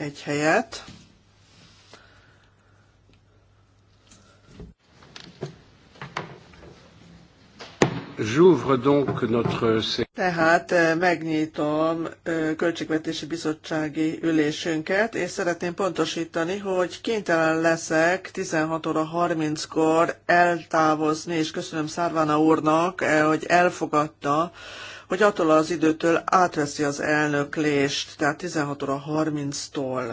egy helyet. J'ouvre donc notre... Tehát eh, megnyitom eh, költségvetési bizottsági ülésünket, és szeretném pontosítani, hogy kénytelen leszek 16 óra 30-kor eltávozni, és köszönöm Szárvána úrnak, eh, hogy elfogadta, hogy attól az időtől átveszi az elnöklést, tehát 16 óra 30-tól.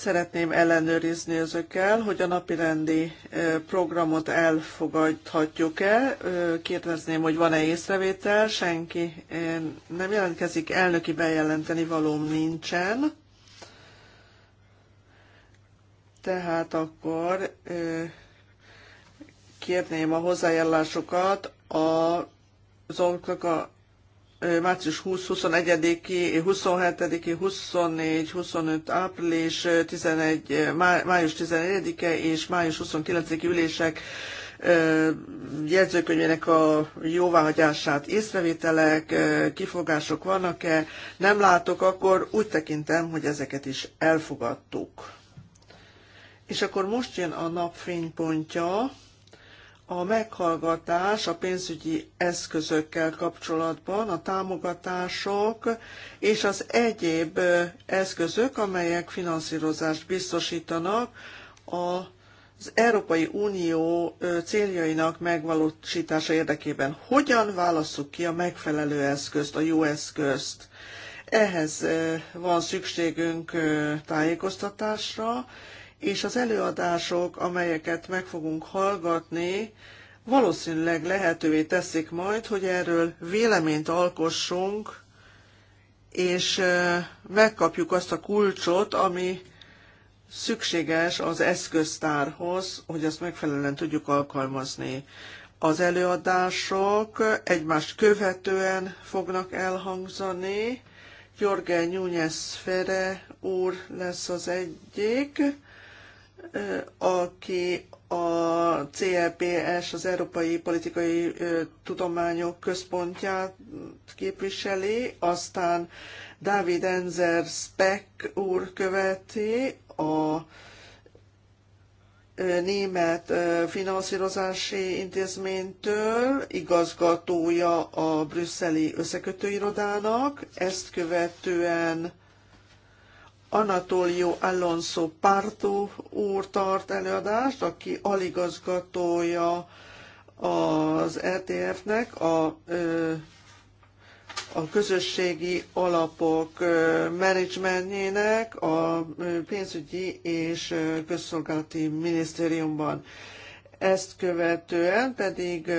Szeretném ellenőrizni ezekkel, hogy a napirendi programot elfogadhatjuk-e. Kérdezném, hogy van-e észrevétel, senki nem jelentkezik, elnöki bejelenteni valóm nincsen. Tehát akkor kérném a hozzájárulásokat a az március 20-21-i, 27-i, 24, 25 április, 11, május 11-e és május 29-i ülések jegyzőkönyvének a jóváhagyását észrevételek, kifogások vannak-e, nem látok, akkor úgy tekintem, hogy ezeket is elfogadtuk. És akkor most jön a napfénypontja. A meghallgatás a pénzügyi eszközökkel kapcsolatban, a támogatások és az egyéb eszközök, amelyek finanszírozást biztosítanak az Európai Unió céljainak megvalósítása érdekében hogyan válasszuk ki a megfelelő eszközt, a jó eszközt. Ehhez van szükségünk tájékoztatásra, és az előadások, amelyeket meg fogunk hallgatni, valószínűleg lehetővé teszik majd, hogy erről véleményt alkossunk, és megkapjuk azt a kulcsot, ami szükséges az eszköztárhoz, hogy azt megfelelően tudjuk alkalmazni. Az előadások egymást követően fognak elhangzani. Jorgen Núñez Fere úr lesz az egyik, aki a CLPS, az Európai Politikai Tudományok Központját képviseli, aztán Dávid Enzer Speck úr követi a német finanszírozási intézménytől, igazgatója a brüsszeli összekötőirodának, ezt követően Anatolio Alonso Parto úr tart előadást, aki aligazgatója az ETF-nek, a, a közösségi alapok menedzsmentjének a pénzügyi és közszolgálati minisztériumban. Ezt követően pedig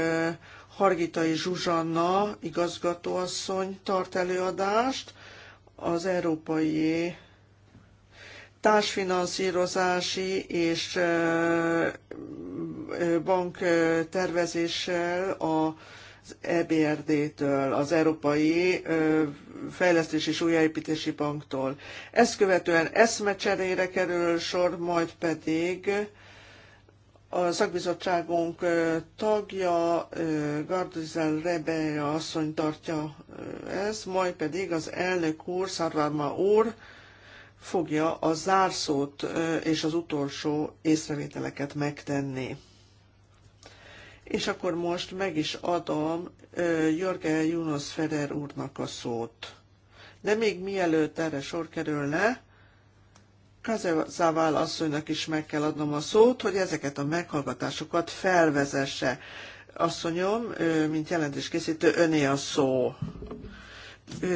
Hargitai Zsuzsanna igazgatóasszony tart előadást az európai társfinanszírozási és banktervezéssel a az EBRD-től, az Európai Fejlesztési és Újjáépítési Banktól. Ezt követően eszmecserére kerül sor, majd pedig a szakbizottságunk tagja, Gardizel Rebeja asszony tartja ezt, majd pedig az elnök úr, Szarvárma úr, fogja a zárszót és az utolsó észrevételeket megtenni. És akkor most meg is adom Jörge Junos Feder úrnak a szót. De még mielőtt erre sor kerülne, Kazavál asszonynak is meg kell adnom a szót, hogy ezeket a meghallgatásokat felvezesse. Asszonyom, mint jelentéskészítő, öné a szó.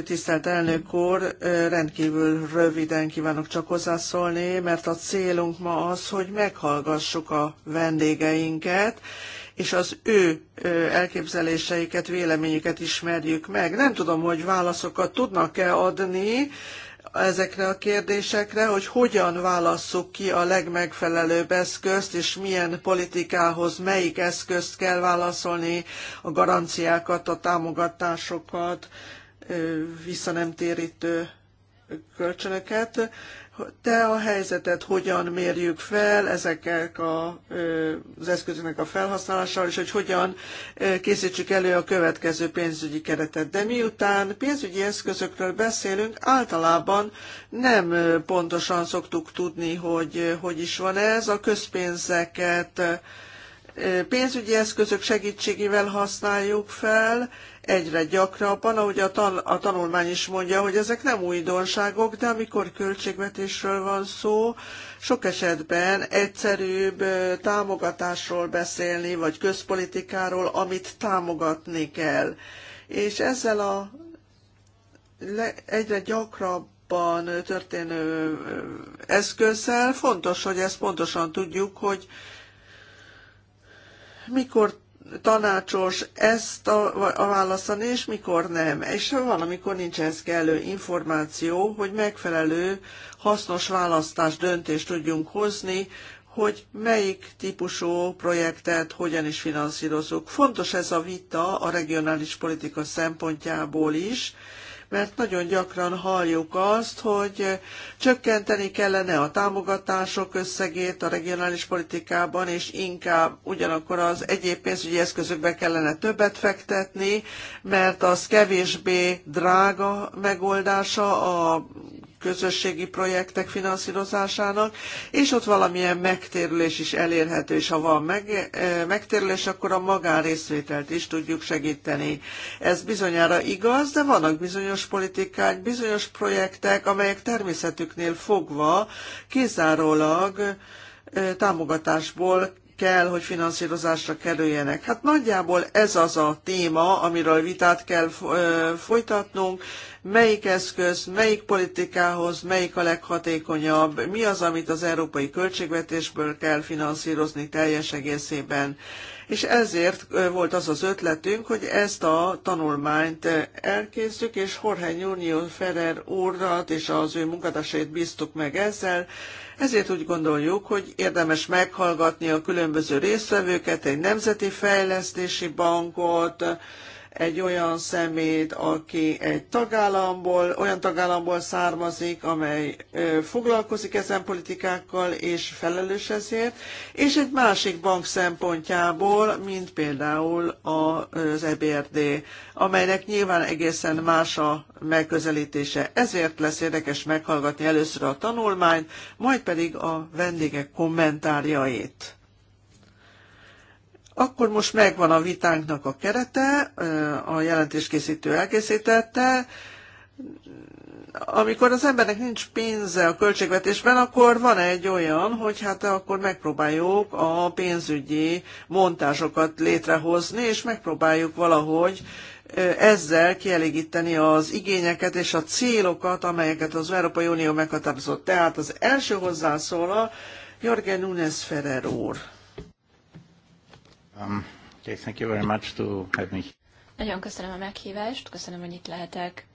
Tisztelt elnök úr, rendkívül röviden kívánok csak hozzászólni, mert a célunk ma az, hogy meghallgassuk a vendégeinket, és az ő elképzeléseiket, véleményüket ismerjük meg. Nem tudom, hogy válaszokat tudnak-e adni ezekre a kérdésekre, hogy hogyan válasszuk ki a legmegfelelőbb eszközt, és milyen politikához melyik eszközt kell válaszolni, a garanciákat, a támogatásokat, térítő kölcsönöket, te a helyzetet hogyan mérjük fel ezeknek a, az eszközöknek a felhasználással, és hogy hogyan készítsük elő a következő pénzügyi keretet. De miután pénzügyi eszközökről beszélünk, általában nem pontosan szoktuk tudni, hogy hogy is van ez. A közpénzeket pénzügyi eszközök segítségével használjuk fel, egyre gyakrabban, ahogy a, tan- a tanulmány is mondja, hogy ezek nem újdonságok, de amikor költségvetésről van szó, sok esetben egyszerűbb támogatásról beszélni, vagy közpolitikáról, amit támogatni kell. És ezzel a egyre gyakrabb történő eszközzel. Fontos, hogy ezt pontosan tudjuk, hogy mikor tanácsos ezt a, a válaszani, és mikor nem. És valamikor nincs ez kellő információ, hogy megfelelő, hasznos választás, döntést tudjunk hozni, hogy melyik típusú projektet hogyan is finanszírozunk. Fontos ez a vita a regionális politika szempontjából is, mert nagyon gyakran halljuk azt, hogy csökkenteni kellene a támogatások összegét a regionális politikában, és inkább ugyanakkor az egyéb pénzügyi eszközökbe kellene többet fektetni, mert az kevésbé drága megoldása a közösségi projektek finanszírozásának, és ott valamilyen megtérülés is elérhető, és ha van meg, megtérülés, akkor a magánrészvételt is tudjuk segíteni. Ez bizonyára igaz, de vannak bizonyos politikák, bizonyos projektek, amelyek természetüknél fogva kizárólag támogatásból kell, hogy finanszírozásra kerüljenek. Hát nagyjából ez az a téma, amiről vitát kell folytatnunk, melyik eszköz, melyik politikához, melyik a leghatékonyabb, mi az, amit az európai költségvetésből kell finanszírozni teljes egészében. És ezért volt az az ötletünk, hogy ezt a tanulmányt elkészítjük, és Jorge Junior Ferrer úrrat és az ő munkatársait bíztuk meg ezzel, ezért úgy gondoljuk, hogy érdemes meghallgatni a különböző résztvevőket, egy nemzeti fejlesztési bankot, egy olyan szemét, aki egy tagállamból, olyan tagállamból származik, amely foglalkozik ezen politikákkal és felelős ezért, és egy másik bank szempontjából, mint például az EBRD, amelynek nyilván egészen más a megközelítése. Ezért lesz érdekes meghallgatni először a tanulmányt, majd pedig a vendégek kommentárjait. Akkor most megvan a vitánknak a kerete, a jelentéskészítő elkészítette, amikor az embernek nincs pénze a költségvetésben, akkor van egy olyan, hogy hát akkor megpróbáljuk a pénzügyi montásokat létrehozni, és megpróbáljuk valahogy ezzel kielégíteni az igényeket és a célokat, amelyeket az Európai Unió meghatározott. Tehát az első hozzászól a Jorgen Nunes Ferrer úr. Um, okay, thank you very much to have me. Nagyon köszönöm a meghívást, köszönöm, hogy itt lehetek.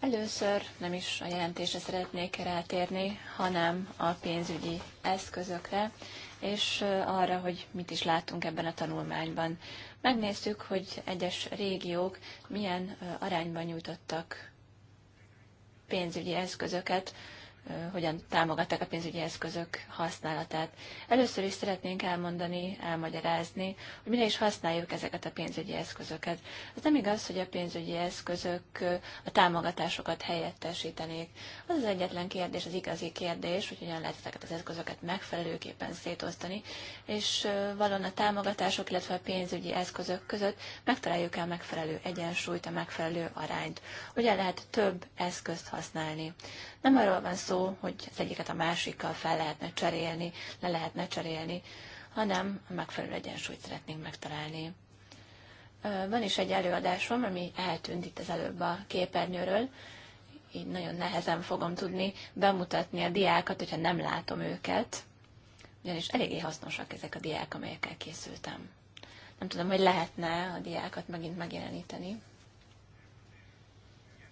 Először nem is a jelentésre szeretnék rátérni, hanem a pénzügyi eszközökre, és uh, arra, hogy mit is látunk ebben a tanulmányban. Megnéztük, hogy egyes régiók milyen uh, arányban nyújtottak pénzügyi eszközöket hogyan támogatták a pénzügyi eszközök használatát. Először is szeretnénk elmondani, elmagyarázni, hogy mire is használjuk ezeket a pénzügyi eszközöket. Az nem igaz, hogy a pénzügyi eszközök a támogatásokat helyettesítenék. Az az egyetlen kérdés, az igazi kérdés, hogy hogyan lehet ezeket az eszközöket megfelelőképpen szétosztani, és valon a támogatások, illetve a pénzügyi eszközök között megtaláljuk el megfelelő egyensúlyt, a megfelelő arányt. Ugye lehet több eszközt használni? Nem arról van szó, hogy az egyiket a másikkal fel lehetne cserélni, le lehetne cserélni, hanem a megfelelő egyensúlyt szeretnénk megtalálni. Van is egy előadásom, ami eltűnt itt az előbb a képernyőről, így nagyon nehezen fogom tudni bemutatni a diákat, hogyha nem látom őket, ugyanis eléggé hasznosak ezek a diák, amelyekkel készültem. Nem tudom, hogy lehetne a diákat megint megjeleníteni.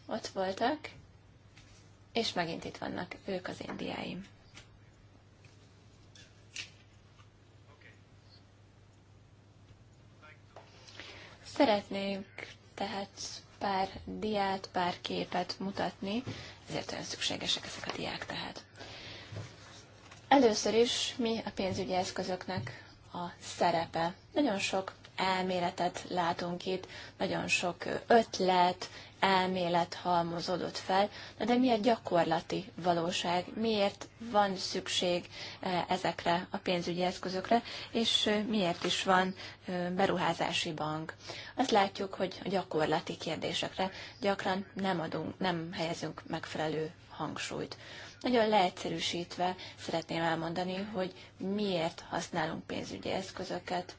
Ott voltak és megint itt vannak, ők az indiáim. Szeretnék tehát pár diát, pár képet mutatni, ezért olyan szükségesek ezek a diák tehát. Először is mi a pénzügyi eszközöknek a szerepe. Nagyon sok elméletet látunk itt, nagyon sok ötlet, elmélet halmozódott fel, na de mi a gyakorlati valóság, miért van szükség e, ezekre a pénzügyi eszközökre, és e, miért is van e, beruházási bank. Azt látjuk, hogy a gyakorlati kérdésekre gyakran nem adunk, nem helyezünk megfelelő hangsúlyt. Nagyon leegyszerűsítve szeretném elmondani, hogy miért használunk pénzügyi eszközöket,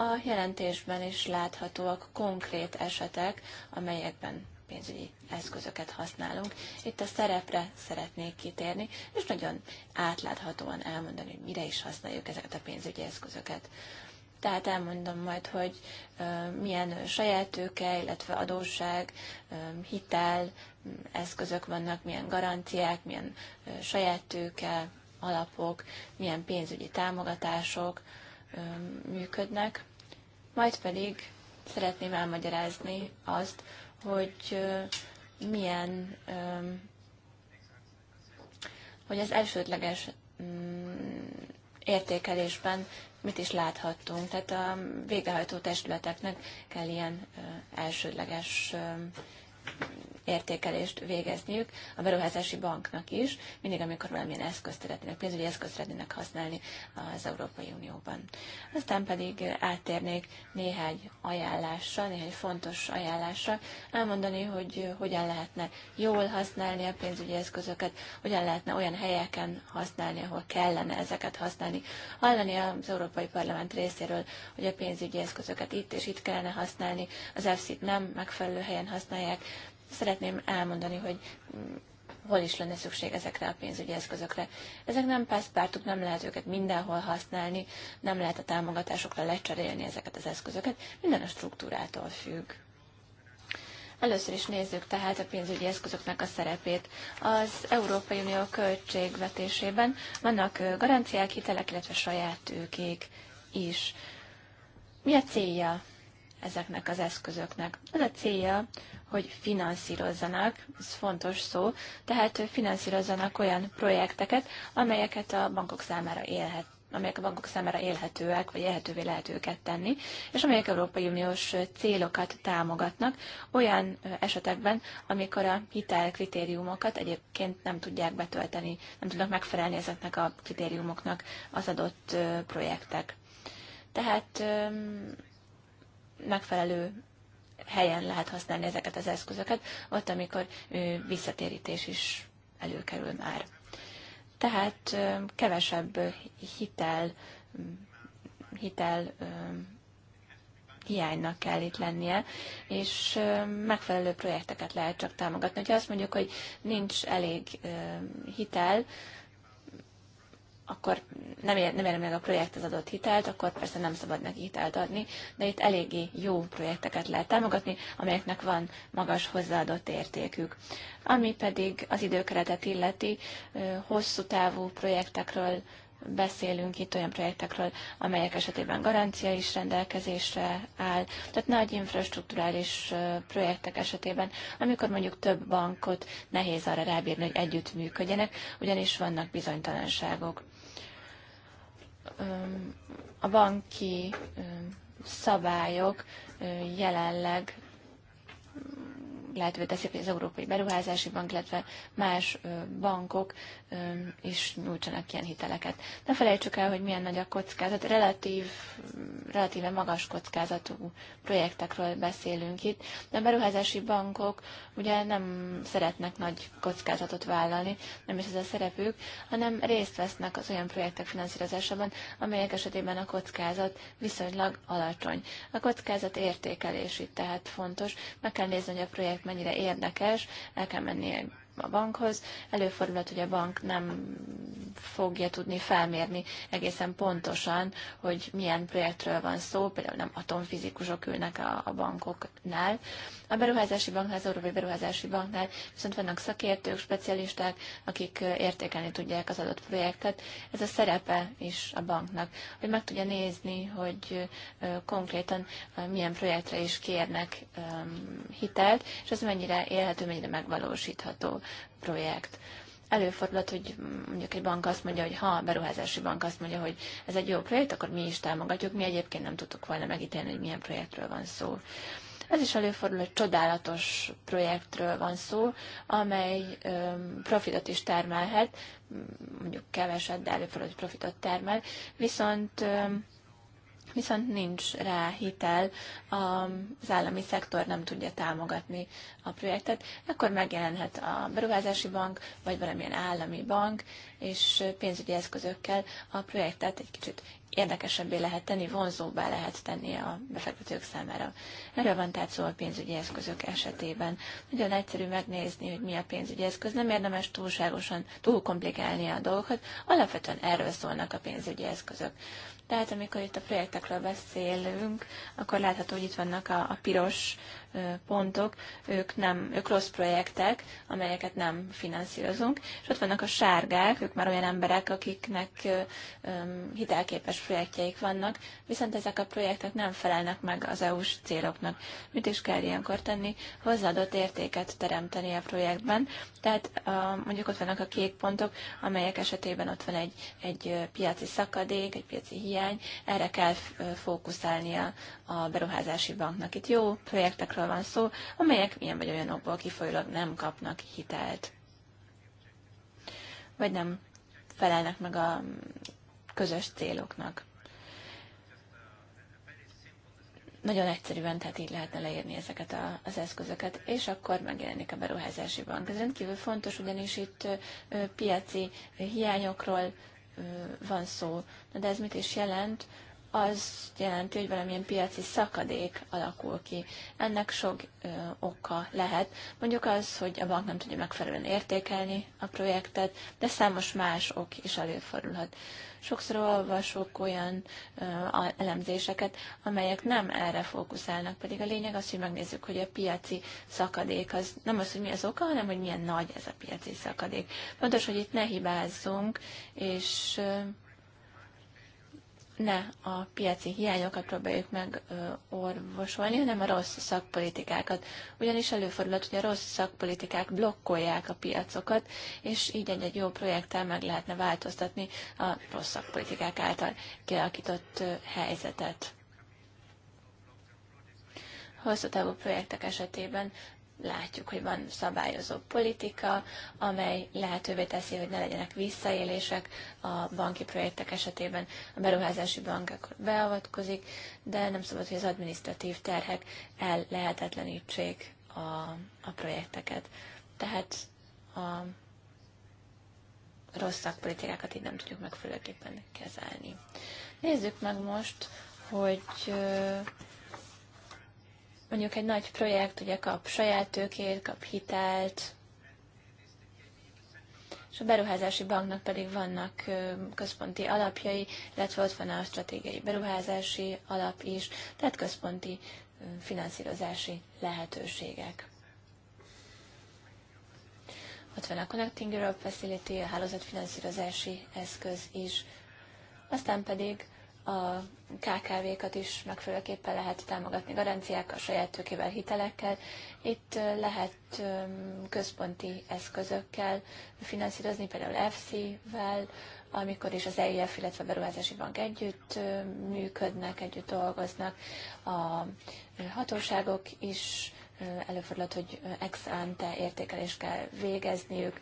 a jelentésben is láthatóak konkrét esetek, amelyekben pénzügyi eszközöket használunk. Itt a szerepre szeretnék kitérni, és nagyon átláthatóan elmondani, hogy mire is használjuk ezeket a pénzügyi eszközöket. Tehát elmondom majd, hogy milyen saját tőke, illetve adósság, hitel, eszközök vannak, milyen garanciák, milyen saját tőke, alapok, milyen pénzügyi támogatások, működnek, majd pedig szeretném elmagyarázni azt, hogy milyen, hogy az elsődleges mm, értékelésben mit is láthattunk. Tehát a végrehajtó testületeknek kell ilyen elsődleges értékelést végezniük a beruházási banknak is, mindig, amikor valamilyen eszközt szeretnének, pénzügyi eszközt szeretnének használni az Európai Unióban. Aztán pedig áttérnék néhány ajánlásra, néhány fontos ajánlásra, elmondani, hogy hogyan lehetne jól használni a pénzügyi eszközöket, hogyan lehetne olyan helyeken használni, ahol kellene ezeket használni. Hallani az Európai Parlament részéről, hogy a pénzügyi eszközöket itt és itt kellene használni, az EFSZ-t nem megfelelő helyen használják, szeretném elmondani, hogy mm, hol is lenne szükség ezekre a pénzügyi eszközökre. Ezek nem pászpártuk, nem lehet őket mindenhol használni, nem lehet a támogatásokra lecserélni ezeket az eszközöket, minden a struktúrától függ. Először is nézzük tehát a pénzügyi eszközöknek a szerepét. Az Európai Unió költségvetésében vannak garanciák, hitelek, illetve saját tőkék is. Mi a célja ezeknek az eszközöknek? Az a célja, hogy finanszírozzanak, ez fontos szó, tehát finanszírozzanak olyan projekteket, amelyeket a bankok számára élhet amelyek a bankok számára élhetőek, vagy élhetővé lehet őket tenni, és amelyek Európai Uniós célokat támogatnak olyan esetekben, amikor a hitel kritériumokat egyébként nem tudják betölteni, nem tudnak megfelelni ezeknek a kritériumoknak az adott projektek. Tehát megfelelő helyen lehet használni ezeket az eszközöket, ott, amikor visszatérítés is előkerül már. Tehát kevesebb hitel, hitel hiánynak kell itt lennie, és megfelelő projekteket lehet csak támogatni. Ha azt mondjuk, hogy nincs elég hitel, akkor nem, ér, nem ér meg a projekt az adott hitelt, akkor persze nem szabad neki hitelt adni, de itt eléggé jó projekteket lehet támogatni, amelyeknek van magas hozzáadott értékük. Ami pedig az időkeretet illeti, hosszú távú projektekről beszélünk itt olyan projektekről, amelyek esetében garancia is rendelkezésre áll, tehát nagy infrastruktúrális projektek esetében, amikor mondjuk több bankot nehéz arra rábírni, hogy együtt működjenek, ugyanis vannak bizonytalanságok a banki szabályok jelenleg lehetővé teszik, hogy az Európai Beruházási Bank, illetve más bankok is nyújtsanak ilyen hiteleket. Ne felejtsük el, hogy milyen nagy a kockázat, relatív, relatíve magas kockázatú projektekről beszélünk itt, de a beruházási bankok ugye nem szeretnek nagy kockázatot vállalni, nem is ez a szerepük, hanem részt vesznek az olyan projektek finanszírozásában, amelyek esetében a kockázat viszonylag alacsony. A kockázat értékelés itt tehát fontos, meg kell nézni, hogy a projekt mennyire érdekes, el kell menni a bankhoz. Előfordulhat, hogy a bank nem fogja tudni felmérni egészen pontosan, hogy milyen projektről van szó, például nem atomfizikusok ülnek a, a bankoknál. A beruházási banknál, az Európai Beruházási Banknál viszont vannak szakértők, specialisták, akik értékelni tudják az adott projektet. Ez a szerepe is a banknak, hogy meg tudja nézni, hogy konkrétan milyen projektre is kérnek hitelt, és ez mennyire élhető, mennyire megvalósítható projekt. Előfordulhat, hogy mondjuk egy bank azt mondja, hogy ha a beruházási bank azt mondja, hogy ez egy jó projekt, akkor mi is támogatjuk, mi egyébként nem tudtuk volna megítélni, hogy milyen projektről van szó. Ez is előfordul, hogy csodálatos projektről van szó, amely profitot is termelhet, mondjuk keveset, de előfordul, hogy profitot termel, viszont viszont nincs rá hitel, az állami szektor nem tudja támogatni a projektet, akkor megjelenhet a beruházási bank, vagy valamilyen állami bank, és pénzügyi eszközökkel a projektet egy kicsit érdekesebbé lehet tenni, vonzóbbá lehet tenni a befektetők számára. Erről van tehát szó a pénzügyi eszközök esetében. Nagyon egyszerű megnézni, hogy mi a pénzügyi eszköz, nem érdemes túlságosan túl komplikálni a dolgokat, alapvetően erről szólnak a pénzügyi eszközök. Tehát amikor itt a projektekről beszélünk, akkor látható, hogy itt vannak a, a piros pontok, ők, nem, ők rossz projektek, amelyeket nem finanszírozunk, és ott vannak a sárgák, ők már olyan emberek, akiknek hitelképes projektjeik vannak, viszont ezek a projektek nem felelnek meg az EU-s céloknak. Mit is kell ilyenkor tenni? Hozzáadott értéket teremteni a projektben, tehát mondjuk ott vannak a kék pontok, amelyek esetében ott van egy, egy piaci szakadék, egy piaci hiány, erre kell fókuszálnia a beruházási banknak. Itt jó projektek bankokról van szó, amelyek ilyen vagy olyan okból kifolyólag nem kapnak hitelt. Vagy nem felelnek meg a közös céloknak. Nagyon egyszerűen, tehát így lehetne leírni ezeket a, az eszközöket, és akkor megjelenik a beruházási bank. Ez rendkívül fontos, ugyanis itt piaci hiányokról van szó. Na de ez mit is jelent? az jelenti, hogy valamilyen piaci szakadék alakul ki. Ennek sok ö, oka lehet. Mondjuk az, hogy a bank nem tudja megfelelően értékelni a projektet, de számos más ok is előfordulhat. Sokszor olvasok olyan ö, elemzéseket, amelyek nem erre fókuszálnak, pedig a lényeg az, hogy megnézzük, hogy a piaci szakadék az nem az, hogy mi az oka, hanem hogy milyen nagy ez a piaci szakadék. Pontos, hogy itt ne hibázzunk, és ö, ne a piaci hiányokat próbáljuk meg orvosolni, hanem a rossz szakpolitikákat. Ugyanis előfordulhat, hogy a rossz szakpolitikák blokkolják a piacokat, és így egy-egy jó projekttel meg lehetne változtatni a rossz szakpolitikák által kialakított helyzetet hosszú távú projektek esetében látjuk, hogy van szabályozó politika, amely lehetővé teszi, hogy ne legyenek visszaélések a banki projektek esetében. A beruházási bank akkor beavatkozik, de nem szabad, hogy az administratív terhek el lehetetlenítsék a, a projekteket. Tehát a rossz szakpolitikákat így nem tudjuk megfelelőképpen kezelni. Nézzük meg most, hogy mondjuk egy nagy projekt ugye kap saját tőkét, kap hitelt, és a beruházási banknak pedig vannak központi alapjai, illetve ott van a stratégiai beruházási alap is, tehát központi finanszírozási lehetőségek. Ott van a Connecting Europe Facility, a hálózatfinanszírozási eszköz is, aztán pedig a KKV-kat is megfelelőképpen lehet támogatni garanciákkal, saját tőkével, hitelekkel. Itt lehet központi eszközökkel finanszírozni, például FC-vel, amikor is az EIF, illetve a Beruházási Bank együtt működnek, együtt dolgoznak. A hatóságok is előfordulhat, hogy ex ante értékelést kell végezniük.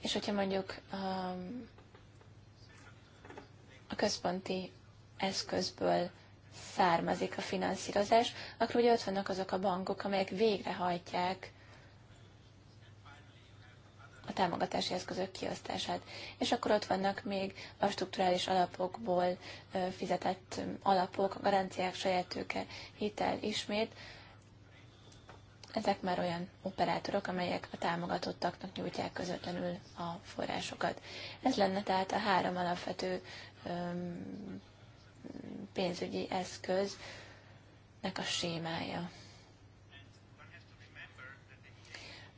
És hogyha mondjuk a központi eszközből származik a finanszírozás, akkor ugye ott vannak azok a bankok, amelyek végrehajtják a támogatási eszközök kiosztását. És akkor ott vannak még a strukturális alapokból fizetett alapok, a garanciák, saját tőke, hitel ismét. Ezek már olyan operátorok, amelyek a támogatottaknak nyújtják közvetlenül a forrásokat. Ez lenne tehát a három alapvető pénzügyi eszköznek a sémája.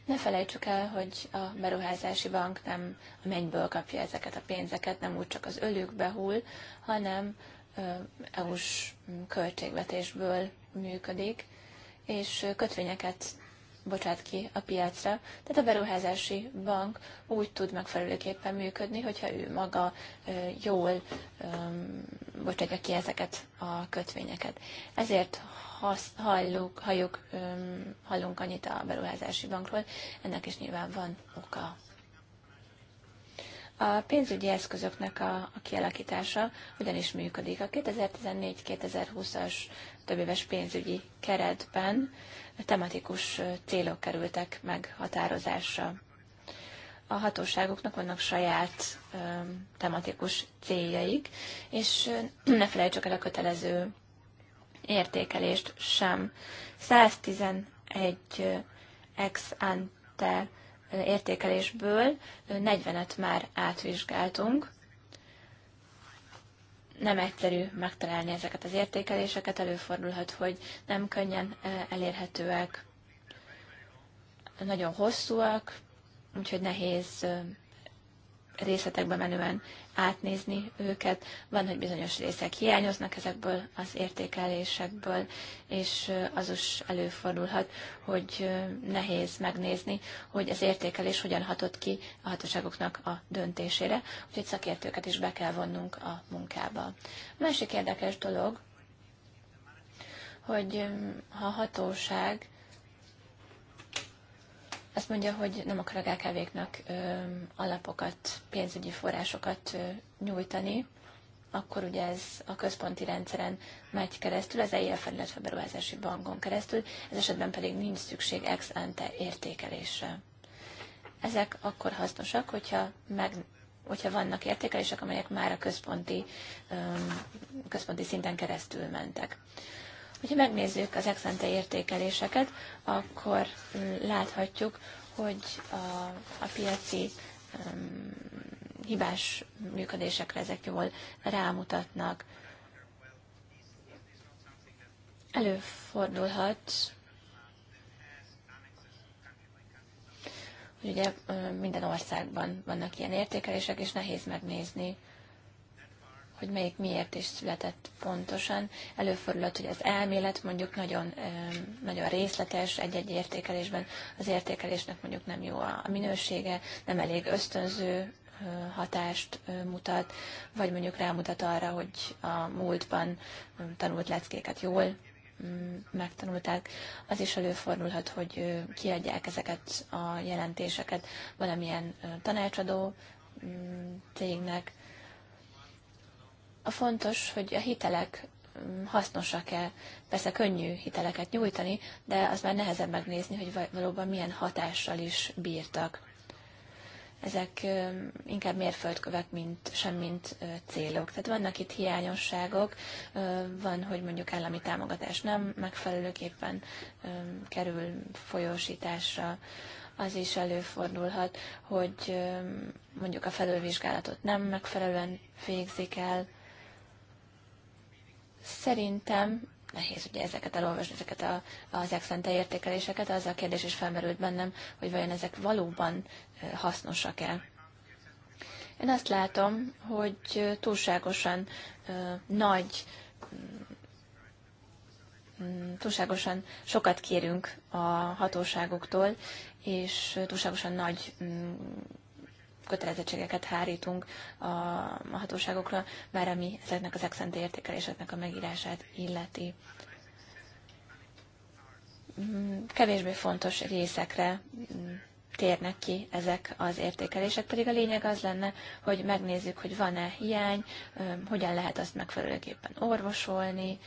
Ne felejtsük el, hogy a beruházási bank nem a mennyből kapja ezeket a pénzeket, nem úgy csak az ölükbe hull, hanem EU-s költségvetésből működik, és kötvényeket bocsát ki a piacra, tehát a beruházási bank úgy tud megfelelőképpen működni, hogyha ő maga jól bocsátja ki ezeket a kötvényeket. Ezért hasz, halljuk, halljuk, hallunk annyit a beruházási bankról, ennek is nyilván van oka. A pénzügyi eszközöknek a, a kialakítása ugyanis működik. A 2014-2020-as többéves pénzügyi keretben tematikus célok kerültek meghatározásra. A hatóságoknak vannak saját ö, tematikus céljaik, és ne felejtsük el a kötelező értékelést sem. 111 ex ante értékelésből 40-et már átvizsgáltunk. Nem egyszerű megtalálni ezeket az értékeléseket, előfordulhat, hogy nem könnyen eh, elérhetőek, nagyon hosszúak, úgyhogy nehéz eh, részletekbe menően átnézni őket. Van, hogy bizonyos részek hiányoznak ezekből az értékelésekből, és az is előfordulhat, hogy nehéz megnézni, hogy az értékelés hogyan hatott ki a hatóságoknak a döntésére, úgyhogy szakértőket is be kell vonnunk a munkába. A másik érdekes dolog, hogy ha a hatóság azt mondja, hogy nem akar a KKV-knak alapokat, pénzügyi forrásokat nyújtani, akkor ugye ez a központi rendszeren megy keresztül, az EIF, illetve beruházási bankon keresztül, ez esetben pedig nincs szükség ex ante értékelésre. Ezek akkor hasznosak, hogyha, meg, hogyha vannak értékelések, amelyek már a központi, központi szinten keresztül mentek. Ha megnézzük az exente értékeléseket, akkor mm, láthatjuk, hogy a, a piaci um, hibás működésekre ezek jól rámutatnak. Előfordulhat, hogy ugye mm, minden országban vannak ilyen értékelések, és nehéz megnézni, hogy melyik miért is született pontosan. Előfordulhat, hogy az elmélet mondjuk nagyon, nagyon részletes egy-egy értékelésben, az értékelésnek mondjuk nem jó a minősége, nem elég ösztönző hatást mutat, vagy mondjuk rámutat arra, hogy a múltban tanult leckéket jól megtanulták, az is előfordulhat, hogy kiadják ezeket a jelentéseket valamilyen tanácsadó cégnek, a fontos, hogy a hitelek mm, hasznosak-e. Persze könnyű hiteleket nyújtani, de az már nehezebb megnézni, hogy valóban milyen hatással is bírtak. Ezek inkább mérföldkövek, mint sem mint célok. Tehát vannak itt hiányosságok, van, hogy mondjuk állami támogatás nem megfelelőképpen kerül folyósításra, az is előfordulhat, hogy mondjuk a felülvizsgálatot nem megfelelően végzik el, Szerintem nehéz ugye ezeket elolvasni, ezeket a, az exente értékeléseket, az a kérdés is felmerült bennem, hogy vajon ezek valóban hasznosak-e. Én azt látom, hogy túlságosan nagy, mm, mm, túlságosan sokat kérünk a hatóságoktól, és túlságosan nagy mm, kötelezettségeket hárítunk a, a hatóságokra, már ami ezeknek az exente értékeléseknek a megírását illeti. Mm, kevésbé fontos részekre mm, térnek ki ezek az értékelések, pedig a lényeg az lenne, hogy megnézzük, hogy van-e hiány, hogyan lehet azt megfelelőképpen orvosolni,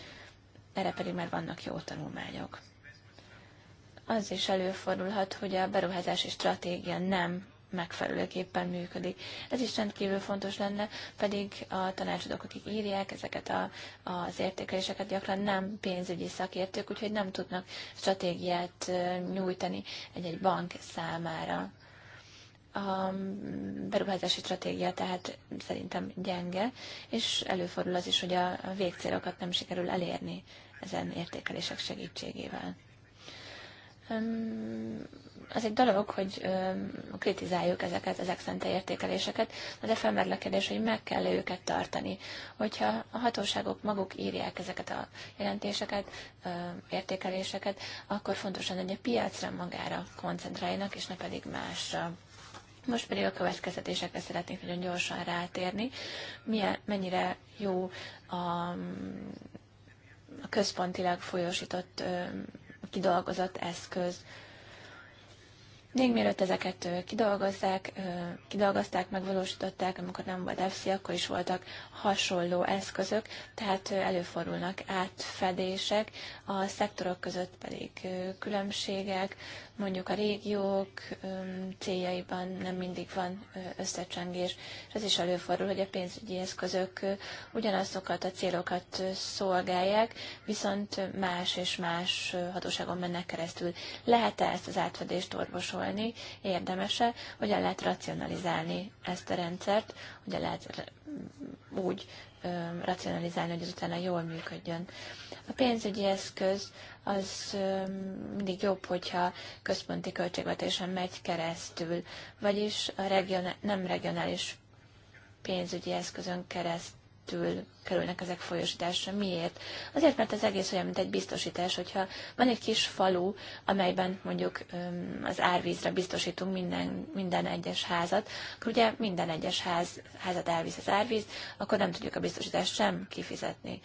erre pedig már vannak jó tanulmányok. Az is előfordulhat, hogy a beruházási stratégia nem megfelelőképpen működik. Ez is rendkívül fontos lenne, pedig a tanácsadók, akik írják ezeket a, az értékeléseket, gyakran nem pénzügyi szakértők, úgyhogy nem tudnak stratégiát nyújtani egy-egy bank számára a beruházási stratégia tehát szerintem gyenge, és előfordul az is, hogy a végcélokat nem sikerül elérni ezen értékelések segítségével az egy dolog, hogy kritizáljuk ezeket az exente értékeléseket, de felmerül a kérdés, hogy meg kell őket tartani. Hogyha a hatóságok maguk írják ezeket a jelentéseket, értékeléseket, akkor fontosan, hogy a piacra magára koncentráljanak, és ne pedig másra. Most pedig a következtetésekre szeretnék nagyon gyorsan rátérni. Milyen, mennyire jó a, a központilag folyósított kidolgozott eszköz. Még mielőtt ezeket kidolgozzák, kidolgozták, megvalósították, amikor nem volt FC, akkor is voltak hasonló eszközök, tehát előfordulnak átfedések, a szektorok között pedig különbségek, mondjuk a régiók céljaiban nem mindig van összecsengés, ez is előfordul, hogy a pénzügyi eszközök ugyanazokat a célokat szolgálják, viszont más és más hatóságon mennek keresztül. Lehet-e ezt az átfedést orvosolni? Érdemese? Hogyan lehet racionalizálni ezt a rendszert? Hogyan lehet úgy, racionalizálni, hogy az utána jól működjön. A pénzügyi eszköz az mindig jobb, hogyha központi költségvetésen megy keresztül, vagyis a regionál, nem regionális pénzügyi eszközön kereszt, keresztül kerülnek ezek folyosításra. Miért? Azért, mert az egész olyan, mint egy biztosítás, hogyha van egy kis falu, amelyben mondjuk az árvízre biztosítunk minden, minden egyes házat, akkor ugye minden egyes ház, házat elvisz az árvíz, akkor nem tudjuk a biztosítást sem kifizetni.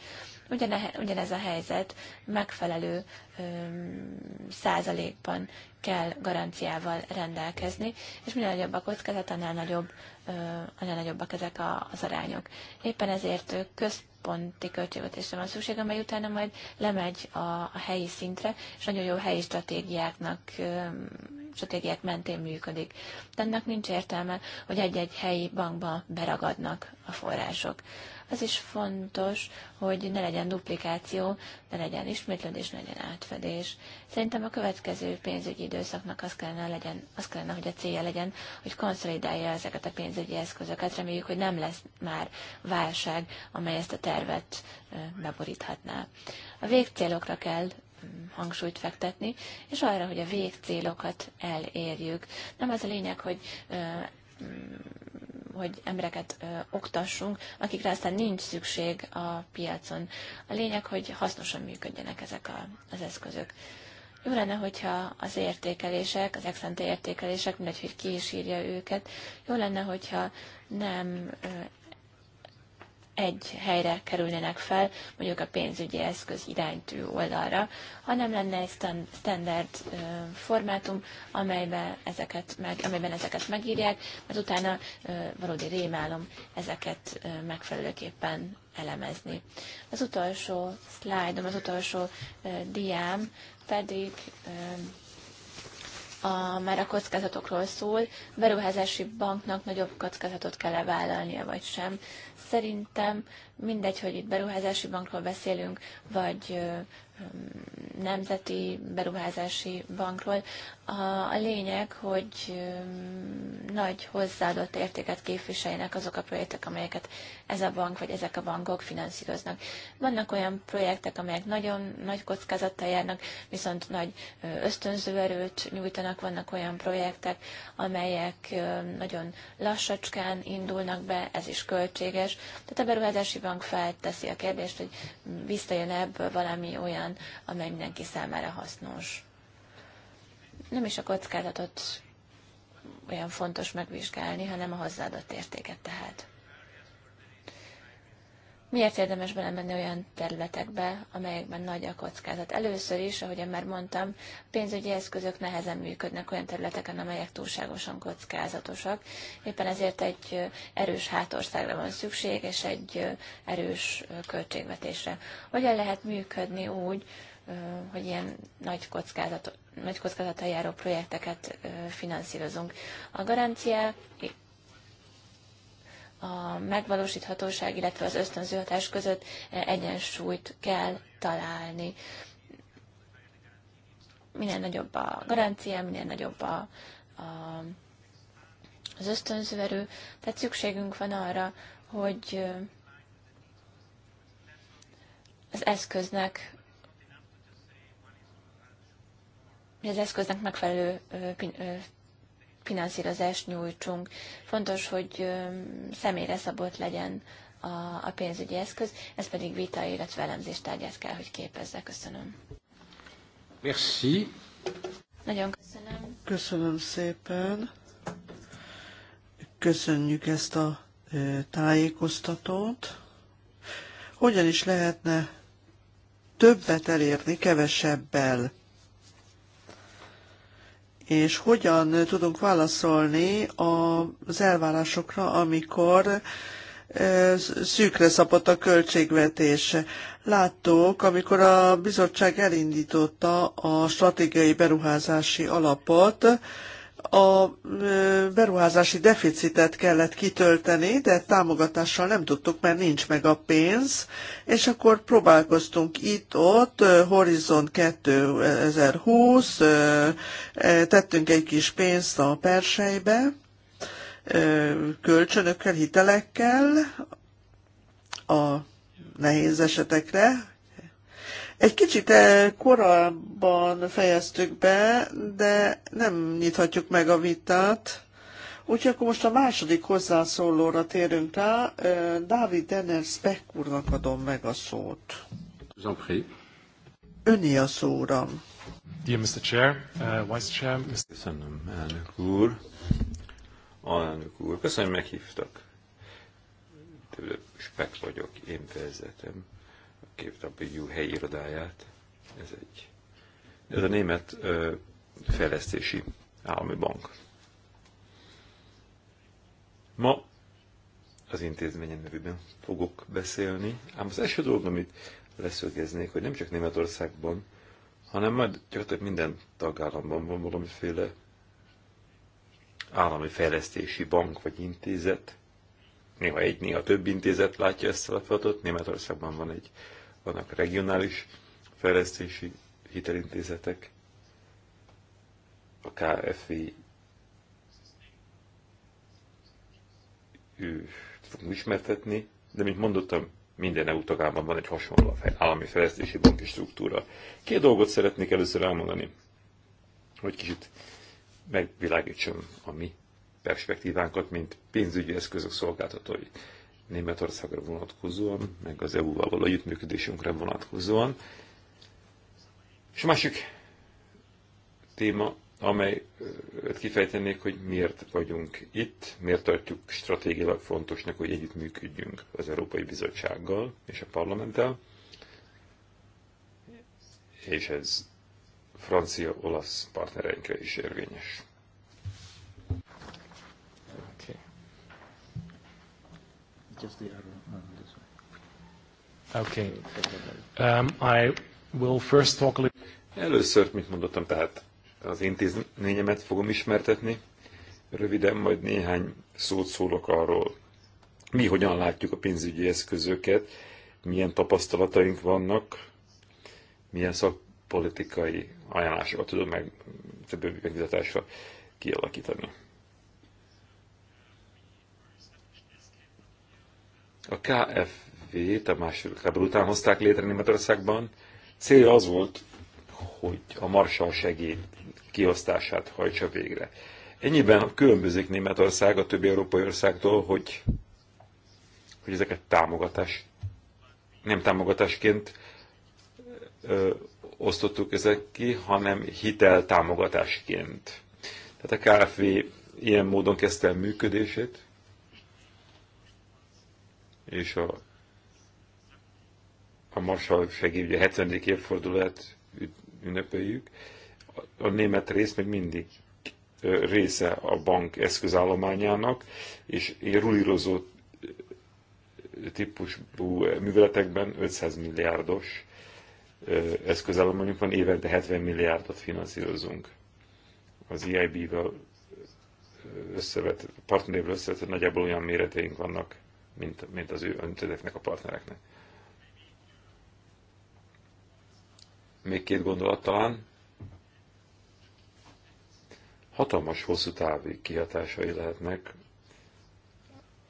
Ugyane, ugyanez a helyzet megfelelő öm, százalékban kell garanciával rendelkezni, és minél nagyobb a kockázat, annál, nagyobb, annál nagyobbak ezek az arányok. Éppen ezért központi költségvetésre van szükség, amely utána majd lemegy a, a helyi szintre, és nagyon jó helyi stratégiáknak stratégiák mentén működik. De ennek nincs értelme, hogy egy-egy helyi bankba beragadnak a források az is fontos, hogy ne legyen duplikáció, ne legyen ismétlődés, ne legyen átfedés. Szerintem a következő pénzügyi időszaknak az kellene, legyen, az kellene, hogy a célja legyen, hogy konszolidálja ezeket a pénzügyi eszközöket. Reméljük, hogy nem lesz már válság, amely ezt a tervet beboríthatná. A végcélokra kell mm, hangsúlyt fektetni, és arra, hogy a végcélokat elérjük. Nem az a lényeg, hogy mm, hogy embereket ö, oktassunk, akikre aztán nincs szükség a piacon. A lényeg, hogy hasznosan működjenek ezek a, az eszközök. Jó lenne, hogyha az értékelések, az exente értékelések, mindegy, hogy ki is írja őket, jó lenne, hogyha nem egy helyre kerülnének fel, mondjuk a pénzügyi eszköz iránytű oldalra, hanem lenne egy standard formátum, amelyben ezeket, meg, amelyben ezeket megírják, mert utána valódi rémálom ezeket megfelelőképpen elemezni. Az utolsó szlájdom, az utolsó diám pedig a, már a kockázatokról szól, beruházási banknak nagyobb kockázatot kell-e vállalnia, vagy sem. Szerintem mindegy, hogy itt beruházási bankról beszélünk, vagy nemzeti beruházási bankról, a, a lényeg, hogy nagy hozzáadott értéket képviseljenek azok a projektek, amelyeket ez a bank vagy ezek a bankok finanszíroznak. Vannak olyan projektek, amelyek nagyon nagy kockázattal járnak, viszont nagy ösztönző erőt nyújtanak, vannak olyan projektek, amelyek nagyon lassacskán indulnak be, ez is költséges. Tehát a beruházási bank felteszi a kérdést, hogy visszajön ebből valami olyan, amely mindenki számára hasznos nem is a kockázatot olyan fontos megvizsgálni, hanem a hozzáadott értéket tehát. Miért érdemes belemenni olyan területekbe, amelyekben nagy a kockázat? Először is, ahogy már mondtam, pénzügyi eszközök nehezen működnek olyan területeken, amelyek túlságosan kockázatosak. Éppen ezért egy erős hátországra van szükség, és egy erős költségvetésre. Hogyan lehet működni úgy, hogy ilyen nagy, kockázatot, nagy kockázata járó projekteket finanszírozunk. A garancia a megvalósíthatóság, illetve az ösztönző hatás között egyensúlyt kell találni. Minél nagyobb a garancia, minél nagyobb a, a, az ösztönző erő, tehát szükségünk van arra, hogy az eszköznek hogy az eszköznek megfelelő finanszírozást nyújtsunk. Fontos, hogy személyre szabott legyen a, a pénzügyi eszköz, ez pedig vita, illetve elemzés tárgyát kell, hogy képezze. Köszönöm. Merci. Nagyon köszönöm. Köszönöm szépen. Köszönjük ezt a tájékoztatót. Hogyan is lehetne többet elérni kevesebbel? és hogyan tudunk válaszolni az elvárásokra, amikor e, szűkre szapott a költségvetés. Láttuk, amikor a bizottság elindította a stratégiai beruházási alapot, a beruházási deficitet kellett kitölteni, de támogatással nem tudtuk, mert nincs meg a pénz, és akkor próbálkoztunk itt-ott, Horizon 2020, tettünk egy kis pénzt a persejbe, kölcsönökkel, hitelekkel a nehéz esetekre, egy kicsit eh, korábban fejeztük be, de nem nyithatjuk meg a vitát. Úgyhogy akkor most a második hozzászólóra térünk rá. Eh, Dávid Denner Speck úrnak adom meg a szót. Öni a szóra. Dear Mr. Chair, uh, Vice Chair, Mr. Köszönöm, elnök úr. Alelnök úr, köszönöm, meghívtak. Speck vagyok, én vezetem a KFW helyi irodáját. Ez egy ez a német ö, fejlesztési állami bank. Ma az intézményen nevűben fogok beszélni, ám az első dolog, amit leszögeznék, hogy nem csak Németországban, hanem majd gyakorlatilag minden tagállamban van valamiféle állami fejlesztési bank vagy intézet, néha egy, néha több intézet látja ezt a feladatot. Németországban van egy, vannak regionális fejlesztési hitelintézetek, a KFV e ő, fogunk ismertetni, de mint mondottam, minden EU tagában van egy hasonló állami fejlesztési banki struktúra. Két dolgot szeretnék először elmondani, hogy kicsit megvilágítsam a mi perspektívánkat, mint pénzügyi eszközök szolgáltatói. Németországra vonatkozóan, meg az EU-val való együttműködésünkre vonatkozóan. És a másik téma, amelyet kifejtenék, hogy miért vagyunk itt, miért tartjuk stratégiailag fontosnak, hogy együttműködjünk az Európai Bizottsággal és a parlamenttel. És ez francia-olasz partnereinkre is érvényes. Just the other one this way. Okay. Um, I will first talk a little... Először, mint mondottam, tehát az intézményemet fogom ismertetni. Röviden majd néhány szót szólok arról, mi hogyan látjuk a pénzügyi eszközöket, milyen tapasztalataink vannak, milyen szakpolitikai ajánlásokat tudom meg több megvizetásra kialakítani. A KFV-t a második háború után hozták létre Németországban. Célja az volt, hogy a Marshall segély kiosztását hajtsa végre. Ennyiben különbözik Németország a többi európai országtól, hogy, hogy ezeket támogatás, nem támogatásként ö, osztottuk ezek ki, hanem hitel támogatásként. Tehát a KFV ilyen módon kezdte el működését, és a, a Marshall segély, ugye 70. évfordulát ünnepeljük, a, a német rész még mindig része a bank eszközállományának, és rulírozó típusú műveletekben 500 milliárdos eszközállományunk van, évente 70 milliárdot finanszírozunk. Az EIB-vel összevet, partnerével összevet, nagyjából olyan méreteink vannak, mint, mint az ő öntödeknek, a partnereknek. Még két gondolat talán. Hatalmas hosszú távú kihatásai lehetnek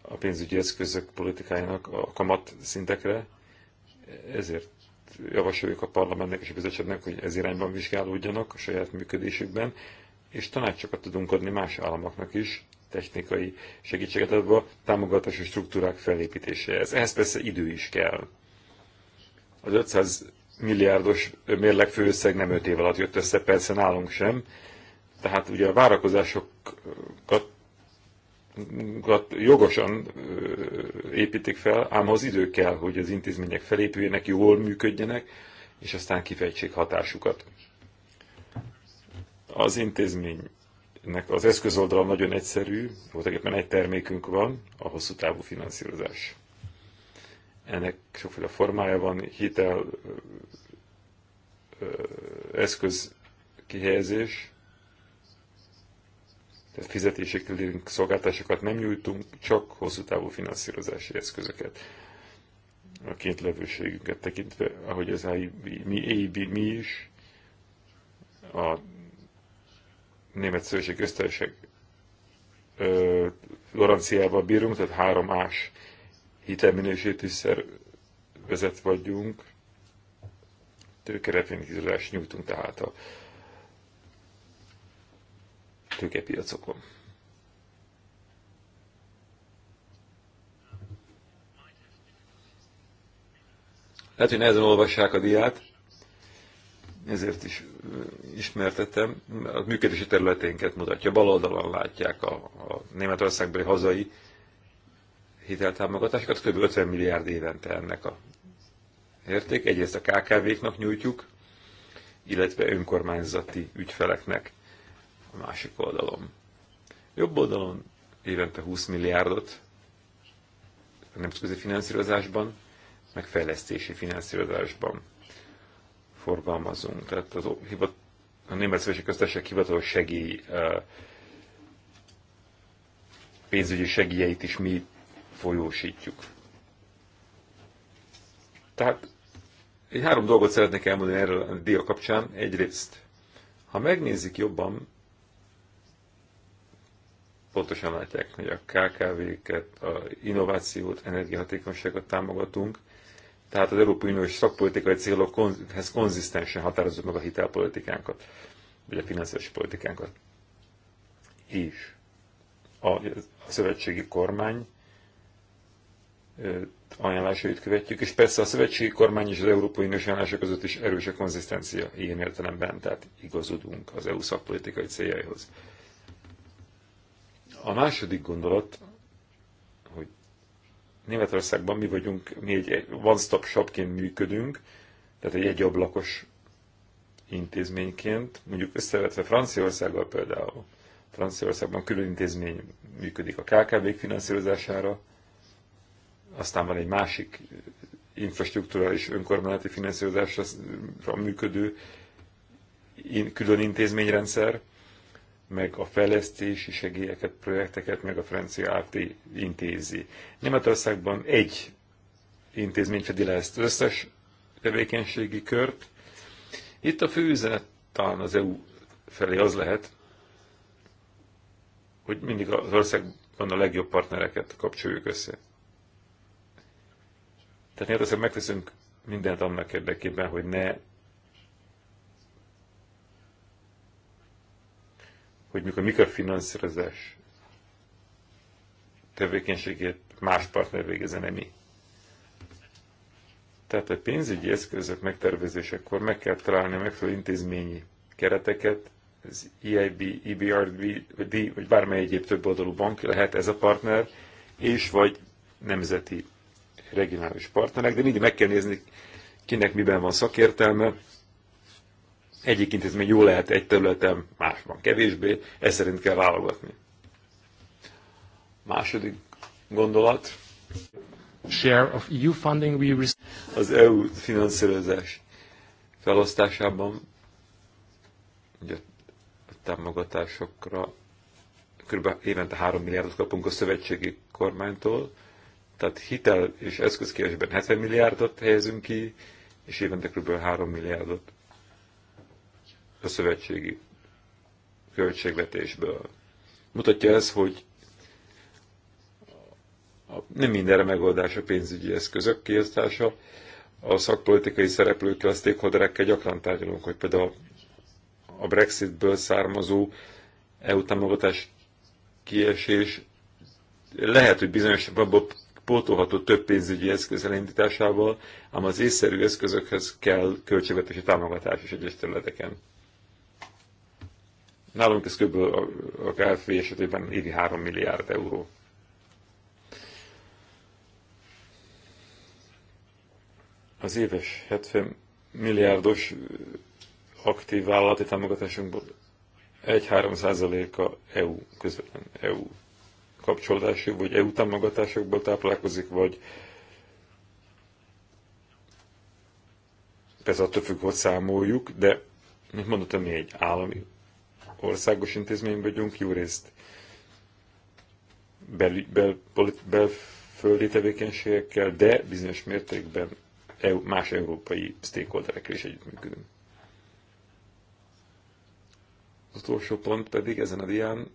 a pénzügyi eszközök politikájának a kamat szintekre, ezért javasoljuk a parlamentnek és a bizottságnak, hogy ez irányban vizsgálódjanak a saját működésükben, és tanácsokat tudunk adni más államoknak is, technikai segítséget adva támogatási struktúrák felépítéséhez. Ehhez persze idő is kell. Az 500 milliárdos mérleg főösszeg nem 5 év alatt jött össze, persze nálunk sem. Tehát ugye a várakozásokat jogosan építik fel, ám az idő kell, hogy az intézmények felépüljenek, jól működjenek, és aztán kifejtsék hatásukat. Az intézmény nek az eszközoldal nagyon egyszerű, voltaképpen egy termékünk van, a hosszú távú finanszírozás. Ennek sokféle formája van, hitel, eszköz kihelyezés, tehát fizetésekkel érünk szolgáltásokat nem nyújtunk, csak hosszú távú finanszírozási eszközöket. A két levőségünket tekintve, ahogy az AIB, mi, AIB, mi is, a Német Szövetség Köztársaság garanciával bírunk, tehát három ás hitelminősítő szervezet vagyunk. Tőkerefinanszírozást nyújtunk tehát a tőkepiacokon. Lehet, hogy nehezen olvassák a diát ezért is ismertetem, a működési területénket mutatja. Bal oldalon látják a, a Németországbeli hazai hiteltámogatásokat, kb. 50 milliárd évente ennek a érték. Egyrészt a KKV-knak nyújtjuk, illetve önkormányzati ügyfeleknek a másik oldalon. Jobb oldalon évente 20 milliárdot a nemzetközi finanszírozásban, meg fejlesztési finanszírozásban forgalmazunk. Tehát az, a Német Szövetség Köztársaság hivatalos segély pénzügyi segélyeit is mi folyósítjuk. Tehát egy három dolgot szeretnék elmondani erről a dia kapcsán. Egyrészt, ha megnézik jobban, pontosan látják, hogy a KKV-ket, a innovációt, energiahatékonyságot támogatunk, tehát az Európai Uniós szakpolitikai célokhez konzisztensen határozott meg a hitelpolitikánkat, vagy a finanszírozási politikánkat. És a, a szövetségi kormány ajánlásait követjük, és persze a szövetségi kormány és az Európai Uniós ajánlása között is erős a konzisztencia ilyen értelemben, tehát igazodunk az EU szakpolitikai céljaihoz. A második gondolat Németországban mi vagyunk, mi egy one-stop shopként működünk, tehát egy egyablakos intézményként, mondjuk összevetve Franciaországgal például. Franciaországban külön intézmény működik a kkv finanszírozására, aztán van egy másik infrastruktúrális önkormányzati finanszírozásra működő külön intézményrendszer, meg a fejlesztési segélyeket, projekteket, meg a francia AT intézi. Németországban egy intézmény fedi le ezt összes tevékenységi kört. Itt a fő üzenet talán az EU felé az lehet, hogy mindig az országban a legjobb partnereket kapcsoljuk össze. Tehát németország megteszünk mindent annak érdekében, hogy ne hogy mikor mikrofinanszírozás tevékenységét más partner végezene mi. Tehát a pénzügyi eszközök megtervezésekor meg kell találni a megfelelő intézményi kereteket, az EIB, EBRD, vagy, D, vagy bármely egyéb több oldalú bank lehet ez a partner, és vagy nemzeti regionális partnerek, de mindig meg kell nézni, kinek miben van szakértelme, egyik intézmény jó lehet egy területen, másban kevésbé, ez szerint kell válogatni. Második gondolat. Share of EU funding we az EU finanszírozás felosztásában ugye, a támogatásokra kb. évente 3 milliárdot kapunk a szövetségi kormánytól, tehát hitel és eszközkérésben 70 milliárdot helyezünk ki, és évente kb. 3 milliárdot a szövetségi költségvetésből. Mutatja ez, hogy nem mindenre megoldás a pénzügyi eszközök kiasztása. A szakpolitikai szereplőkkel, a stakeholderekkel gyakran tárgyalunk, hogy például a Brexitből származó EU támogatás kiesés lehet, hogy bizonyos abból pótolható több pénzügyi eszköz elindításával, ám az észszerű eszközökhez kell költségvetési támogatás is egyes területeken. Nálunk ez kb. a KFV esetében évi 3 milliárd euró. Az éves 70 milliárdos aktív vállalati támogatásunkból 1-3 százaléka EU közvetlen EU kapcsolódású, vagy EU támogatásokból táplálkozik, vagy persze attól függ, hogy számoljuk, de mint mondottam, mi egy állami országos intézmény vagyunk, jó részt bel, bel, belföldi tevékenységekkel, de bizonyos mértékben más európai stakeholderekkel is együttműködünk. Az utolsó pont pedig ezen a dián,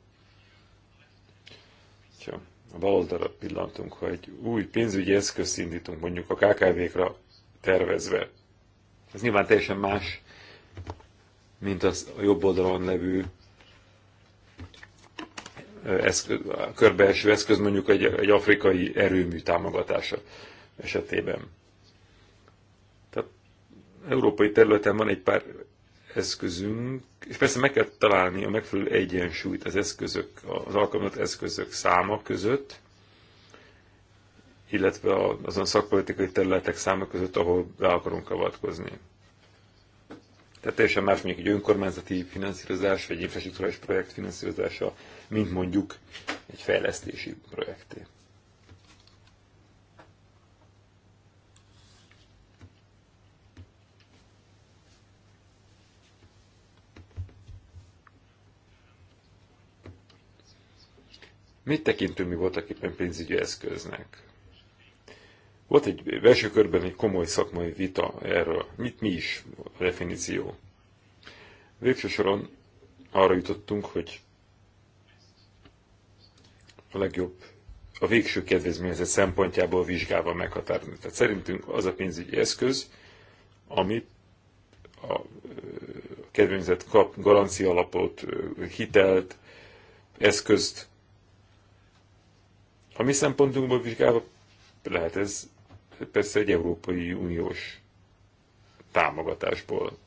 ja, a oldalra pillantunk, ha egy új pénzügyi eszközt indítunk mondjuk a KKV-kra tervezve, ez nyilván teljesen más mint az a jobb oldalon levő eszköz, körbeeső eszköz mondjuk egy, egy afrikai erőmű támogatása esetében. Tehát európai területen van egy pár eszközünk, és persze meg kell találni a megfelelő egyensúlyt az eszközök, az alkalmazott eszközök száma között, illetve azon szakpolitikai területek száma között, ahol be akarunk avatkozni. Tehát teljesen más mondjuk egy önkormányzati finanszírozás, vagy infrastruktúrás projekt finanszírozása, mint mondjuk egy fejlesztési projekté. Mit tekintünk mi voltak éppen pénzügyi eszköznek? Volt egy belső körben egy komoly szakmai vita erről. Mit mi is a definíció? Végső soron arra jutottunk, hogy a legjobb a végső kedvezményezet szempontjából vizsgálva meghatározni. Tehát szerintünk az a pénzügyi eszköz, amit a kedvezményezet kap garancia alapot, hitelt, eszközt. A mi szempontunkból vizsgálva lehet ez persze egy Európai Uniós támogatásból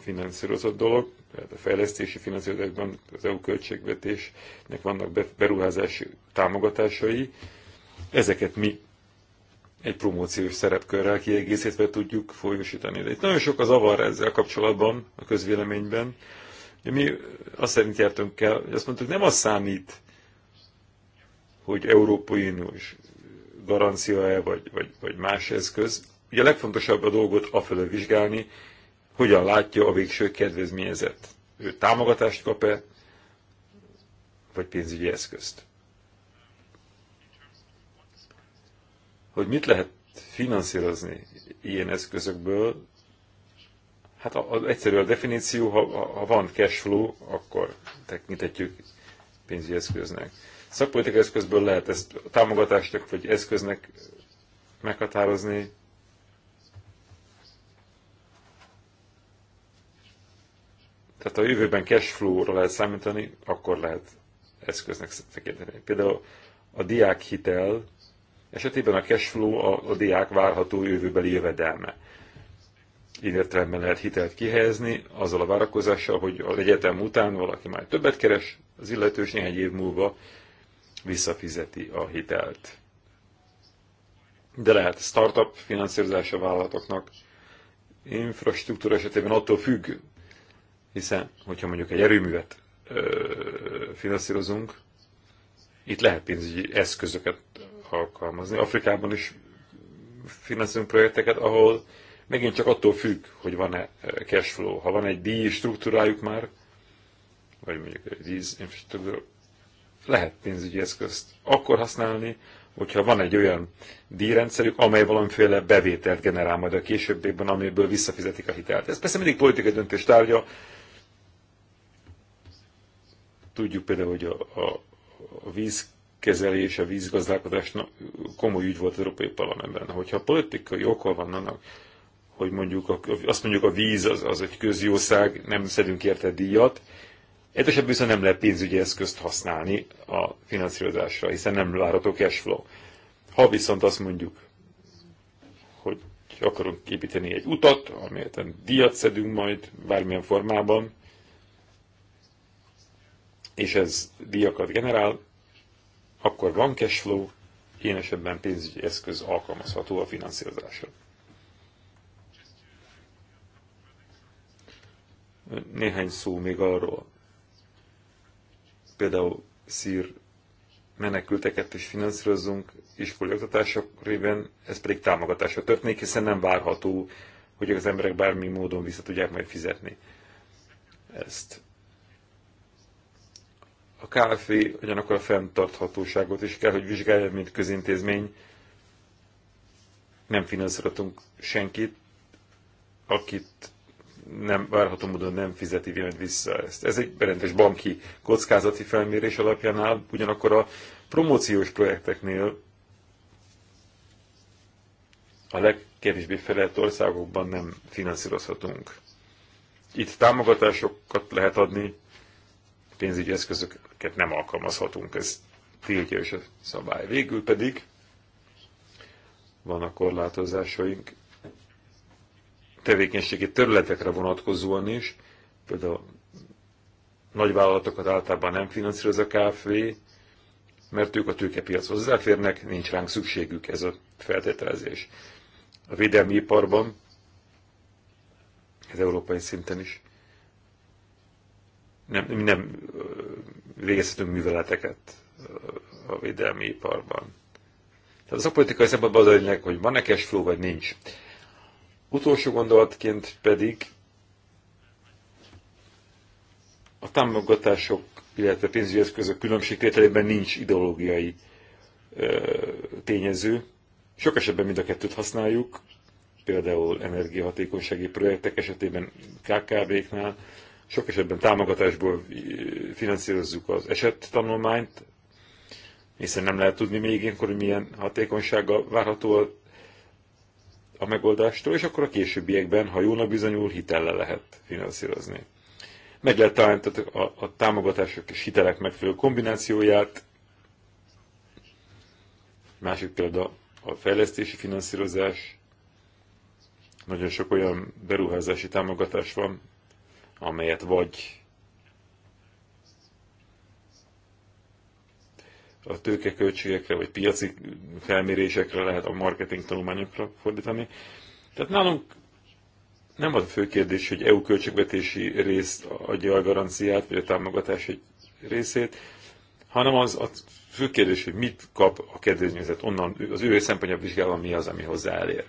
finanszírozott dolog, tehát a fejlesztési finanszírozásban az EU költségvetésnek vannak beruházási támogatásai. Ezeket mi egy promóciós szerepkörrel kiegészítve tudjuk folyósítani. De itt nagyon sok az avar ezzel kapcsolatban a közvéleményben. De mi azt szerint jártunk el, hogy azt mondtuk, nem az számít, hogy Európai Uniós garancia-e, vagy, vagy, vagy más eszköz. Ugye a legfontosabb a dolgot afelől vizsgálni, hogyan látja a végső kedvezményezett. Ő támogatást kap-e, vagy pénzügyi eszközt. Hogy mit lehet finanszírozni ilyen eszközökből, hát a, a, egyszerű a definíció, ha, ha van cash flow, akkor tekintetjük pénzügyi eszköznek szakpolitikai eszközből lehet ezt támogatásnak vagy eszköznek meghatározni. Tehát a jövőben cash flow-ra lehet számítani, akkor lehet eszköznek tekinteni. Például a diák hitel esetében a cash flow a, a diák várható jövőbeli jövedelme. Így értelemben lehet hitelt kihelyezni, azzal a várakozással, hogy az egyetem után valaki már többet keres, az illetős néhány év múlva visszafizeti a hitelt. De lehet startup finanszírozása vállalatoknak, infrastruktúra esetében attól függ, hiszen hogyha mondjuk egy erőművet ö, finanszírozunk, itt lehet pénzügyi eszközöket alkalmazni. Afrikában is finanszírozunk projekteket, ahol megint csak attól függ, hogy van-e cashflow. Ha van egy díj struktúrájuk már, vagy mondjuk egy díj lehet pénzügyi eszközt akkor használni, hogyha van egy olyan díjrendszerük, amely valamiféle bevételt generál majd a későbbiekben, amiből visszafizetik a hitelt. Ez persze mindig politikai döntés tárgya. Tudjuk például, hogy a, a, a vízkezelés, a vízgazdálkodás komoly ügy volt az Európai Parlamentben. Hogyha politikai oka van annak, hogy mondjuk a, azt mondjuk a víz az, az egy közjószág, nem szedünk érte díjat, egy esetben viszont nem lehet pénzügyi eszközt használni a finanszírozásra, hiszen nem várható cashflow. Ha viszont azt mondjuk, hogy akarunk építeni egy utat, amelyet díjat szedünk majd bármilyen formában, és ez díjakat generál, akkor van cashflow, ilyen esetben pénzügyi eszköz alkalmazható a finanszírozásra. Néhány szó még arról, például szír menekülteket is finanszírozunk iskolai oktatások révén, ez pedig támogatásra történik, hiszen nem várható, hogy az emberek bármi módon vissza tudják majd fizetni ezt. A KFV ugyanakkor a fenntarthatóságot is kell, hogy vizsgálja, mint közintézmény. Nem finanszírozunk senkit, akit nem várható módon nem fizeti véleményt vissza ezt. Ez egy rendes banki kockázati felmérés alapján áll, ugyanakkor a promóciós projekteknél a legkevésbé felett országokban nem finanszírozhatunk. Itt támogatásokat lehet adni, pénzügyi eszközöket nem alkalmazhatunk, ez tiltja is a szabály. Végül pedig vannak korlátozásaink tevékenységi területekre vonatkozóan is, például nagyvállalatokat általában nem finanszíroz a KFV, mert ők a tőkepiac hozzáférnek, nincs ránk szükségük ez a feltételezés. A védelmi iparban, ez európai szinten is, nem, nem végezhetünk műveleteket a védelmi iparban. Tehát az a politikai szempontból az a lényeg, hogy van-e cash flow, vagy nincs. Utolsó gondolatként pedig a támogatások, illetve pénzügyi eszközök különbségtételében nincs ideológiai tényező. Sok esetben mind a kettőt használjuk, például energiahatékonysági projektek esetében KKV-knál, sok esetben támogatásból finanszírozzuk az esettanulmányt, hiszen nem lehet tudni még ilyenkor, hogy milyen hatékonysága várható a a megoldástól, és akkor a későbbiekben, ha jónak bizonyul, hitellel lehet finanszírozni. Meg lehet találni a, a támogatások és hitelek megfelelő kombinációját. Másik példa a fejlesztési finanszírozás. Nagyon sok olyan beruházási támogatás van, amelyet vagy a tőkeköltségekre, vagy piaci felmérésekre, lehet a marketing tanulmányokra fordítani. Tehát nálunk nem az a fő kérdés, hogy EU költségvetési részt adja a garanciát, vagy a támogatás egy részét, hanem az a fő kérdés, hogy mit kap a kedvezményezet, onnan az ő szempontjából vizsgálva mi az, ami hozzá elér.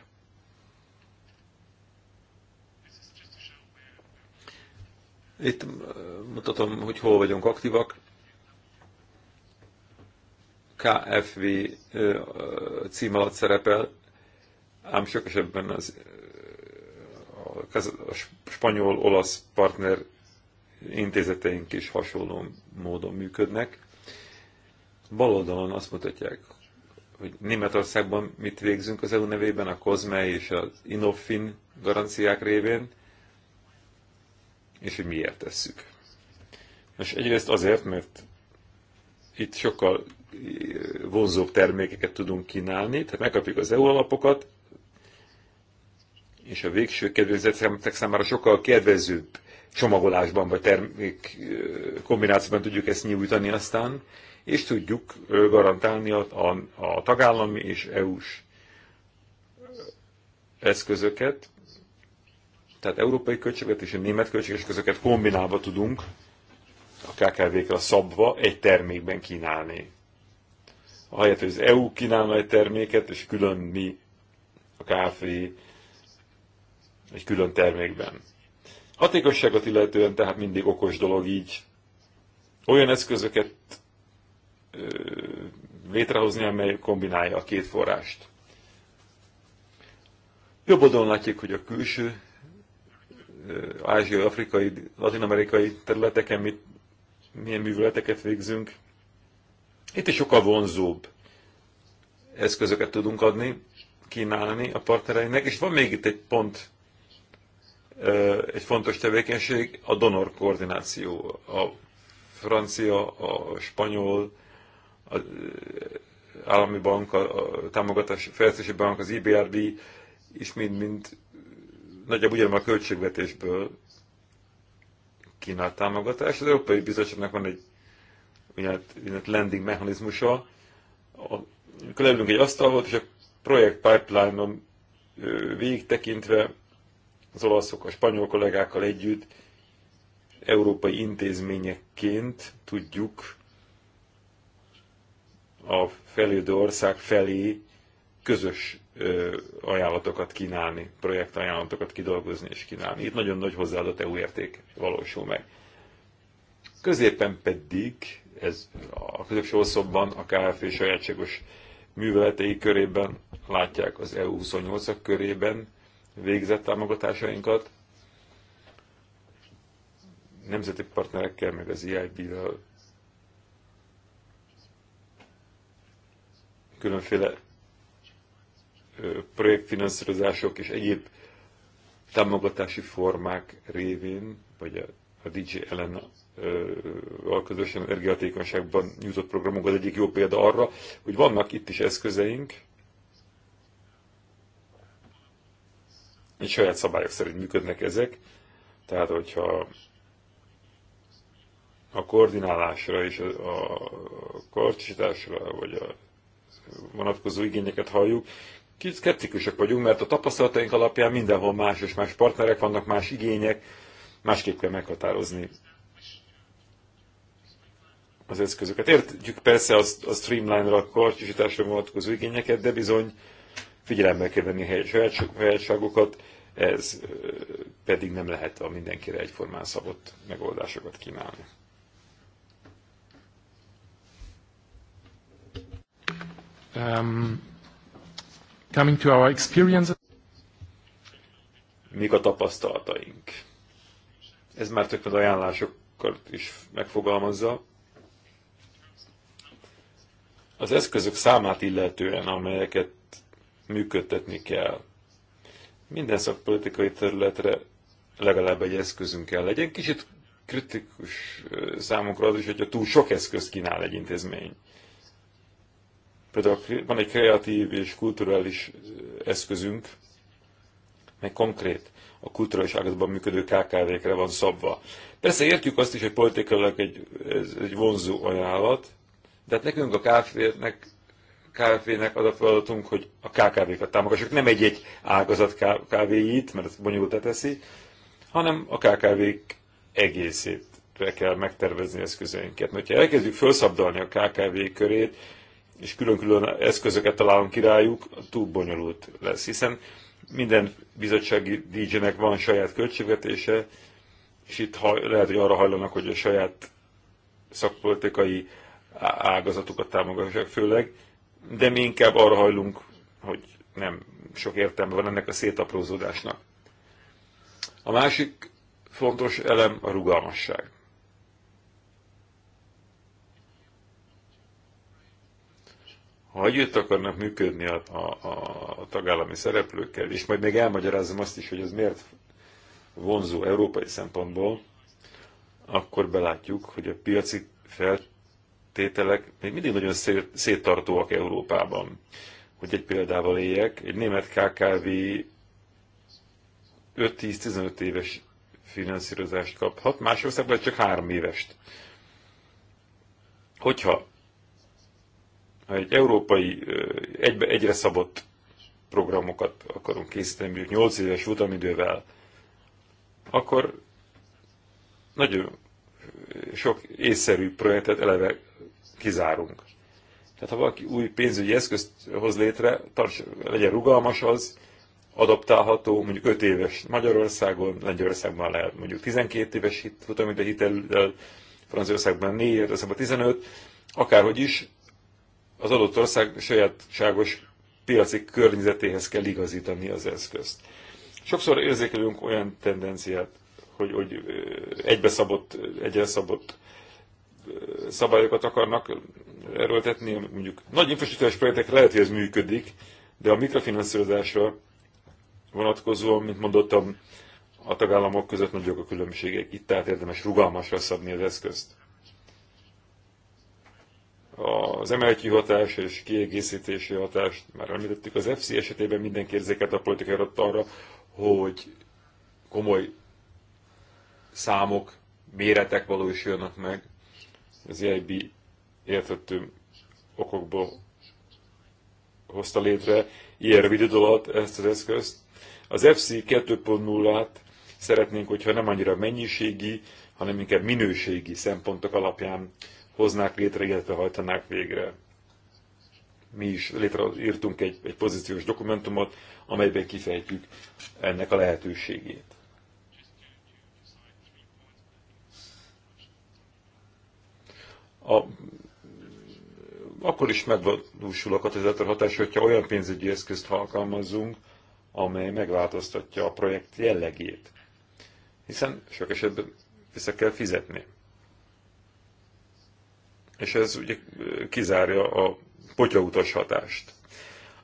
Itt mutatom, hogy hol vagyunk aktívak. KFV cím alatt szerepel, ám sok esetben az, a spanyol-olasz partner intézeteink is hasonló módon működnek. Baloldalon azt mutatják, hogy Németországban mit végzünk az EU nevében, a COSME és az Innofin garanciák révén, és hogy miért tesszük. Most egyrészt azért, mert itt sokkal eh, vonzóbb termékeket tudunk kínálni, tehát megkapjuk az EU alapokat, és a végső kedvezetek számára sokkal kedvezőbb csomagolásban vagy termék eh, kombinációban tudjuk ezt nyújtani aztán, és tudjuk eh, garantálni a, a, a tagállami és EU-s eszközöket, tehát európai költségvetés és német költséges eszközöket kombinálva tudunk a KKV-kra szabva egy termékben kínálni. Ahelyett, hogy az EU kínálna egy terméket, és külön mi, a KFV egy külön termékben. Hatékosságot illetően tehát mindig okos dolog így olyan eszközöket ö, létrehozni, amely kombinálja a két forrást. Jobb oldalon látjuk, hogy a külső ázsiai, afrikai, latinamerikai területeken mit milyen műveleteket végzünk. Itt is sokkal vonzóbb eszközöket tudunk adni, kínálni a partnereinek, és van még itt egy pont, egy fontos tevékenység, a donor koordináció. A francia, a spanyol, a állami bank, a támogatás, fejlesztési bank, az IBRD is mind-mind nagyjából ugyanúgy a költségvetésből Kínál támogatás. Az Európai Bizottságnak van egy úgynevezett landing mechanizmusa. Amikor leülünk egy asztalhoz, és a projekt pipeline-on végig tekintve az olaszok, a spanyol kollégákkal együtt európai intézményekként tudjuk a fejlődő ország felé közös ajánlatokat kínálni, projektajánlatokat kidolgozni és kínálni. Itt nagyon nagy hozzáadott EU érték valósul meg. Középen pedig, ez a középső hosszabban a KFV sajátságos műveletei körében látják az EU28-ak körében végzett támogatásainkat. Nemzeti partnerekkel, meg az EIB-vel különféle projektfinanszírozások és egyéb támogatási formák révén, vagy a, a DJ Ellen a közös energiatékonyságban nyújtott programok az egyik jó példa arra, hogy vannak itt is eszközeink, és saját szabályok szerint működnek ezek, tehát hogyha a koordinálásra és a karcsításra, vagy a vonatkozó igényeket halljuk, Kicsit szkeptikusak vagyunk, mert a tapasztalataink alapján mindenhol más és más partnerek vannak, más igények, másképp kell meghatározni az eszközöket. Értjük persze a, a streamline-ra, a karcsúsításra vonatkozó igényeket, de bizony figyelembe kell venni a sajátságokat, ez pedig nem lehet a mindenkire egyformán szabott megoldásokat kínálni. Um, Coming to our experience. Mik a tapasztalataink? Ez már tök az ajánlásokat is megfogalmazza. Az eszközök számát illetően, amelyeket működtetni kell. Minden szakpolitikai területre legalább egy eszközünk kell legyen. Kicsit kritikus számunkra az is, hogyha túl sok eszköz kínál egy intézmény. Például van egy kreatív és kulturális eszközünk, meg konkrét a kulturális ágazatban működő KKV-kre van szabva. Persze értjük azt is, hogy politikailag egy, ez egy vonzó ajánlat, de hát nekünk a KKV-nek KKV-nek az a feladatunk, hogy a KKV-kat támogassuk, nem egy-egy ágazat KKV-jét, mert ezt bonyolult teszi, hanem a KKV-k egészét kell megtervezni eszközeinket. Mert ha elkezdjük felszabdalni a KKV körét, és külön-külön eszközöket találunk királyuk, túl bonyolult lesz, hiszen minden bizottsági DJ-nek van saját költségvetése, és itt ha, lehet, hogy arra hajlanak, hogy a saját szakpolitikai ágazatukat támogassák főleg, de mi inkább arra hajlunk, hogy nem sok értelme van ennek a szétaprózódásnak. A másik fontos elem a rugalmasság. ha együtt akarnak működni a, a, a tagállami szereplőkkel, és majd még elmagyarázom azt is, hogy ez miért vonzó európai szempontból, akkor belátjuk, hogy a piaci feltételek még mindig nagyon széttartóak Európában. Hogy egy példával éljek, egy német KKV 5-10-15 éves finanszírozást kaphat, más országban csak 3 évest. Hogyha egy európai, egybe, egyre szabott programokat akarunk készíteni, mondjuk 8 éves futamidővel, akkor nagyon sok észszerű projektet eleve kizárunk. Tehát ha valaki új pénzügyi eszközt hoz létre, tarts, legyen rugalmas az, adaptálható, mondjuk 5 éves Magyarországon, Lengyelországban lehet mondjuk 12 éves hit, futamidő hitel, Franciaországban 4, Franciaországban 15, akárhogy is, az adott ország sajátságos piaci környezetéhez kell igazítani az eszközt. Sokszor érzékelünk olyan tendenciát, hogy, hogy egybeszabott, egyenszabott szabályokat akarnak erőltetni, mondjuk nagy infrastruktúrás projektekre lehet, hogy ez működik, de a mikrofinanszírozásra vonatkozóan, mint mondottam, a tagállamok között nagyok a különbségek. Itt tehát érdemes rugalmasra szabni az eszközt az emeltyi hatás és kiegészítési hatást már említettük. Az FC esetében mindenki kérzéket a politikai adott arra, hogy komoly számok, méretek valósulnak meg. Az EIB értettő okokból hozta létre ilyen rövid idő alatt ezt az eszközt. Az FC 2.0-át szeretnénk, hogyha nem annyira mennyiségi, hanem inkább minőségi szempontok alapján hoznák létre, illetve hajtanák végre. Mi is létreírtunk egy, egy pozíciós dokumentumot, amelyben kifejtjük ennek a lehetőségét. A, akkor is megvalósul a katalizátor hatás, hogyha olyan pénzügyi eszközt alkalmazunk, amely megváltoztatja a projekt jellegét. Hiszen sok esetben vissza kell fizetni és ez ugye kizárja a potyautas hatást.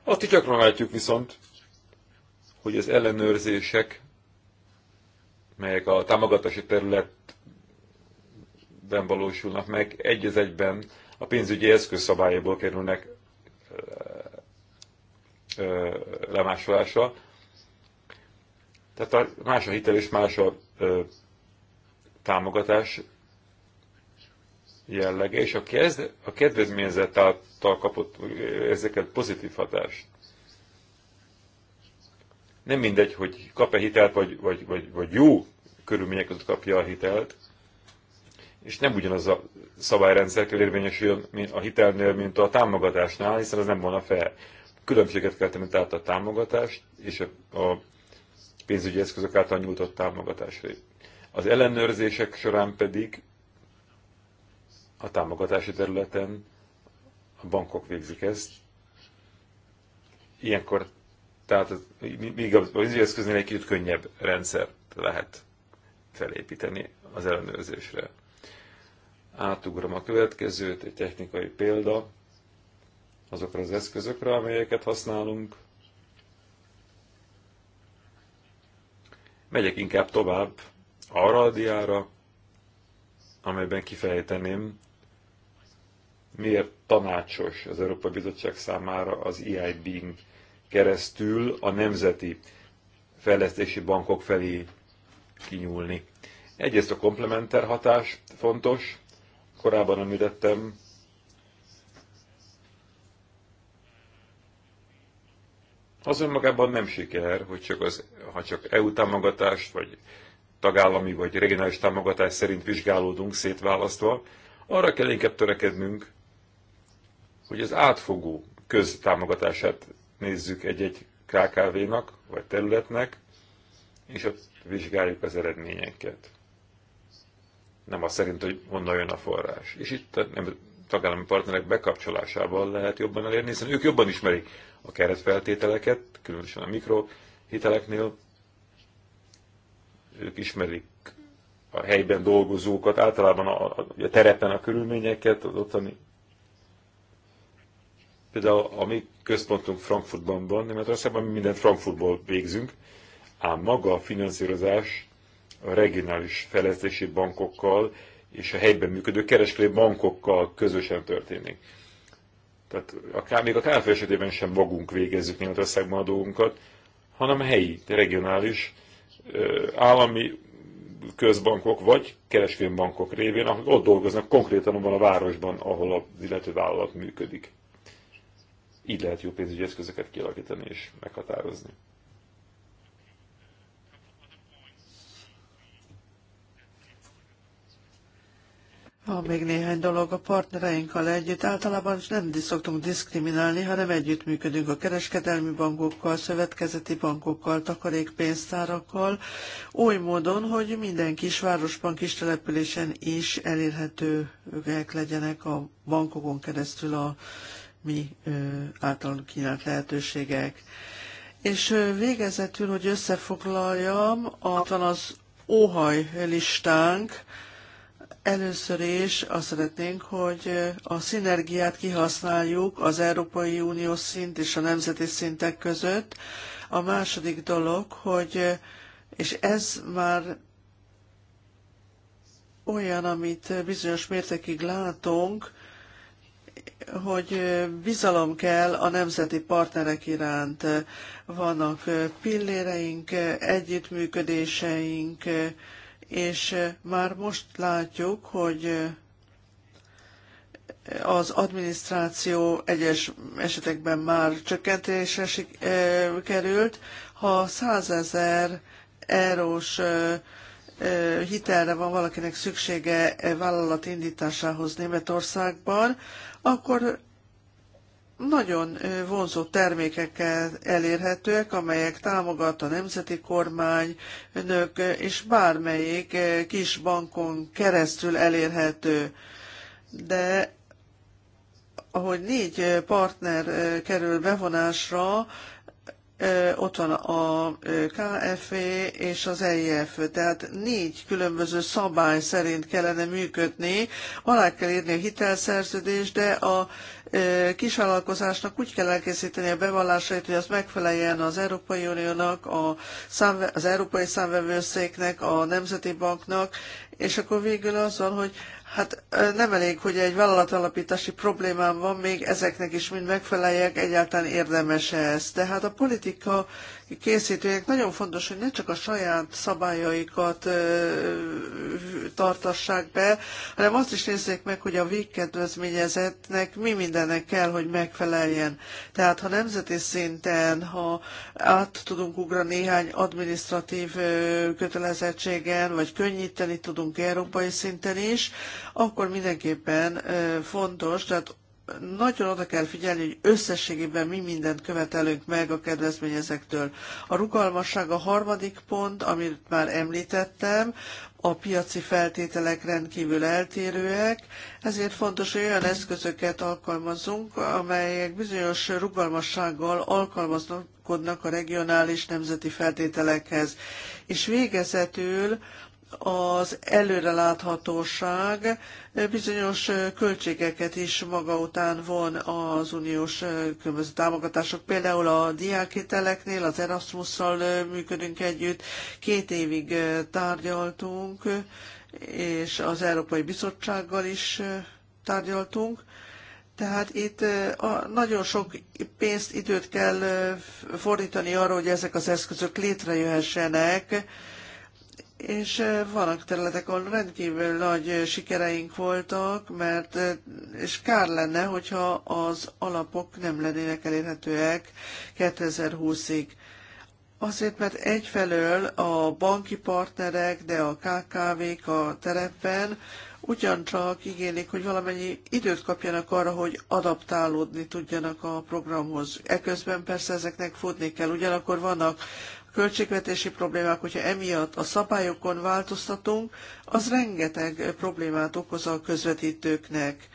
Azt is gyakran látjuk viszont, hogy az ellenőrzések, melyek a támogatási területben valósulnak meg, egy az egyben a pénzügyi eszközszabályából kerülnek lemásolásra. Tehát más a hitel és más a támogatás jellege, és a, kezd, a kedvezményezett által kapott ezeket pozitív hatást. Nem mindegy, hogy kap-e hitelt, vagy, vagy, vagy, vagy jó körülmények között kapja a hitelt, és nem ugyanaz a szabályrendszer kell érvényesüljön a hitelnél, mint a támogatásnál, hiszen ez nem volna fel. Különbséget kell tenni tehát a támogatást és a, a pénzügyi eszközök által nyújtott támogatásra. Az ellenőrzések során pedig a támogatási területen a bankok végzik ezt. Ilyenkor, tehát még a pénzügyi eszköznél egy kicsit könnyebb rendszert lehet felépíteni az ellenőrzésre. Átugrom a következőt, egy technikai példa azokra az eszközökre, amelyeket használunk. Megyek inkább tovább arra a diára, amelyben kifejteném, miért tanácsos az Európai Bizottság számára az EIB-n keresztül a nemzeti fejlesztési bankok felé kinyúlni. Egyrészt a komplementer hatás fontos, korábban említettem, az önmagában nem siker, hogy csak az, ha csak EU támogatást, vagy tagállami, vagy regionális támogatás szerint vizsgálódunk szétválasztva, arra kell inkább törekednünk, hogy az átfogó köztámogatását nézzük egy-egy KKV-nak vagy területnek, és ott vizsgáljuk az eredményeket. Nem azt szerint, hogy honnan jön a forrás. És itt a tagállami partnerek bekapcsolásával lehet jobban elérni, hiszen ők jobban ismerik a keretfeltételeket, különösen a mikrohiteleknél. Ők ismerik a helyben dolgozókat, általában a, a, a terepen a körülményeket, az ottani Például a mi központunk Frankfurtban van, Németországban mi mindent Frankfurtból végzünk, ám maga a finanszírozás a regionális fejlesztési bankokkal és a helyben működő kereskedő bankokkal közösen történik. Tehát akár, még a KFV esetében sem magunk végezzük Németországban a dolgunkat, hanem helyi, regionális, állami közbankok vagy kereskedő bankok révén, akik ott dolgoznak konkrétan abban a városban, ahol az illető vállalat működik. Így lehet jó pénzügyi eszközöket kialakítani és meghatározni. Van még néhány dolog a partnereinkkal együtt. Általában nem szoktunk diszkriminálni, hanem együttműködünk a kereskedelmi bankokkal, szövetkezeti bankokkal, takarékpénztárakkal, oly módon, hogy minden kisvárosban, kis településen is elérhetőek legyenek a bankokon keresztül a mi általunk kínált lehetőségek. És végezetül, hogy összefoglaljam, ott van az óhaj listánk. Először is azt szeretnénk, hogy a szinergiát kihasználjuk az Európai Unió szint és a nemzeti szintek között. A második dolog, hogy, és ez már olyan, amit bizonyos mértékig látunk, hogy bizalom kell a nemzeti partnerek iránt. Vannak pilléreink, együttműködéseink, és már most látjuk, hogy az adminisztráció egyes esetekben már csökkentésre került. Ha százezer eurós hitelre van valakinek szüksége vállalat indításához Németországban, akkor nagyon vonzó termékekkel elérhetőek, amelyek támogat a nemzeti kormány, önök és bármelyik kis bankon keresztül elérhető. De ahogy négy partner kerül bevonásra, ott van a KFV e és az EIF, tehát négy különböző szabály szerint kellene működni. Alá kell írni a hitelszerződést, de a kisvállalkozásnak úgy kell elkészíteni a bevallásait, hogy az megfeleljen az Európai Uniónak, a számve, az Európai Számvevőszéknek, a Nemzeti Banknak, és akkor végül az van, hogy Hát nem elég, hogy egy vállalatalapítási problémám van, még ezeknek is mind megfeleljek, egyáltalán érdemes -e ez. Tehát a politika készítőjek nagyon fontos, hogy ne csak a saját szabályaikat tartassák be, hanem azt is nézzék meg, hogy a végkedvezményezetnek mi mindennek kell, hogy megfeleljen. Tehát ha nemzeti szinten, ha át tudunk ugrani néhány administratív kötelezettségen, vagy könnyíteni tudunk európai szinten is, akkor mindenképpen fontos, tehát nagyon oda kell figyelni, hogy összességében mi mindent követelünk meg a kedvezményezektől. A rugalmasság a harmadik pont, amit már említettem, a piaci feltételek rendkívül eltérőek, ezért fontos, hogy olyan eszközöket alkalmazunk, amelyek bizonyos rugalmassággal alkalmazkodnak a regionális nemzeti feltételekhez. És végezetül az előreláthatóság bizonyos költségeket is maga után von az uniós különböző támogatások. Például a diákhiteleknél az Erasmusszal működünk együtt, két évig tárgyaltunk, és az Európai Bizottsággal is tárgyaltunk. Tehát itt nagyon sok pénzt, időt kell fordítani arra, hogy ezek az eszközök létrejöhessenek, és vannak területek, ahol rendkívül nagy sikereink voltak, mert és kár lenne, hogyha az alapok nem lennének elérhetőek 2020-ig. Azért, mert egyfelől a banki partnerek, de a KKV-k a terepen ugyancsak igénylik, hogy valamennyi időt kapjanak arra, hogy adaptálódni tudjanak a programhoz. Eközben persze ezeknek futni kell, ugyanakkor vannak költségvetési problémák, hogyha emiatt a szabályokon változtatunk, az rengeteg problémát okoz a közvetítőknek.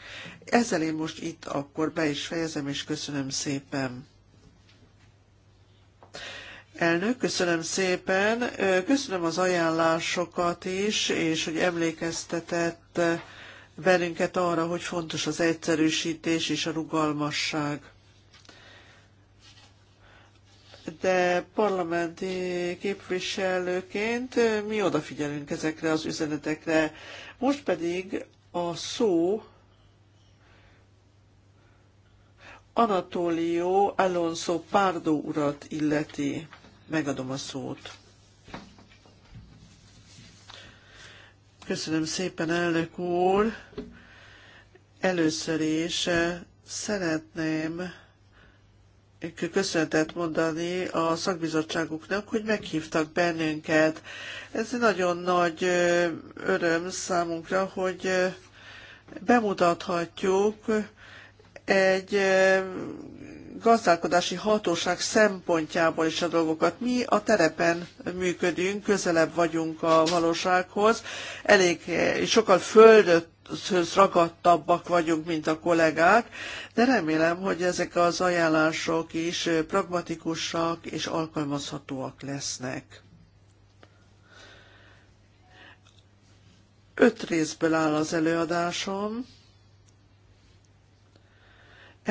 Ezzel én most itt akkor be is fejezem, és köszönöm szépen. Elnök, köszönöm szépen. Köszönöm az ajánlásokat is, és hogy emlékeztetett bennünket arra, hogy fontos az egyszerűsítés és a rugalmasság de parlamenti képviselőként mi odafigyelünk ezekre az üzenetekre. Most pedig a szó Anatolio Alonso Pardo urat illeti. Megadom a szót. Köszönöm szépen, elnök úr. Először is eh, szeretném köszöntet mondani a szakbizottságuknak, hogy meghívtak bennünket. Ez egy nagyon nagy öröm számunkra, hogy bemutathatjuk egy gazdálkodási hatóság szempontjából is a dolgokat. Mi a terepen működünk, közelebb vagyunk a valósághoz, elég sokkal földött ragadtabbak vagyunk, mint a kollégák, de remélem, hogy ezek az ajánlások is pragmatikusak és alkalmazhatóak lesznek. Öt részből áll az előadásom.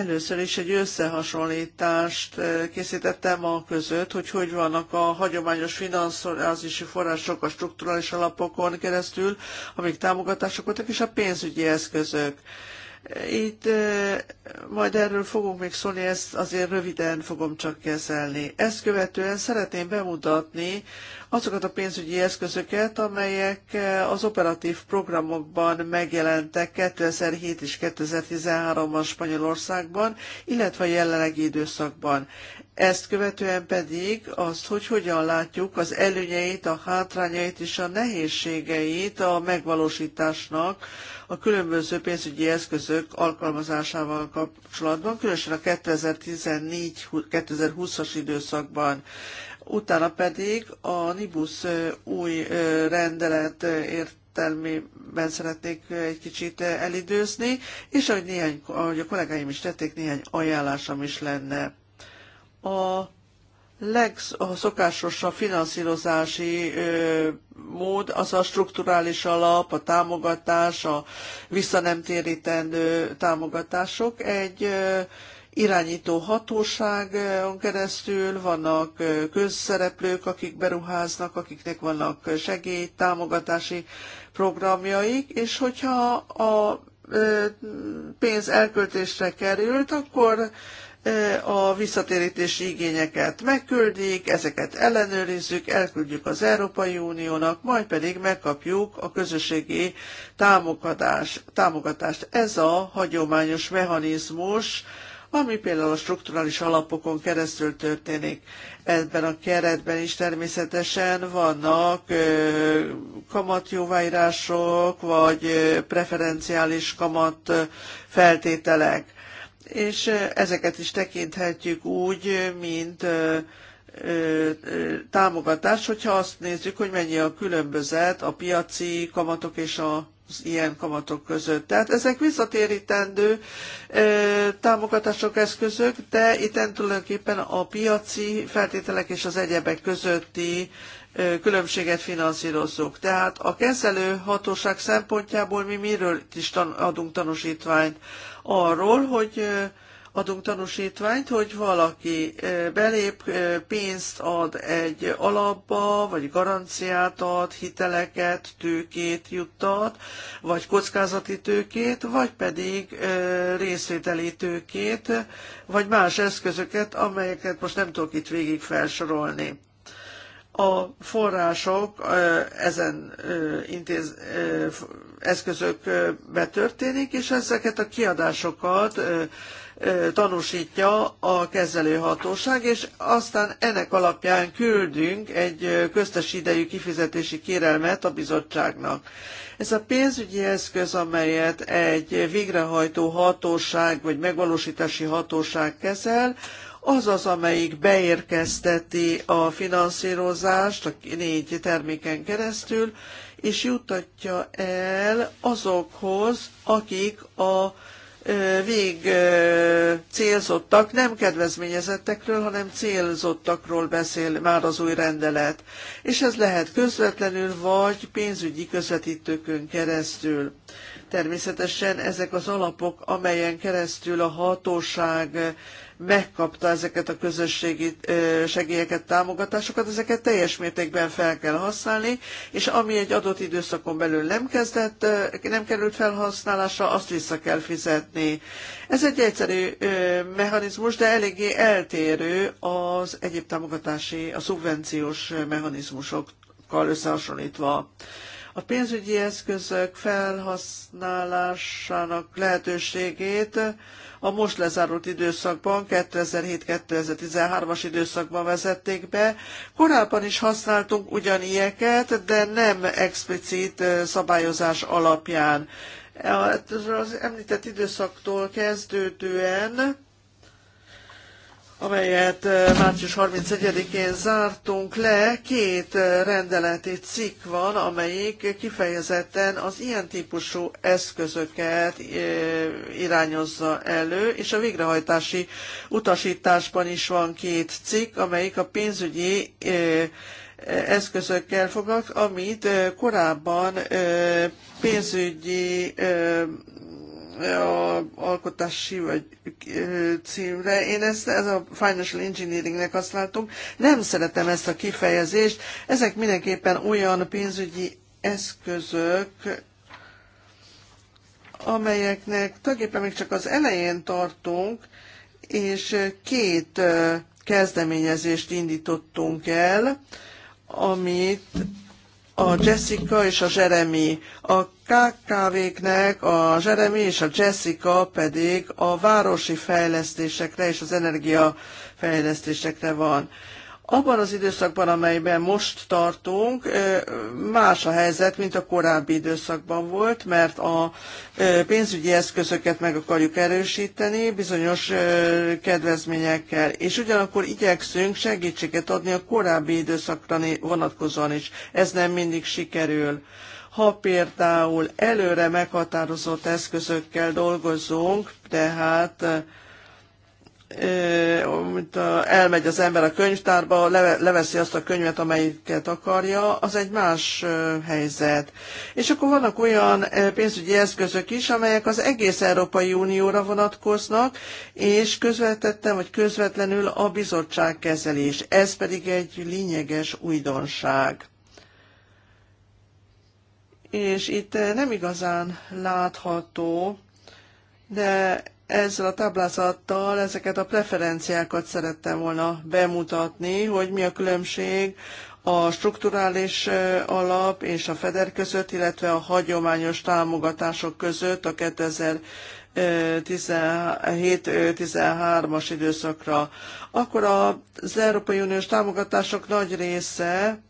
Először is egy összehasonlítást eh, készítettem a között, hogy hogy vannak a hagyományos finanszírozási források a strukturális alapokon keresztül, amik támogatások voltak, és a pénzügyi eszközök. Itt eh, majd erről fogunk még szólni, ezt azért röviden fogom csak kezelni. Ezt követően szeretném bemutatni azokat a pénzügyi eszközöket, amelyek eh, az operatív programokban megjelentek 2007 és 2013-ban Spanyolországban, illetve a jelenlegi időszakban. Ezt követően pedig azt, hogy hogyan látjuk az előnyeit, a hátrányait és a nehézségeit a megvalósításnak a különböző pénzügyi eszközök alkalmazásával kapcsolatban, különösen a 2014-2020-as időszakban utána pedig a Nibus új rendelet ért értelmében szeretnék egy kicsit elidőzni, és ahogy, néhány, ahogy a kollégáim is tették, néhány ajánlásom is lenne. A legszokásosabb finanszírozási ö, mód az a strukturális alap, a támogatás, a visszanemtérítendő támogatások. Egy ö, irányító hatóságon keresztül, vannak közszereplők, akik beruháznak, akiknek vannak segély, támogatási programjaik, és hogyha a pénz elköltésre került, akkor a visszatérítési igényeket megküldik, ezeket ellenőrizzük, elküldjük az Európai Uniónak, majd pedig megkapjuk a közösségi támogatás, támogatást. Ez a hagyományos mechanizmus ami például a strukturális alapokon keresztül történik. Ebben a keretben is természetesen vannak kamatjóváírások, vagy preferenciális kamat feltételek. És ezeket is tekinthetjük úgy, mint támogatás, hogyha azt nézzük, hogy mennyi a különbözet a piaci kamatok és a az ilyen kamatok között. Tehát ezek visszatérítendő e, támogatások, eszközök, de itt tulajdonképpen a piaci feltételek és az egyebek közötti e, különbséget finanszírozzuk. Tehát a kezelő hatóság szempontjából mi miről is tan- adunk tanúsítványt? Arról, hogy e, adunk tanúsítványt, hogy valaki belép, pénzt ad egy alapba, vagy garanciát ad, hiteleket, tőkét juttat, vagy kockázati tőkét, vagy pedig részvételi tőkét, vagy más eszközöket, amelyeket most nem tudok itt végig felsorolni a források ezen intéz, eszközökbe történik, és ezeket a kiadásokat tanúsítja a kezelőhatóság, és aztán ennek alapján küldünk egy köztes idejű kifizetési kérelmet a bizottságnak. Ez a pénzügyi eszköz, amelyet egy végrehajtó hatóság vagy megvalósítási hatóság kezel, az az, amelyik beérkezteti a finanszírozást a négy terméken keresztül, és juttatja el azokhoz, akik a vég célzottak, nem kedvezményezettekről, hanem célzottakról beszél már az új rendelet. És ez lehet közvetlenül, vagy pénzügyi közvetítőkön keresztül. Természetesen ezek az alapok, amelyen keresztül a hatóság megkapta ezeket a közösségi segélyeket, támogatásokat, ezeket teljes mértékben fel kell használni, és ami egy adott időszakon belül nem kezdett, nem került felhasználásra, azt vissza kell fizetni. Ez egy egyszerű mechanizmus, de eléggé eltérő az egyéb támogatási, a szubvenciós mechanizmusokkal összehasonlítva. A pénzügyi eszközök felhasználásának lehetőségét a most lezárult időszakban, 2007-2013-as időszakban vezették be. Korábban is használtunk ugyanilyeket, de nem explicit szabályozás alapján. Az említett időszaktól kezdődően amelyet március 31-én zártunk le, két rendeleti cikk van, amelyik kifejezetten az ilyen típusú eszközöket irányozza elő, és a végrehajtási utasításban is van két cikk, amelyik a pénzügyi eszközökkel foglalkozik, amit korábban pénzügyi alkotási vagy címre. Én ezt, ez a financial engineeringnek használtunk, Nem szeretem ezt a kifejezést. Ezek mindenképpen olyan pénzügyi eszközök, amelyeknek tulajdonképpen még csak az elején tartunk, és két kezdeményezést indítottunk el, amit a Jessica és a Jeremy. A KKV-knek a Jeremy és a Jessica pedig a városi fejlesztésekre és az energiafejlesztésekre van. Abban az időszakban, amelyben most tartunk, más a helyzet, mint a korábbi időszakban volt, mert a pénzügyi eszközöket meg akarjuk erősíteni bizonyos kedvezményekkel, és ugyanakkor igyekszünk segítséget adni a korábbi időszakra vonatkozóan is. Ez nem mindig sikerül. Ha például előre meghatározott eszközökkel dolgozunk, tehát elmegy az ember a könyvtárba, leveszi azt a könyvet, amelyiket akarja, az egy más helyzet. És akkor vannak olyan pénzügyi eszközök is, amelyek az egész Európai Unióra vonatkoznak, és közvetetten vagy közvetlenül a bizottság kezelés. Ez pedig egy lényeges újdonság és itt eh, nem igazán látható, de ezzel a táblázattal ezeket a preferenciákat szerettem volna bemutatni, hogy mi a különbség a strukturális eh, alap és a FEDER között, illetve a hagyományos támogatások között a 2017-13-as időszakra. Akkor az Európai Uniós támogatások nagy része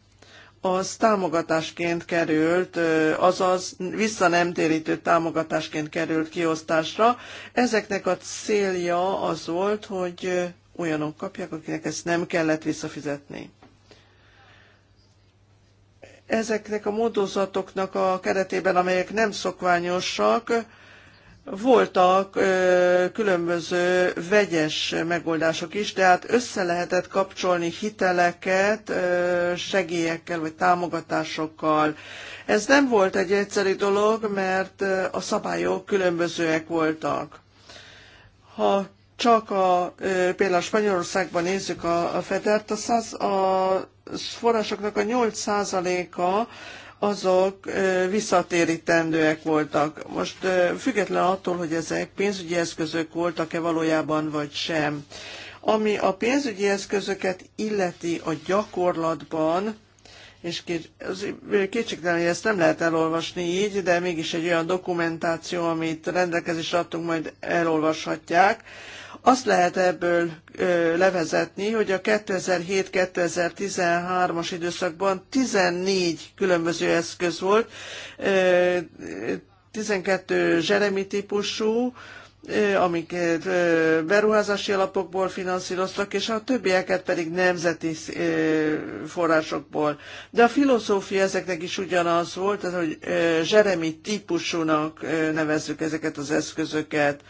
az támogatásként került, azaz vissza nem térítő támogatásként került kiosztásra. Ezeknek a célja az volt, hogy olyanok kapják, akinek ezt nem kellett visszafizetni. Ezeknek a módozatoknak a keretében, amelyek nem szokványosak, voltak ö, különböző vegyes megoldások is, tehát össze lehetett kapcsolni hiteleket ö, segélyekkel vagy támogatásokkal. Ez nem volt egy egyszerű dolog, mert a szabályok különbözőek voltak. Ha csak a, például Spanyolországban nézzük a, a Federt, a, száz, a forrásoknak a 8%-a azok visszatérítendőek voltak. Most független attól, hogy ezek pénzügyi eszközök voltak-e valójában vagy sem. Ami a pénzügyi eszközöket illeti a gyakorlatban, és kétségtelen, hogy ezt nem lehet elolvasni így, de mégis egy olyan dokumentáció, amit rendelkezésre adtunk, majd elolvashatják. Azt lehet ebből levezetni, hogy a 2007-2013-as időszakban 14 különböző eszköz volt, 12 zseremi típusú, amiket beruházási alapokból finanszíroztak, és a többieket pedig nemzeti forrásokból. De a filozófia ezeknek is ugyanaz volt, hogy zseremi típusúnak nevezzük ezeket az eszközöket.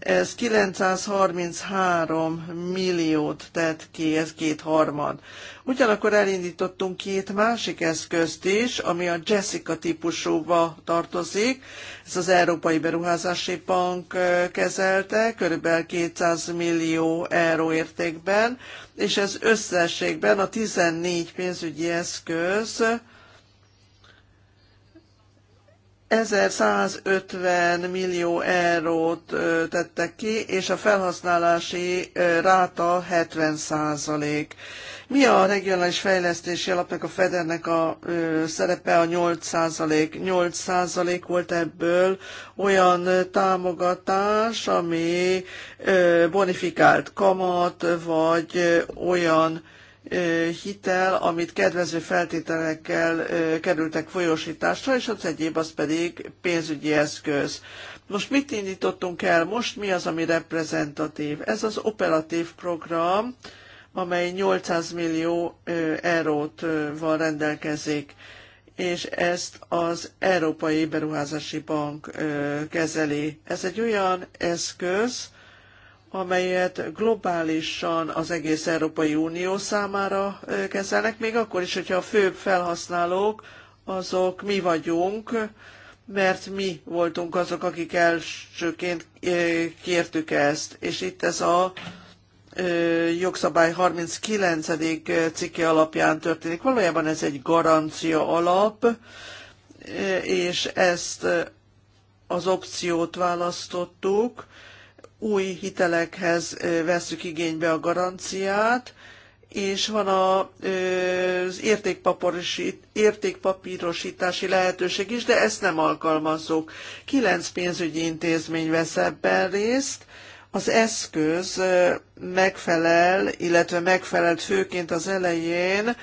Ez 933 milliót tett ki, ez kétharmad. Ugyanakkor elindítottunk két másik eszközt is, ami a Jessica típusúba tartozik. Ez az Európai Beruházási Bank kezelte, körülbelül 200 millió euró értékben, és ez összességben a 14 pénzügyi eszköz 1150 millió eurót tettek ki, és a felhasználási ráta 70 százalék. Mi a regionális fejlesztési alapnak a Federnek a szerepe a 8 százalék? 8 százalék volt ebből olyan támogatás, ami bonifikált kamat, vagy olyan hitel, amit kedvező feltételekkel kerültek folyósításra, és az egyéb az pedig pénzügyi eszköz. Most mit indítottunk el? Most mi az, ami reprezentatív? Ez az operatív program, amely 800 millió eurót van rendelkezik, és ezt az Európai Beruházási Bank kezeli. Ez egy olyan eszköz, amelyet globálisan az egész Európai Unió számára kezelnek, még akkor is, hogyha a főbb felhasználók azok mi vagyunk, mert mi voltunk azok, akik elsőként kértük ezt. És itt ez a jogszabály 39. cikke alapján történik. Valójában ez egy garancia alap, és ezt az opciót választottuk, új hitelekhez veszük igénybe a garanciát, és van az értékpapírosítási lehetőség is, de ezt nem alkalmazzuk. Kilenc pénzügyi intézmény vesz ebben részt, az eszköz megfelel, illetve megfelelt főként az elején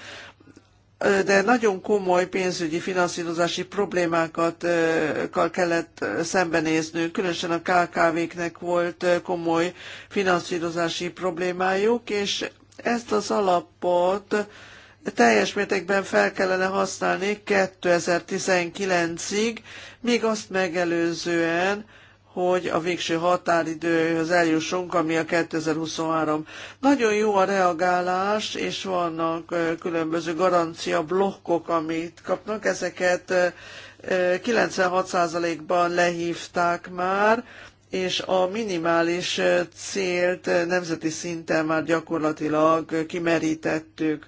de nagyon komoly pénzügyi finanszírozási problémákat kellett szembenéznünk. Különösen a KKV-knek volt komoly finanszírozási problémájuk, és ezt az alapot teljes mértékben fel kellene használni 2019-ig, még azt megelőzően, hogy a végső határidőhöz eljussunk, ami a 2023. Nagyon jó a reagálás, és vannak különböző garancia blokkok, amit kapnak. Ezeket 96%-ban lehívták már, és a minimális célt nemzeti szinten már gyakorlatilag kimerítettük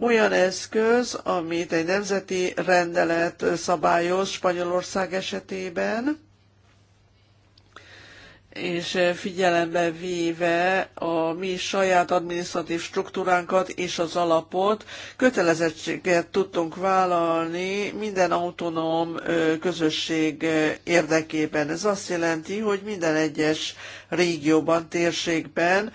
olyan eszköz, amit egy nemzeti rendelet szabályoz Spanyolország esetében, és figyelembe véve a mi saját adminisztratív struktúránkat és az alapot, kötelezettséget tudtunk vállalni minden autonóm közösség érdekében. Ez azt jelenti, hogy minden egyes régióban, térségben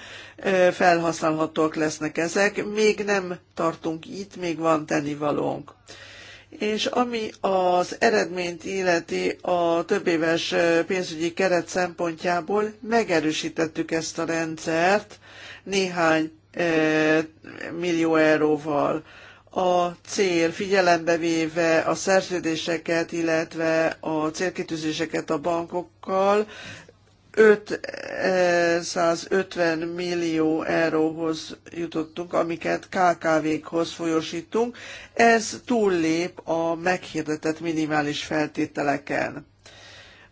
felhasználhatók lesznek ezek. Még nem tartunk itt, még van tennivalónk és ami az eredményt illeti a többéves pénzügyi keret szempontjából, megerősítettük ezt a rendszert néhány millió euróval. A cél figyelembe véve a szerződéseket, illetve a célkitűzéseket a bankokkal 550 millió euróhoz jutottunk, amiket KKV-khoz folyosítunk. Ez túllép a meghirdetett minimális feltételeken.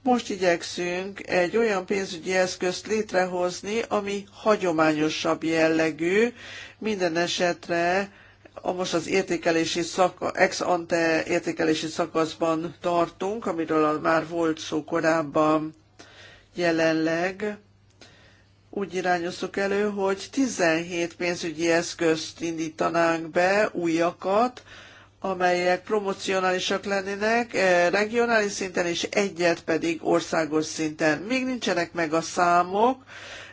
Most igyekszünk egy olyan pénzügyi eszközt létrehozni, ami hagyományosabb jellegű, minden esetre a most az értékelési szaka, ex ante értékelési szakaszban tartunk, amiről már volt szó korábban jelenleg úgy irányoztuk elő, hogy 17 pénzügyi eszközt indítanánk be, újakat, amelyek promocionálisak lennének eh, regionális szinten, és egyet pedig országos szinten. Még nincsenek meg a számok,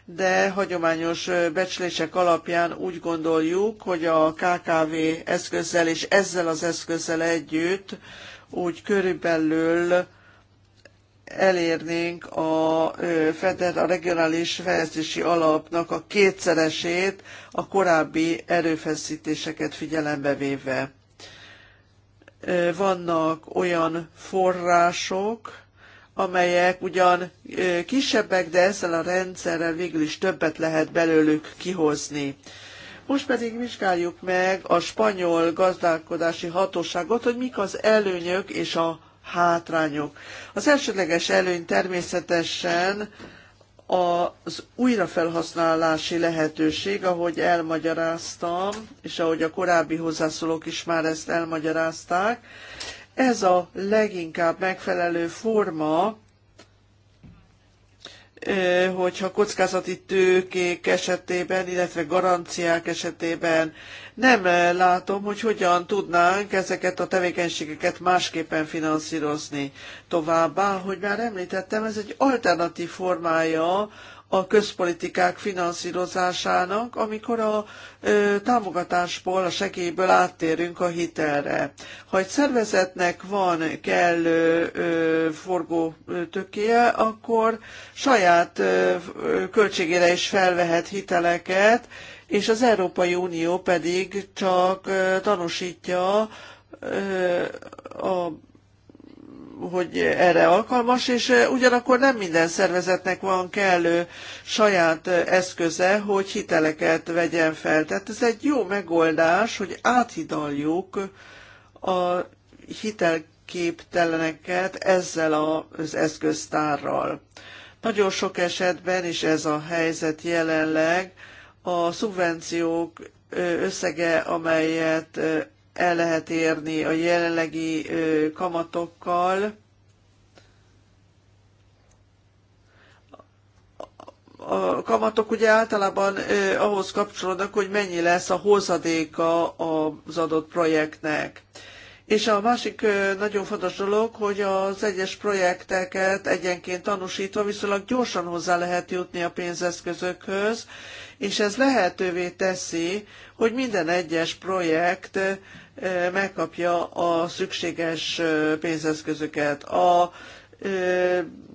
de hagyományos eh, becslések alapján úgy gondoljuk, hogy a KKV eszközzel és ezzel az eszközzel együtt úgy körülbelül elérnénk a, FEDER, a regionális fejlesztési alapnak a kétszeresét a korábbi erőfeszítéseket figyelembe véve. Vannak olyan források, amelyek ugyan kisebbek, de ezzel a rendszerrel végül is többet lehet belőlük kihozni. Most pedig vizsgáljuk meg a spanyol gazdálkodási hatóságot, hogy mik az előnyök és a hátrányok. Az elsődleges előny természetesen az újrafelhasználási lehetőség, ahogy elmagyaráztam, és ahogy a korábbi hozzászólók is már ezt elmagyarázták, ez a leginkább megfelelő forma hogyha kockázati tőkék esetében, illetve garanciák esetében nem látom, hogy hogyan tudnánk ezeket a tevékenységeket másképpen finanszírozni. Továbbá, hogy már említettem, ez egy alternatív formája a közpolitikák finanszírozásának, amikor a ö, támogatásból, a segélyből áttérünk a hitelre. Ha egy szervezetnek van kellő ö, forgó tökéje, akkor saját ö, költségére is felvehet hiteleket, és az Európai Unió pedig csak tanúsítja a hogy erre alkalmas, és eh, ugyanakkor nem minden szervezetnek van kellő saját eh, eszköze, hogy hiteleket vegyen fel. Tehát ez egy jó megoldás, hogy áthidaljuk a hitelképteleneket ezzel az eszköztárral. Nagyon sok esetben, és ez a helyzet jelenleg, a szubvenciók összege, amelyet el lehet érni a jelenlegi kamatokkal. A kamatok ugye általában ahhoz kapcsolódnak, hogy mennyi lesz a hozadéka az adott projektnek. És a másik nagyon fontos dolog, hogy az egyes projekteket egyenként tanúsítva viszonylag gyorsan hozzá lehet jutni a pénzeszközökhöz, és ez lehetővé teszi, hogy minden egyes projekt megkapja a szükséges pénzeszközöket. A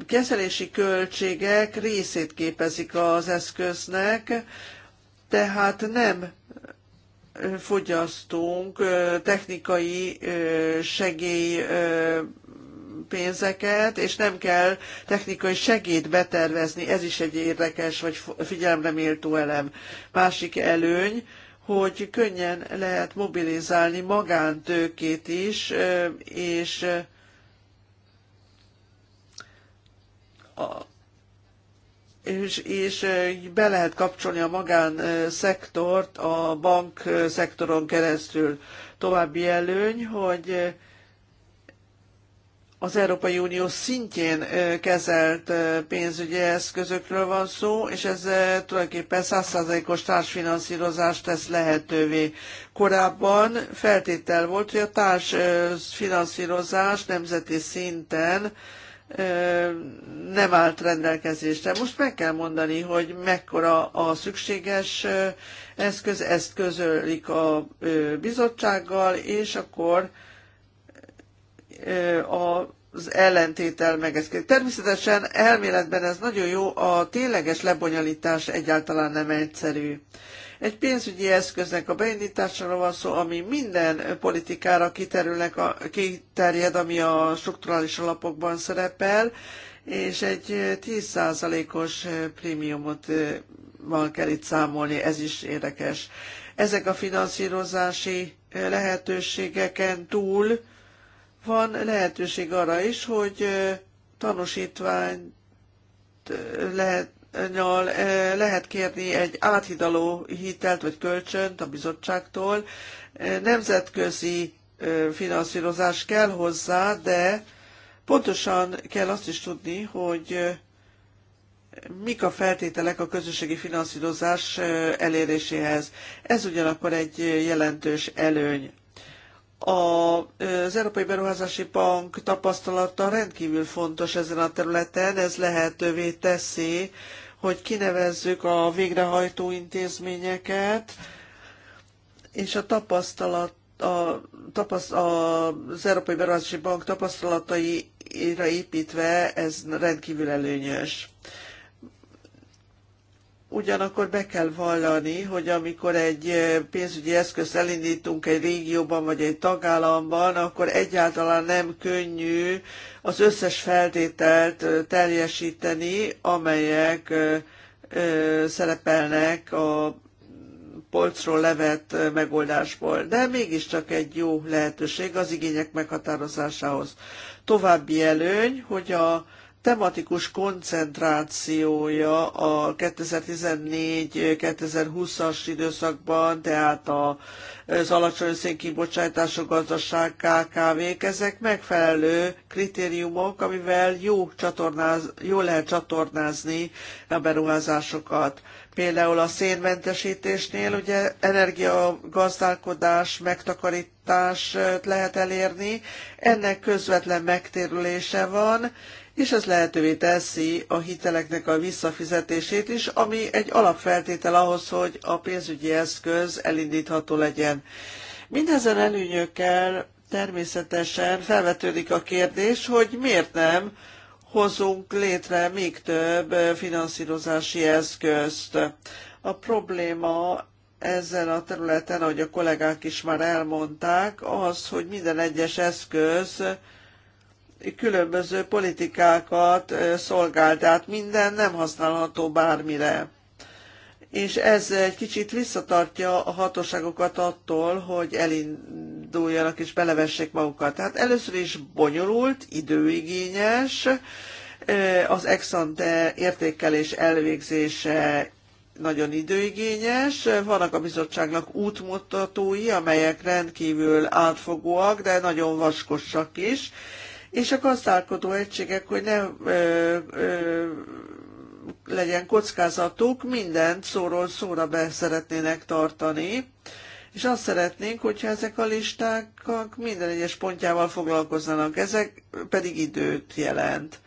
kezelési költségek részét képezik az eszköznek, tehát nem fogyasztunk technikai segély pénzeket, és nem kell technikai segéd betervezni, ez is egy érdekes vagy figyelemre méltó elem. Másik előny, hogy könnyen lehet mobilizálni magántőkét is, és a, és, és be lehet kapcsolni a magánszektort a bankszektoron keresztül. További előny, hogy az Európai Unió szintjén kezelt pénzügyi eszközökről van szó, és ez tulajdonképpen 100%-os társfinanszírozást tesz lehetővé. Korábban feltétel volt, hogy a társfinanszírozás nemzeti szinten nem állt rendelkezésre. Most meg kell mondani, hogy mekkora a szükséges eszköz, ezt közölik a bizottsággal, és akkor az ellentétel megeszkedik. Természetesen elméletben ez nagyon jó, a tényleges lebonyolítás egyáltalán nem egyszerű. Egy pénzügyi eszköznek a beindításáról van szó, ami minden politikára kiterülnek a, kiterjed, ami a strukturális alapokban szerepel, és egy 10%-os prémiumot van kell itt számolni, ez is érdekes. Ezek a finanszírozási lehetőségeken túl van lehetőség arra is, hogy tanúsítványt lehet nyal lehet kérni egy áthidaló hitelt vagy kölcsönt a bizottságtól. Nemzetközi finanszírozás kell hozzá, de pontosan kell azt is tudni, hogy mik a feltételek a közösségi finanszírozás eléréséhez. Ez ugyanakkor egy jelentős előny az Európai Beruházási Bank tapasztalata rendkívül fontos ezen a területen, ez lehetővé teszi, hogy kinevezzük a végrehajtó intézményeket, és a tapasztalat a, tapaszt, az Európai Beruházási Bank tapasztalataira építve ez rendkívül előnyös. Ugyanakkor be kell vallani, hogy amikor egy eh, pénzügyi eszközt elindítunk egy régióban vagy egy tagállamban, akkor egyáltalán nem könnyű az összes feltételt eh, teljesíteni, amelyek eh, szerepelnek a polcról levett megoldásból, de mégiscsak egy jó lehetőség az igények meghatározásához. További előny, hogy a tematikus koncentrációja a 2014-2020-as időszakban, tehát az alacsony szénkibocsátású gazdaság KKV-k, ezek megfelelő kritériumok, amivel jó, csatornáz, jó lehet csatornázni a beruházásokat. Például a szénmentesítésnél ugye energiagazdálkodás, megtakarítás lehet elérni, ennek közvetlen megtérülése van, és ez lehetővé teszi a hiteleknek a visszafizetését is, ami egy alapfeltétel ahhoz, hogy a pénzügyi eszköz elindítható legyen. Mindezen előnyökkel természetesen felvetődik a kérdés, hogy miért nem hozunk létre még több finanszírozási eszközt. A probléma ezen a területen, ahogy a kollégák is már elmondták, az, hogy minden egyes eszköz különböző politikákat szolgál, tehát minden nem használható bármire. És ez egy kicsit visszatartja a hatóságokat attól, hogy elinduljanak és belevessék magukat. Tehát először is bonyolult, időigényes, az exante értékelés elvégzése nagyon időigényes. Vannak a bizottságnak útmutatói, amelyek rendkívül átfogóak, de nagyon vaskosak is, és a gazdálkodó egységek, hogy ne ö, ö, legyen kockázatuk, mindent szóról szóra be szeretnének tartani, és azt szeretnénk, hogyha ezek a listák minden egyes pontjával foglalkoznának, ezek pedig időt jelent.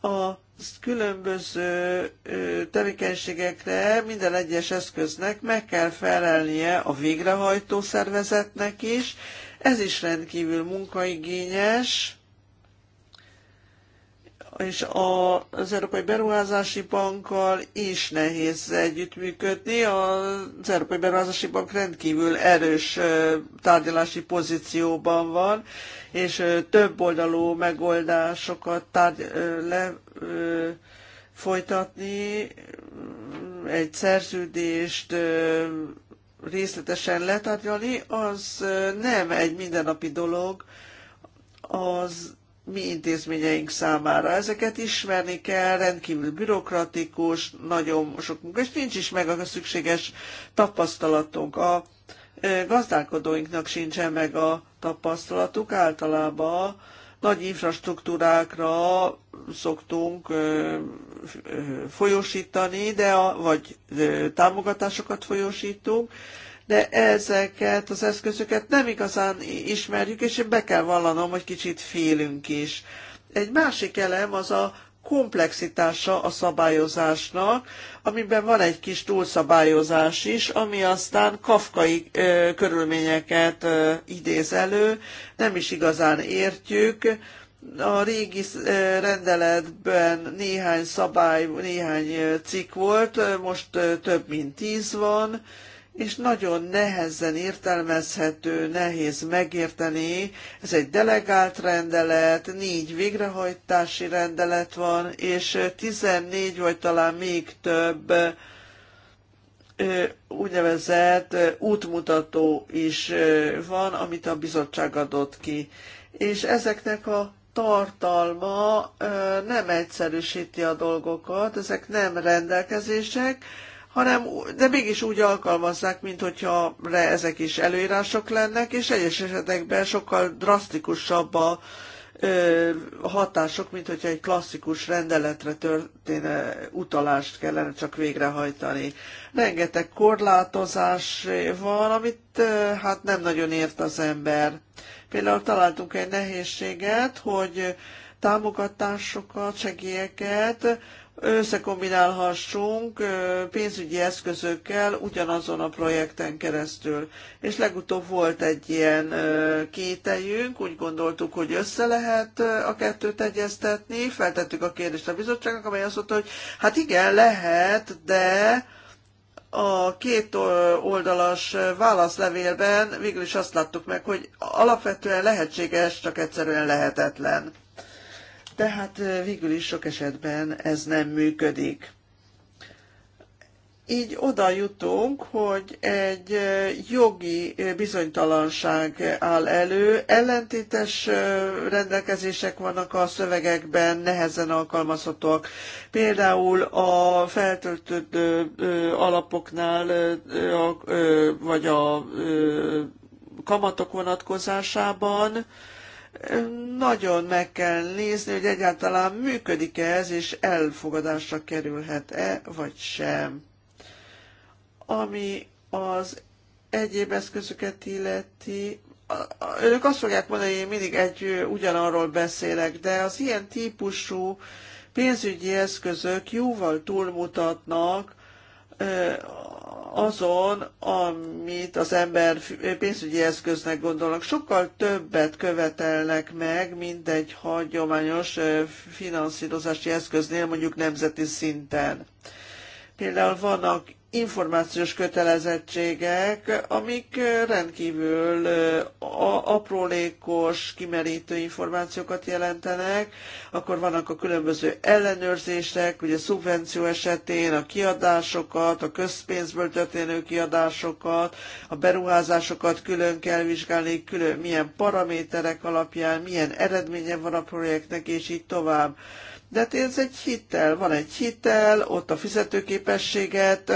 A különböző tevékenységekre minden egyes eszköznek meg kell felelnie a végrehajtó szervezetnek is, ez is rendkívül munkaigényes, és az Európai Beruházási Bankkal is nehéz együttműködni. Az Európai Beruházási Bank rendkívül erős tárgyalási pozícióban van, és több oldalú megoldásokat tárgy, le, folytatni, egy szerződést részletesen letárgyalni, az nem egy mindennapi dolog, az mi intézményeink számára. Ezeket ismerni kell, rendkívül bürokratikus, nagyon sok munka, és nincs is meg a szükséges tapasztalatunk. A gazdálkodóinknak sincsen meg a tapasztalatuk, általában nagy infrastruktúrákra szoktunk folyósítani, de a, vagy támogatásokat folyósítunk, de ezeket az eszközöket nem igazán ismerjük, és be kell vallanom, hogy kicsit félünk is. Egy másik elem az a komplexitása a szabályozásnak, amiben van egy kis túlszabályozás is, ami aztán kafkai ö, körülményeket ö, idéz elő, nem is igazán értjük. A régi rendeletben néhány szabály, néhány cikk volt, most több mint tíz van, és nagyon nehezen értelmezhető, nehéz megérteni. Ez egy delegált rendelet, négy végrehajtási rendelet van, és 14 vagy talán még több úgynevezett útmutató is van, amit a bizottság adott ki. És ezeknek a tartalma nem egyszerűsíti a dolgokat, ezek nem rendelkezések, hanem, de mégis úgy alkalmazzák, mint hogyha ezek is előírások lennek, és egyes esetekben sokkal drasztikusabb a ö, hatások, mint hogyha egy klasszikus rendeletre történő utalást kellene csak végrehajtani. Rengeteg korlátozás van, amit ö, hát nem nagyon ért az ember. Például találtunk egy nehézséget, hogy támogatásokat, segélyeket összekombinálhassunk pénzügyi eszközökkel ugyanazon a projekten keresztül. És legutóbb volt egy ilyen kételjünk, úgy gondoltuk, hogy össze lehet a kettőt egyeztetni, feltettük a kérdést a bizottságnak, amely azt mondta, hogy hát igen, lehet, de a két oldalas válaszlevélben végül is azt láttuk meg, hogy alapvetően lehetséges, csak egyszerűen lehetetlen. Tehát végül is sok esetben ez nem működik. Így oda jutunk, hogy egy jogi bizonytalanság áll elő, ellentétes rendelkezések vannak a szövegekben, nehezen alkalmazhatóak. Például a feltöltött alapoknál, vagy a kamatok vonatkozásában, nagyon meg kell nézni, hogy egyáltalán működik-e ez, és elfogadásra kerülhet-e, vagy sem. Ami az egyéb eszközöket illeti, önök azt fogják mondani, hogy én mindig egy ugyanarról beszélek, de az ilyen típusú pénzügyi eszközök jóval túlmutatnak azon, amit az ember pénzügyi eszköznek gondolnak. Sokkal többet követelnek meg, mint egy hagyományos finanszírozási eszköznél, mondjuk nemzeti szinten. Például vannak információs kötelezettségek, amik rendkívül aprólékos, kimerítő információkat jelentenek, akkor vannak a különböző ellenőrzések, ugye szubvenció esetén a kiadásokat, a közpénzből történő kiadásokat, a beruházásokat külön kell vizsgálni, külön milyen paraméterek alapján, milyen eredménye van a projektnek, és így tovább. De hát ez egy hitel, van egy hitel, ott a fizetőképességet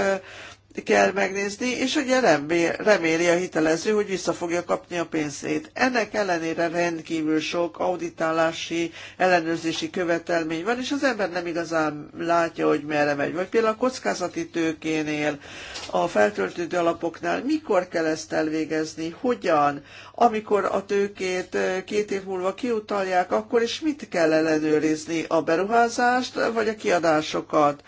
kell megnézni, és ugye reméli a hitelező, hogy vissza fogja kapni a pénzét. Ennek ellenére rendkívül sok auditálási, ellenőrzési követelmény van, és az ember nem igazán látja, hogy merre megy. Vagy például a kockázati tőkénél, a feltöltődő alapoknál mikor kell ezt elvégezni, hogyan, amikor a tőkét két év múlva kiutalják, akkor is mit kell ellenőrizni, a beruházást vagy a kiadásokat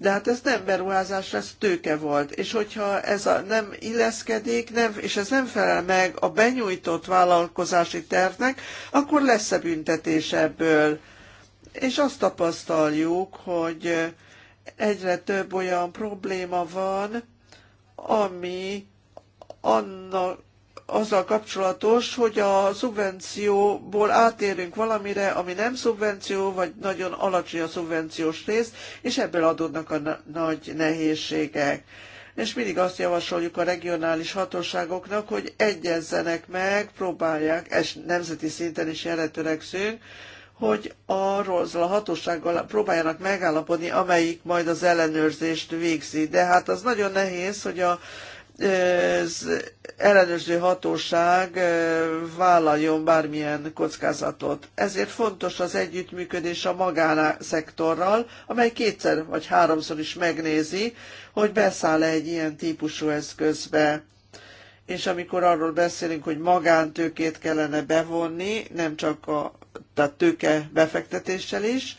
de hát ez nem beruházás, ez tőke volt. És hogyha ez a nem illeszkedik, nem, és ez nem felel meg a benyújtott vállalkozási tervnek, akkor lesz-e büntetés ebből. És azt tapasztaljuk, hogy egyre több olyan probléma van, ami annak azzal kapcsolatos, hogy a szubvencióból átérünk valamire, ami nem szubvenció, vagy nagyon alacsony a szubvenciós rész, és ebből adódnak a na nagy nehézségek. És mindig azt javasoljuk a regionális hatóságoknak, hogy egyezzenek meg, próbálják, és nemzeti szinten is erre törekszünk, hogy arról a hatósággal próbáljanak megállapodni, amelyik majd az ellenőrzést végzi. De hát az nagyon nehéz, hogy a az ellenőrző hatóság vállaljon bármilyen kockázatot. Ezért fontos az együttműködés a magánszektorral, amely kétszer vagy háromszor is megnézi, hogy beszáll -e egy ilyen típusú eszközbe. És amikor arról beszélünk, hogy magántőkét kellene bevonni, nem csak a tehát tőke befektetéssel is,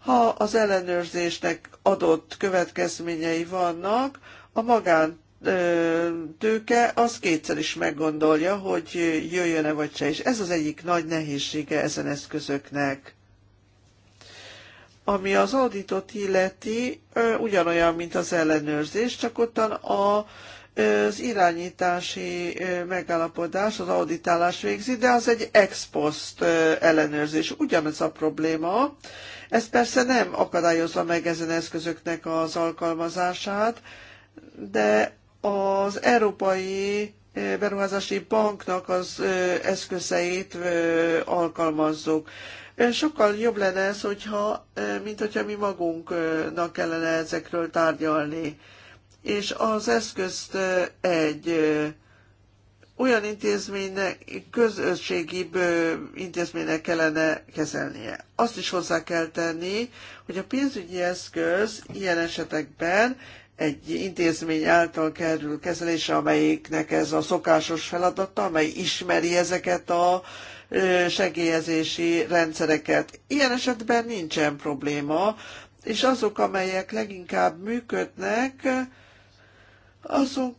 ha az ellenőrzésnek adott következményei vannak, a magán tőke, az kétszer is meggondolja, hogy jöjjön-e vagy se. És ez az egyik nagy nehézsége ezen eszközöknek. Ami az auditot illeti, ugyanolyan, mint az ellenőrzés, csak ottan a, az irányítási megállapodás, az auditálás végzi, de az egy ex post ellenőrzés. Ugyanez a probléma. Ez persze nem akadályozza meg ezen eszközöknek az alkalmazását, de az Európai eh, Beruházási Banknak az eh, eszközeit eh, alkalmazzuk. Sokkal jobb lenne ez, hogyha, mint hogyha mi magunknak kellene ezekről tárgyalni. És az eszközt egy olyan intézménynek, közösségibb intézménynek kellene kezelnie. Azt is hozzá kell tenni, hogy a pénzügyi eszköz ilyen esetekben egy intézmény által kerül kezelése, amelyiknek ez a szokásos feladata, amely ismeri ezeket a segélyezési rendszereket. Ilyen esetben nincsen probléma, és azok, amelyek leginkább működnek, azok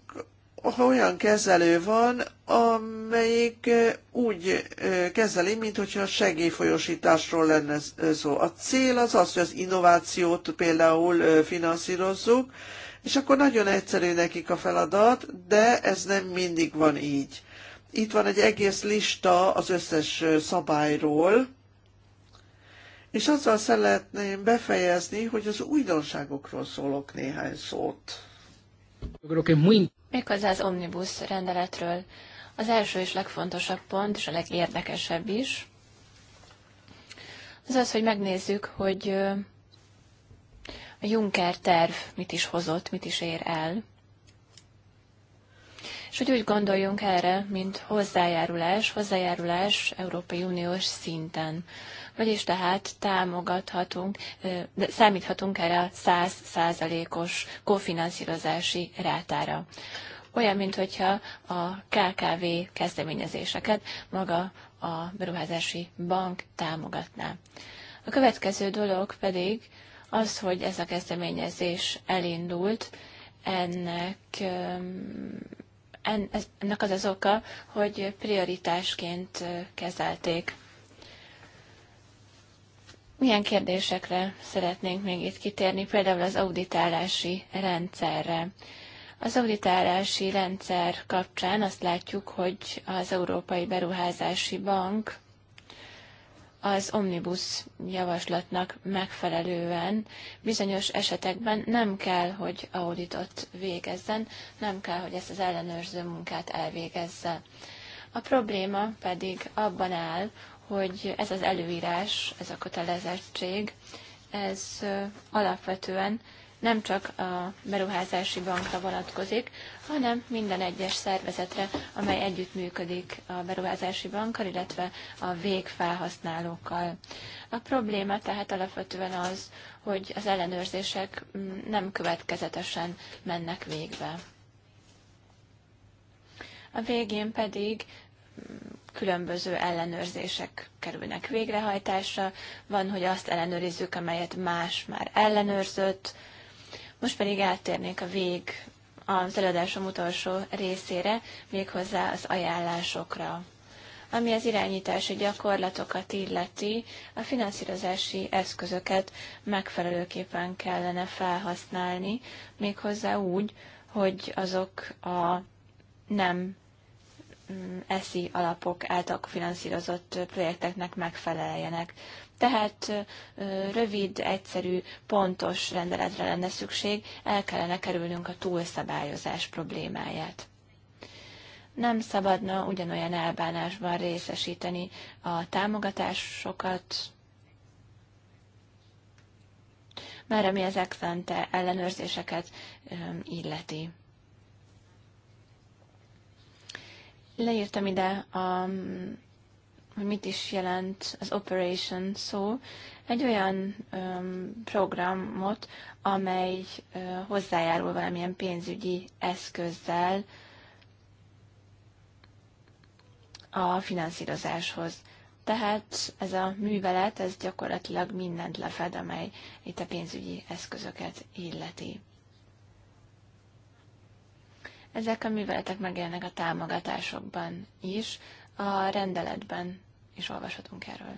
olyan kezelő van, amelyik úgy kezeli, mint hogyha a segélyfolyosításról lenne szó. A cél az az, hogy az innovációt például finanszírozzuk, és akkor nagyon egyszerű nekik a feladat, de ez nem mindig van így. Itt van egy egész lista az összes szabályról, és azzal szeretném befejezni, hogy az újdonságokról szólok néhány szót. Méghozzá az omnibus rendeletről. Az első és legfontosabb pont, és a legérdekesebb is, az az, hogy megnézzük, hogy a Juncker terv mit is hozott, mit is ér el. És hogy úgy gondoljunk erre, mint hozzájárulás, hozzájárulás Európai Uniós szinten. Vagyis tehát támogathatunk, de számíthatunk erre a 100%-os kofinanszírozási rátára. Olyan, mint hogyha a KKV kezdeményezéseket maga a beruházási bank támogatná. A következő dolog pedig, az, hogy ez a kezdeményezés elindult, ennek, ennek az az oka, hogy prioritásként kezelték. Milyen kérdésekre szeretnénk még itt kitérni, például az auditálási rendszerre. Az auditálási rendszer kapcsán azt látjuk, hogy az Európai Beruházási Bank az omnibus javaslatnak megfelelően bizonyos esetekben nem kell, hogy auditot végezzen, nem kell, hogy ezt az ellenőrző munkát elvégezze. A probléma pedig abban áll, hogy ez az előírás, ez a kötelezettség, ez alapvetően nem csak a beruházási bankra vonatkozik, hanem minden egyes szervezetre, amely együttműködik a beruházási bankkal, illetve a végfelhasználókkal. A probléma tehát alapvetően az, hogy az ellenőrzések mm, nem következetesen mennek végbe. A végén pedig mm, különböző ellenőrzések kerülnek végrehajtásra. Van, hogy azt ellenőrizzük, amelyet más már ellenőrzött, most pedig áttérnék a vég az előadásom utolsó részére, méghozzá az ajánlásokra. Ami az irányítási gyakorlatokat illeti, a finanszírozási eszközöket megfelelőképpen kellene felhasználni, méghozzá úgy, hogy azok a nem mm, eszi alapok által finanszírozott projekteknek megfeleljenek. Tehát rövid, egyszerű, pontos rendeletre lenne szükség, el kellene kerülnünk a túlszabályozás problémáját. Nem szabadna ugyanolyan elbánásban részesíteni a támogatásokat, mert ami az ex ellenőrzéseket illeti. Leírtam ide a hogy mit is jelent az operation szó, egy olyan öm, programot, amely ö, hozzájárul valamilyen pénzügyi eszközzel a finanszírozáshoz. Tehát ez a művelet, ez gyakorlatilag mindent lefed, amely itt a pénzügyi eszközöket illeti. Ezek a műveletek megjelennek a támogatásokban is, a rendeletben is olvashatunk erről.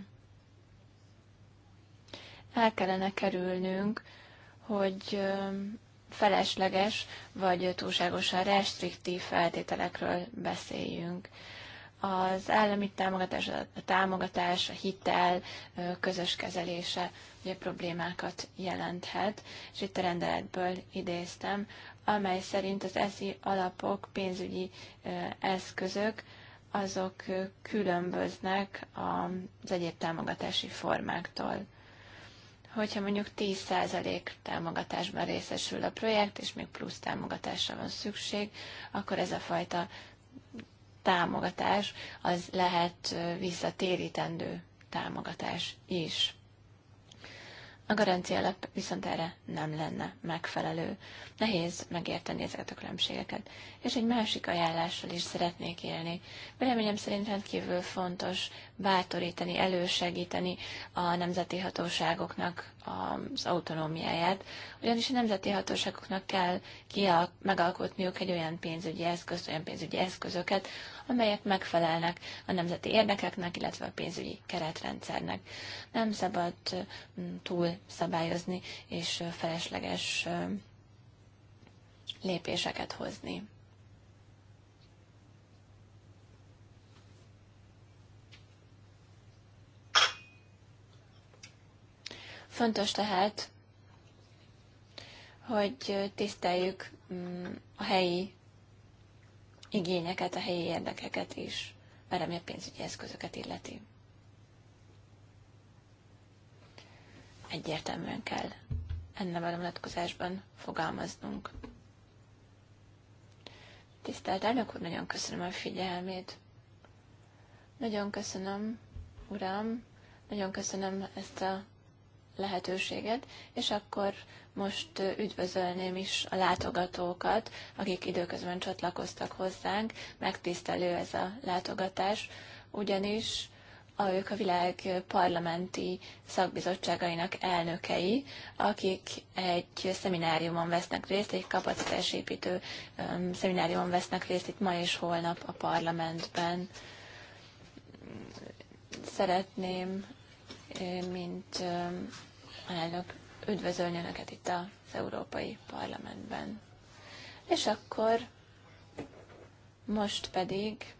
El kellene kerülnünk, hogy felesleges vagy túlságosan restriktív feltételekről beszéljünk. Az állami támogatás, a támogatás, a hitel közös kezelése ugye problémákat jelenthet, és itt a rendeletből idéztem, amely szerint az ESZI alapok pénzügyi eszközök azok különböznek az egyéb támogatási formáktól. Hogyha mondjuk 10% támogatásban részesül a projekt, és még plusz támogatásra van szükség, akkor ez a fajta támogatás az lehet visszatérítendő támogatás is a garancia alap viszont erre nem lenne megfelelő. Nehéz megérteni ezeket a különbségeket. És egy másik ajánlással is szeretnék élni. Véleményem szerint rendkívül fontos bátorítani, elősegíteni a nemzeti hatóságoknak az autonómiáját, ugyanis a nemzeti hatóságoknak kell kial- megalkotniuk egy olyan pénzügyi eszközt, olyan pénzügyi eszközöket, amelyek megfelelnek a nemzeti érdekeknek, illetve a pénzügyi keretrendszernek. Nem szabad mm, túl szabályozni és felesleges lépéseket hozni. Fontos tehát, hogy tiszteljük mm, a helyi igényeket, a helyi érdekeket is, mert ami a pénzügyi eszközöket illeti. egyértelműen kell ennem a vonatkozásban fogalmaznunk. Tisztelt elnök úr, nagyon köszönöm a figyelmét. Nagyon köszönöm, uram, nagyon köszönöm ezt a lehetőséget, és akkor most üdvözölném is a látogatókat, akik időközben csatlakoztak hozzánk. Megtisztelő ez a látogatás, ugyanis ők a világ parlamenti szakbizottságainak elnökei, akik egy szemináriumon vesznek részt, egy kapacitásépítő szemináriumon vesznek részt itt ma és holnap a parlamentben. Szeretném, mint elnök üdvözölni Önöket itt az Európai Parlamentben. És akkor most pedig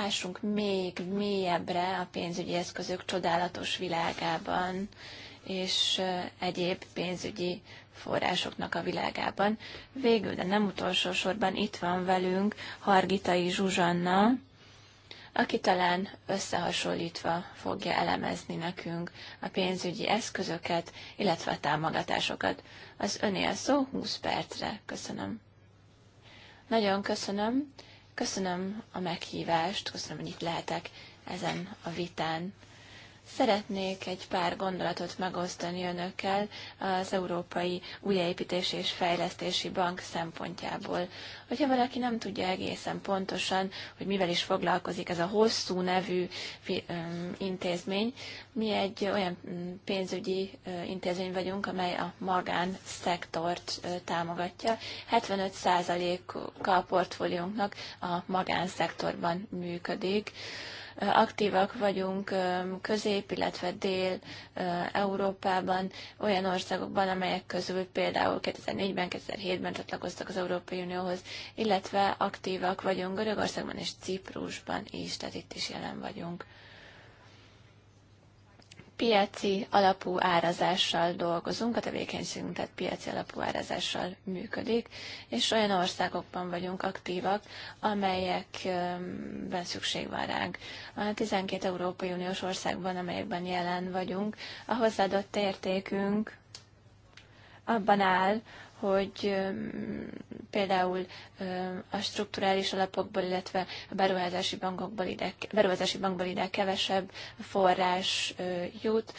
ásunk még mélyebbre a pénzügyi eszközök csodálatos világában, és egyéb pénzügyi forrásoknak a világában. Végül, de nem utolsó sorban itt van velünk Hargitai Zsuzsanna, aki talán összehasonlítva fogja elemezni nekünk a pénzügyi eszközöket, illetve a támogatásokat. Az öné a szó 20 percre. Köszönöm. Nagyon köszönöm. Köszönöm a meghívást, köszönöm, hogy itt lehetek ezen a vitán. Szeretnék egy pár gondolatot megosztani önökkel az Európai Újjáépítési és Fejlesztési Bank szempontjából. Hogyha valaki nem tudja egészen pontosan, hogy mivel is foglalkozik ez a hosszú nevű intézmény, mi egy olyan pénzügyi intézmény vagyunk, amely a magán szektort támogatja. 75%-a a portfóliónknak a magánszektorban működik aktívak vagyunk közép, illetve dél Európában, olyan országokban, amelyek közül például 2004-ben, 2007-ben csatlakoztak az Európai Unióhoz, illetve aktívak vagyunk Görögországban és Ciprusban is, tehát itt is jelen vagyunk piaci alapú árazással dolgozunk, a tevékenységünk tehát piaci alapú árazással működik, és olyan országokban vagyunk aktívak, amelyekben szükség van ránk. A 12 Európai Uniós országban, amelyekben jelen vagyunk, a hozzáadott értékünk abban áll, hogy például a strukturális alapokból, illetve a beruházási, bankokból ide, beruházási bankból ide kevesebb forrás jut,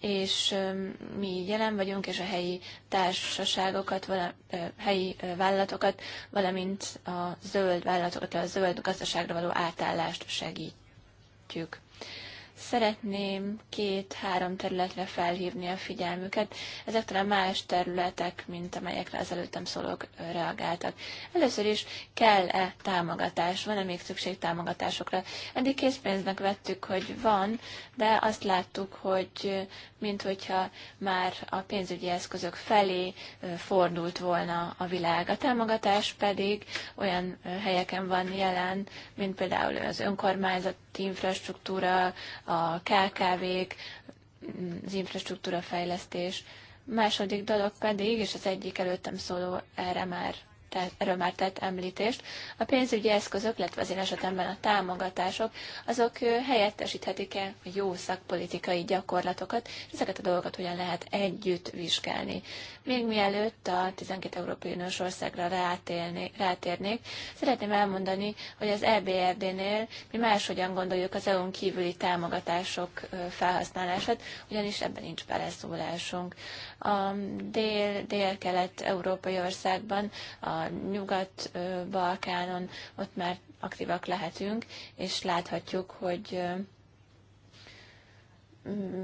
és mi jelen vagyunk, és a helyi társaságokat, vala, helyi vállalatokat, valamint a zöld vállalatokat, a zöld gazdaságra való átállást segítjük. Szeretném két-három területre felhívni a figyelmüket. Ezek talán más területek, mint amelyekre az előttem szólók reagáltak. Először is kell-e támogatás? Van-e még szükség támogatásokra? Eddig készpénznek vettük, hogy van, de azt láttuk, hogy mint hogyha már a pénzügyi eszközök felé fordult volna a világ. A támogatás pedig olyan helyeken van jelen, mint például az önkormányzat, vasúti infrastruktúra, a KKV-k, az infrastruktúra fejlesztés. Második dolog pedig, és az egyik előttem szóló erre már te, erről már tett említést, a pénzügyi eszközök, illetve az én esetemben a támogatások, azok helyettesíthetik-e a jó szakpolitikai gyakorlatokat, és ezeket a dolgokat hogyan lehet együtt vizsgálni. Még mielőtt a 12 Európai Uniós országra rátérnék, szeretném elmondani, hogy az EBRD-nél mi máshogyan gondoljuk az EU-n kívüli támogatások felhasználását, ugyanis ebben nincs beleszólásunk. A dél-kelet-európai országban a Nyugat-Balkánon, ott már aktívak lehetünk, és láthatjuk, hogy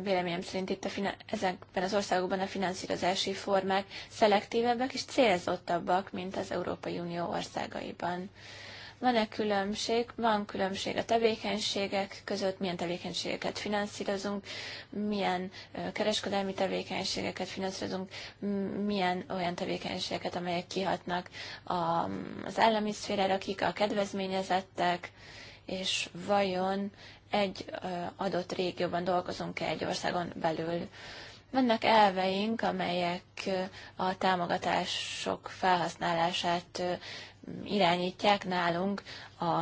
véleményem szerint itt a ezekben az országokban a finanszírozási formák szelektívebbek és célzottabbak, mint az Európai Unió országaiban. Van-e különbség? Van különbség a tevékenységek között, milyen tevékenységeket finanszírozunk, milyen kereskedelmi tevékenységeket finanszírozunk, milyen olyan tevékenységeket, amelyek kihatnak az állami szférára, akik a kedvezményezettek, és vajon egy adott régióban dolgozunk-e egy országon belül. Vannak elveink, amelyek a támogatások felhasználását irányítják nálunk a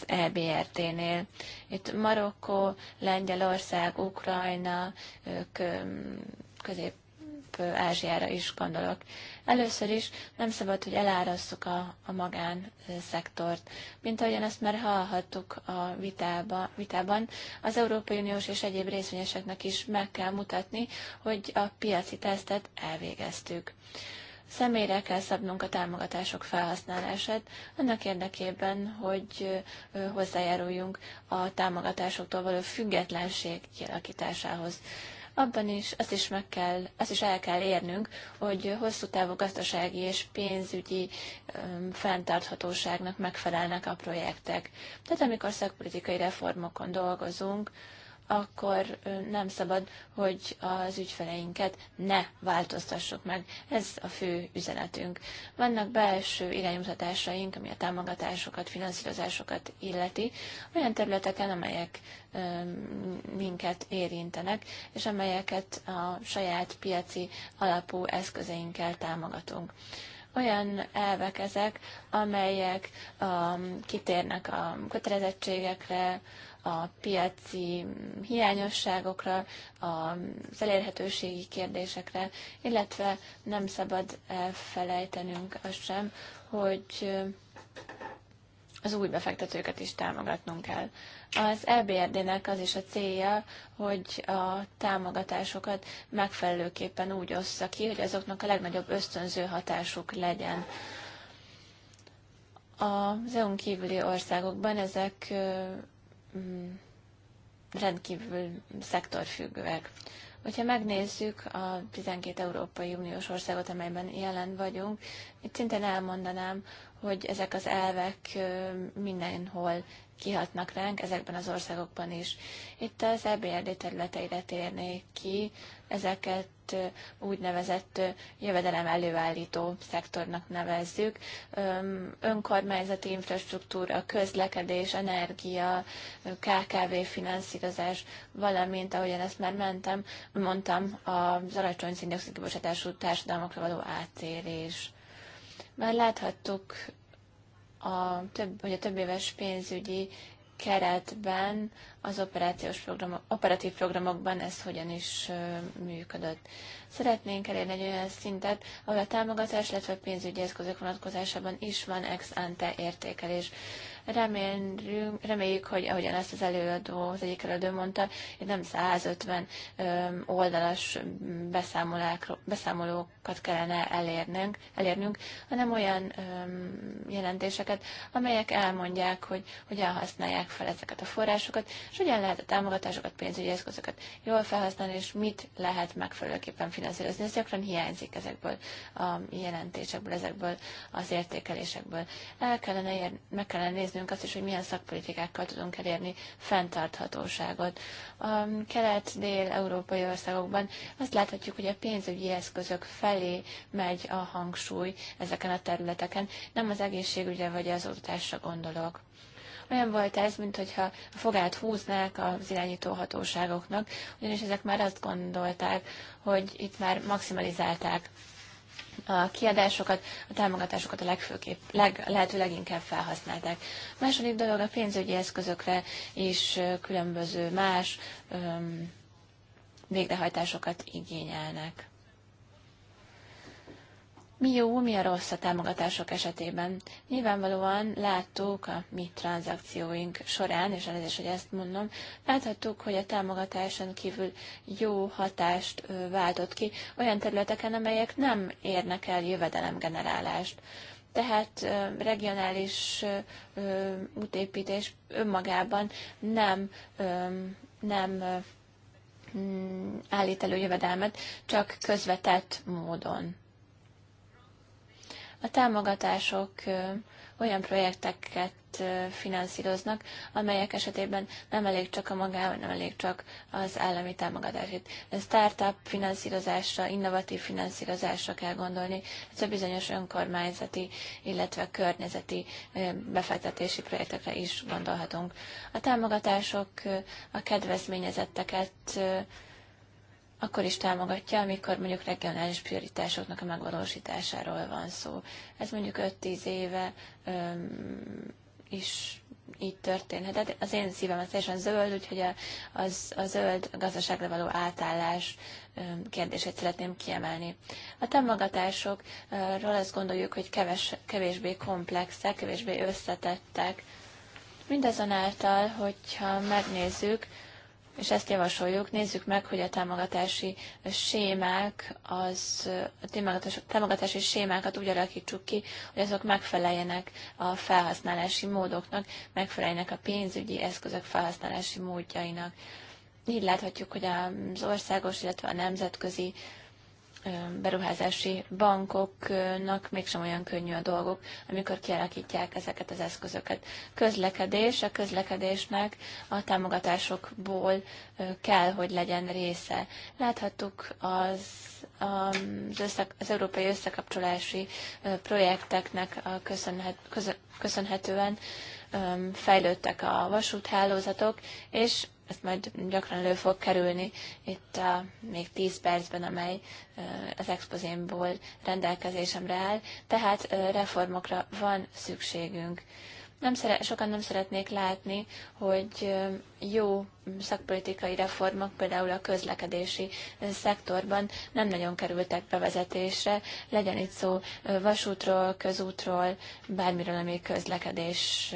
az EBRT-nél. Itt Marokkó, Lengyelország, Ukrajna, ők közép Ázsiára is gondolok. Először is nem szabad, hogy elárasszuk a, a magánszektort. Mint ahogyan ezt már hallhattuk a vitába, vitában, az Európai Uniós és egyéb részvényeseknek is meg kell mutatni, hogy a piaci tesztet elvégeztük. Személyre kell szabnunk a támogatások felhasználását, annak érdekében, hogy hozzájáruljunk a támogatásoktól való függetlenség kialakításához abban is azt is meg kell, azt is el kell érnünk, hogy hosszú távú gazdasági és pénzügyi fenntarthatóságnak megfelelnek a projektek. Tehát amikor szakpolitikai reformokon dolgozunk, akkor nem szabad, hogy az ügyfeleinket ne változtassuk meg. Ez a fő üzenetünk. Vannak belső irányutatásaink, ami a támogatásokat, finanszírozásokat illeti, olyan területeken, amelyek minket érintenek, és amelyeket a saját piaci alapú eszközeinkkel támogatunk olyan elvek ezek, amelyek um, kitérnek a kötelezettségekre, a piaci hiányosságokra, az elérhetőségi kérdésekre, illetve nem szabad elfelejtenünk azt sem, hogy az új befektetőket is támogatnunk kell. Az EBRD-nek az is a célja, hogy a támogatásokat megfelelőképpen úgy ossza ki, hogy azoknak a legnagyobb ösztönző hatásuk legyen. Az EU-n kívüli országokban ezek Mm-hmm. rendkívül szektorfüggőek. Hogyha megnézzük a 12 Európai Uniós országot, amelyben jelen vagyunk, itt szintén elmondanám, hogy ezek az elvek mindenhol kihatnak ránk, ezekben az országokban is. Itt az EBRD területeire térnék ki, ezeket úgynevezett jövedelem előállító szektornak nevezzük. Önkormányzati infrastruktúra, közlekedés, energia, KKV finanszírozás, valamint, ahogyan ezt már mentem, mondtam, az alacsony szindioxid társadalmakra való átérés. Már láthattuk, a több, hogy a több éves pénzügyi keretben az operációs programok, operatív programokban ez hogyan is működött. Szeretnénk elérni egy olyan szintet, ahol a támogatás, illetve a pénzügyi eszközök vonatkozásában is van ex ante értékelés. Remélünk, reméljük, hogy ahogyan ezt az előadó, az egyik előadó mondta, hogy nem 150 oldalas beszámolókat kellene elérnünk, elérnünk hanem olyan jelentéseket, amelyek elmondják, hogy hogyan használják fel ezeket a forrásokat, és és hogyan lehet a támogatásokat, pénzügyi eszközöket jól felhasználni, és mit lehet megfelelőképpen finanszírozni. Ez gyakran hiányzik ezekből a jelentésekből, ezekből az értékelésekből. El kellene ér, meg kellene néznünk azt is, hogy milyen szakpolitikákkal tudunk elérni fenntarthatóságot. A kelet-dél-európai országokban azt láthatjuk, hogy a pénzügyi eszközök felé megy a hangsúly ezeken a területeken, nem az egészségügyre vagy az oktatásra gondolok. Olyan volt ez, mintha a fogát húznák az irányító hatóságoknak, ugyanis ezek már azt gondolták, hogy itt már maximalizálták a kiadásokat, a támogatásokat a legfőképp, leg, lehető leginkább felhasználták. A második dolog a pénzügyi eszközökre is különböző más öm, végrehajtásokat igényelnek mi jó, mi a rossz a támogatások esetében. Nyilvánvalóan láttuk a mi tranzakcióink során, és elnézést, hogy ezt mondom, láthattuk, hogy a támogatáson kívül jó hatást váltott ki olyan területeken, amelyek nem érnek el jövedelemgenerálást. Tehát regionális útépítés önmagában nem, nem mm, állít elő jövedelmet, csak közvetett módon. A támogatások olyan projekteket finanszíroznak, amelyek esetében nem elég csak a magá, nem elég csak az állami A Startup finanszírozásra, innovatív finanszírozásra kell gondolni, ez a bizonyos önkormányzati, illetve környezeti befektetési projektekre is gondolhatunk. A támogatások a kedvezményezetteket akkor is támogatja, amikor mondjuk regionális prioritásoknak a megvalósításáról van szó. Ez mondjuk 5-10 éve öm, is így történhetett. Az én szívem az teljesen zöld, úgyhogy a, az, a zöld gazdaságra való átállás kérdését szeretném kiemelni. A támogatásokról azt gondoljuk, hogy keves, kevésbé komplexek, kevésbé összetettek. Mindazonáltal, hogyha megnézzük, és ezt javasoljuk. Nézzük meg, hogy a támogatási sémák, az, a támogatási sémákat úgy alakítsuk ki, hogy azok megfeleljenek a felhasználási módoknak, megfeleljenek a pénzügyi eszközök felhasználási módjainak. Így láthatjuk, hogy az országos, illetve a nemzetközi beruházási bankoknak mégsem olyan könnyű a dolgok, amikor kialakítják ezeket az eszközöket. Közlekedés, a közlekedésnek a támogatásokból kell, hogy legyen része. Láthattuk az, az, össze, az európai összekapcsolási projekteknek a köszönhet, köz, köszönhetően fejlődtek a vasúthálózatok, és ezt majd gyakran elő fog kerülni itt a még 10 percben, amely az expozémból rendelkezésemre áll, tehát reformokra van szükségünk. Nem szere, sokan nem szeretnék látni, hogy jó szakpolitikai reformok, például a közlekedési szektorban nem nagyon kerültek bevezetésre, legyen itt szó vasútról, közútról, bármiről, ami közlekedés,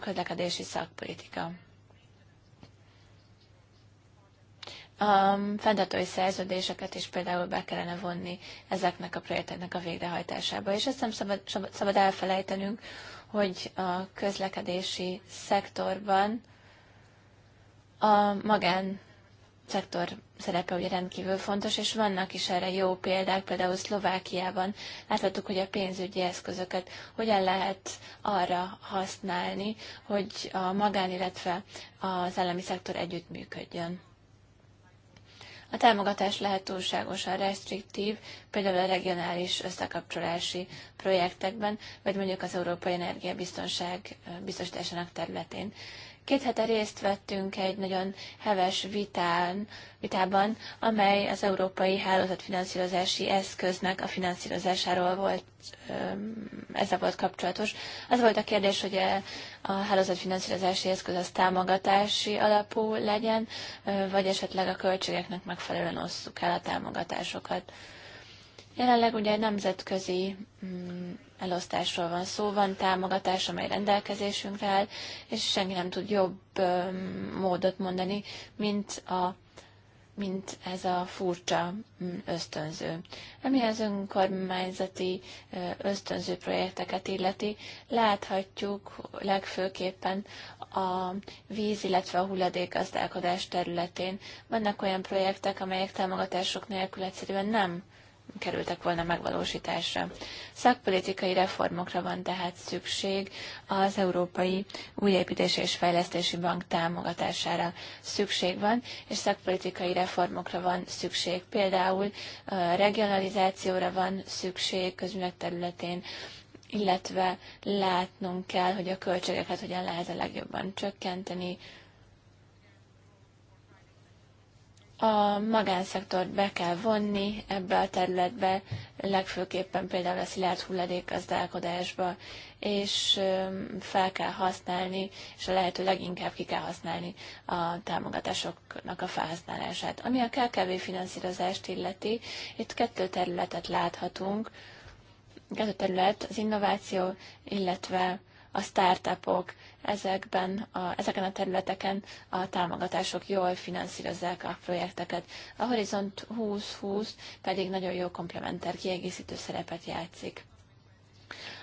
közlekedési szakpolitika. a fenntartói szerződéseket is például be kellene vonni ezeknek a projekteknek a végrehajtásába. És ezt nem szabad, szabad elfelejtenünk, hogy a közlekedési szektorban a magán szektor szerepe ugye rendkívül fontos, és vannak is erre jó példák, például Szlovákiában láthattuk, hogy a pénzügyi eszközöket hogyan lehet arra használni, hogy a magán, illetve az állami szektor együttműködjön. A támogatás lehet túlságosan restriktív, például a regionális összekapcsolási projektekben, vagy mondjuk az Európai Energiabiztonság biztosításának területén. Két hete részt vettünk egy nagyon heves vitán, vitában, amely az Európai Hálózatfinanszírozási Eszköznek a finanszírozásáról volt, ezzel volt kapcsolatos. Az volt a kérdés, hogy e, a hálózatfinanszírozási eszköz az támogatási alapú legyen, vagy esetleg a költségeknek megfelelően osszuk el a támogatásokat. Jelenleg ugye egy nemzetközi mm, elosztásról van szó, van támogatás, amely rendelkezésünkre áll, és senki nem tud jobb mm, módot mondani, mint, a, mint ez a furcsa mm, ösztönző. Ami az önkormányzati ösztönző projekteket illeti, láthatjuk legfőképpen a víz, illetve a hulladékgazdálkodás területén. Vannak olyan projektek, amelyek támogatások nélkül egyszerűen nem kerültek volna megvalósításra. Szakpolitikai reformokra van tehát szükség az Európai Újépítés és Fejlesztési Bank támogatására szükség van, és szakpolitikai reformokra van szükség. Például regionalizációra van szükség közművek területén, illetve látnunk kell, hogy a költségeket hogyan lehet a legjobban csökkenteni, a magánszektort be kell vonni ebbe a területbe, legfőképpen például a szilárd hulladék gazdálkodásba, és fel kell használni, és a lehető leginkább ki kell használni a támogatásoknak a felhasználását. Ami a KKV finanszírozást illeti, itt kettő területet láthatunk, kettő terület az innováció, illetve a startupok ezekben a, ezeken a területeken a támogatások jól finanszírozzák a projekteket. A Horizont 2020 pedig nagyon jó komplementer kiegészítő szerepet játszik.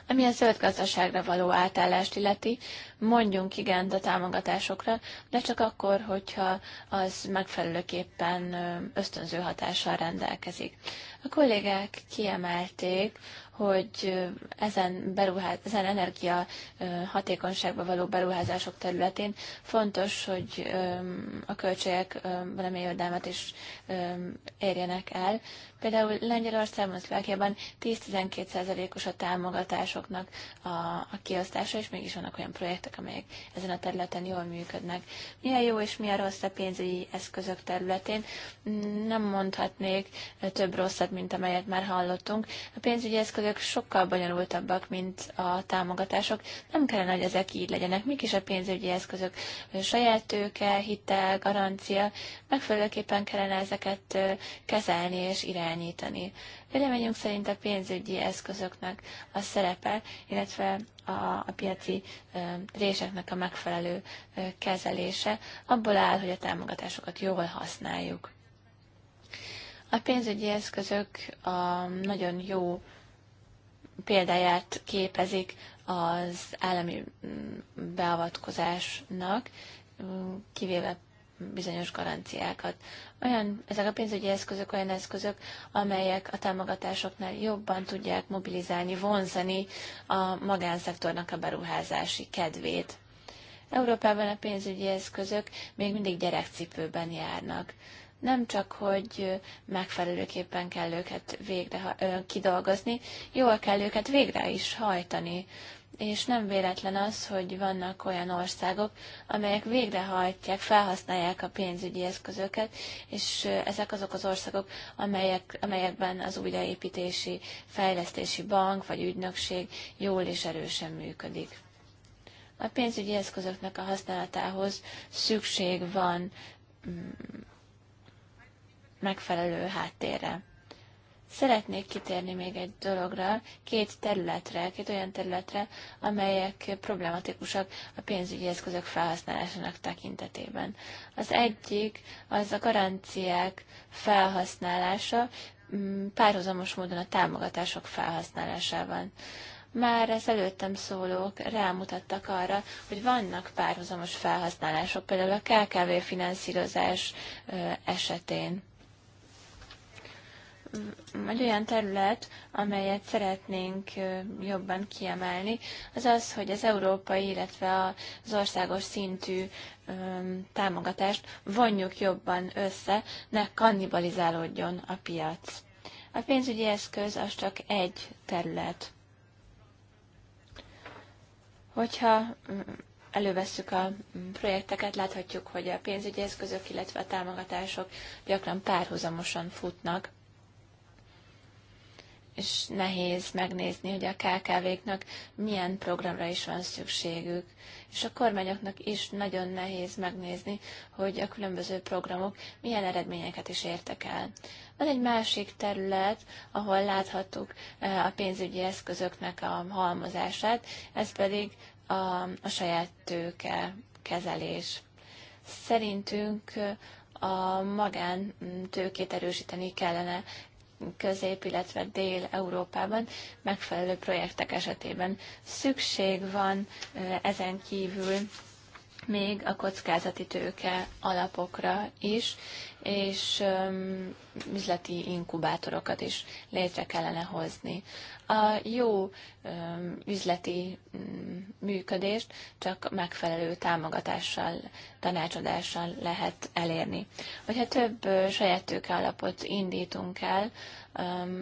Ami a zöld gazdaságra való átállást illeti, mondjunk igen a támogatásokra, de csak akkor, hogyha az megfelelőképpen ösztönző hatással rendelkezik. A kollégák kiemelték, hogy ezen, beruház, ezen energia hatékonyságba való beruházások területén fontos, hogy a költségek valami jövedelmet is érjenek el. Például Lengyelországban, Szlovákiában 10-12%-os a támogatásoknak a, a kiosztása, és mégis vannak olyan projektek, amelyek ezen a területen jól működnek. Mi a jó és mi a rossz a pénzügyi eszközök területén? Nem mondhatnék több rosszat, mint amelyet már hallottunk. A pénzügyi eszközök összegek sokkal bonyolultabbak, mint a támogatások. Nem kellene, hogy ezek így legyenek. Mik is a pénzügyi eszközök? Saját tőke, hitel, garancia. Megfelelőképpen kellene ezeket kezelni és irányítani. Véleményünk szerint a pénzügyi eszközöknek a szerepe, illetve a, a piaci ö, réseknek a megfelelő ö, kezelése abból áll, hogy a támogatásokat jól használjuk. A pénzügyi eszközök a nagyon jó példáját képezik az állami mm, beavatkozásnak, kivéve bizonyos garanciákat. Olyan, ezek a pénzügyi eszközök olyan eszközök, amelyek a támogatásoknál jobban tudják mobilizálni, vonzani a magánszektornak a beruházási kedvét. Európában a pénzügyi eszközök még mindig gyerekcipőben járnak nem csak, hogy megfelelőképpen kell őket végre kidolgozni, jól kell őket végre is hajtani. És nem véletlen az, hogy vannak olyan országok, amelyek végrehajtják, felhasználják a pénzügyi eszközöket, és ezek azok az országok, amelyek, amelyekben az újraépítési, fejlesztési bank vagy ügynökség jól és erősen működik. A pénzügyi eszközöknek a használatához szükség van mm, megfelelő háttérre. Szeretnék kitérni még egy dologra, két területre, két olyan területre, amelyek problematikusak a pénzügyi eszközök felhasználásának tekintetében. Az egyik az a garanciák felhasználása, mm, párhuzamos módon a támogatások felhasználásában. Már az előttem szólók rámutattak arra, hogy vannak párhuzamos felhasználások, például a KKV finanszírozás esetén egy olyan terület, amelyet szeretnénk jobban kiemelni, az az, hogy az európai, illetve az országos szintű támogatást vonjuk jobban össze, ne kannibalizálódjon a piac. A pénzügyi eszköz az csak egy terület. Hogyha elővesszük a projekteket, láthatjuk, hogy a pénzügyi eszközök, illetve a támogatások gyakran párhuzamosan futnak és nehéz megnézni, hogy a KKV-knak milyen programra is van szükségük. És a kormányoknak is nagyon nehéz megnézni, hogy a különböző programok milyen eredményeket is értek el. Van egy másik terület, ahol láthattuk eh, a pénzügyi eszközöknek a halmozását, ez pedig a, a saját tőke kezelés. Szerintünk eh, a magán mm, tőkét erősíteni kellene közép, illetve dél-európában megfelelő projektek esetében szükség van ezen kívül még a kockázati tőke alapokra is, és üzleti inkubátorokat is létre kellene hozni. A jó üzleti mm, működést csak megfelelő támogatással, tanácsadással lehet elérni. Hogyha több saját tőke alapot indítunk el,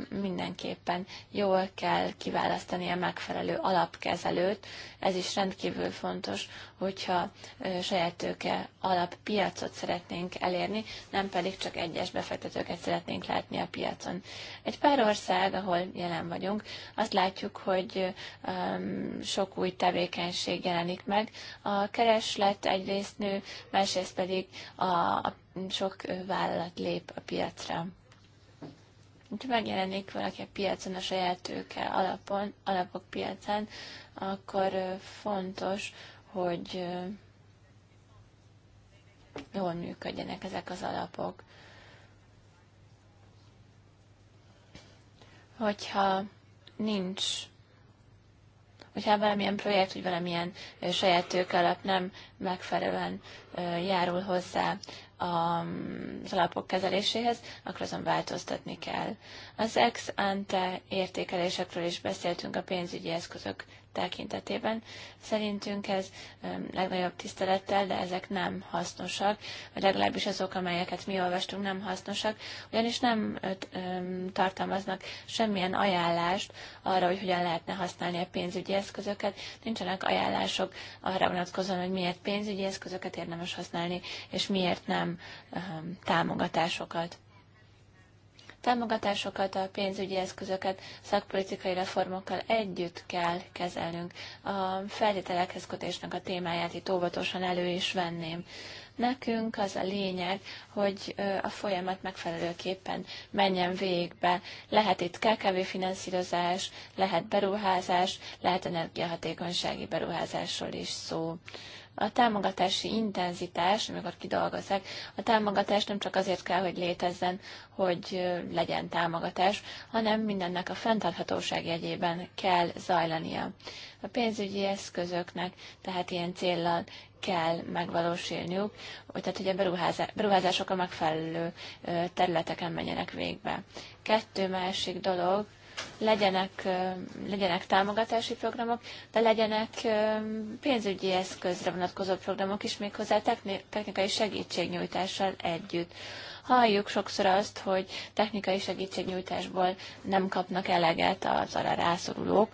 mindenképpen jól kell kiválasztani a megfelelő alapkezelőt. Ez is rendkívül fontos, hogyha saját tőke piacot szeretnénk elérni, nem nem pedig csak egyes befektetőket szeretnénk látni a piacon. Egy pár ország, ahol jelen vagyunk, azt látjuk, hogy um, sok új tevékenység jelenik meg. A kereslet egyrészt nő, másrészt pedig a, a sok vállalat lép a piacra Ha megjelenik valaki a piacon, a saját tőke alapon, alapok piacán, akkor fontos, hogy jól működjenek ezek az alapok. Hogyha nincs, hogyha valamilyen projekt, vagy valamilyen saját tőkalap nem megfelelően járul hozzá az alapok kezeléséhez, akkor azon változtatni kell. Az ex ante értékelésekről is beszéltünk a pénzügyi eszközök tekintetében. Szerintünk ez legnagyobb tisztelettel, de ezek nem hasznosak, vagy legalábbis azok, amelyeket mi olvastunk, nem hasznosak, ugyanis nem tartalmaznak semmilyen ajánlást arra, hogy hogyan lehetne használni a pénzügyi eszközöket, nincsenek ajánlások arra vonatkozóan, hogy miért pénzügyi eszközöket érdemes használni, és miért nem támogatásokat támogatásokat, a pénzügyi eszközöket szakpolitikai reformokkal együtt kell kezelnünk. A feltételekhez kötésnek a témáját itt óvatosan elő is venném. Nekünk az a lényeg, hogy a folyamat megfelelőképpen menjen végbe. Lehet itt KKV finanszírozás, lehet beruházás, lehet energiahatékonysági beruházásról is szó a támogatási intenzitás, amikor kidolgozzák, a támogatás nem csak azért kell, hogy létezzen, hogy legyen támogatás, hanem mindennek a fenntarthatóság jegyében kell zajlania. A pénzügyi eszközöknek tehát ilyen céllal kell megvalósulniuk, tehát hogy a beruházások a megfelelő területeken menjenek végbe. Kettő másik dolog, legyenek, legyenek támogatási programok, de legyenek pénzügyi eszközre vonatkozó programok is, méghozzá technikai segítségnyújtással együtt. Halljuk sokszor azt, hogy technikai segítségnyújtásból nem kapnak eleget az arra rászorulók,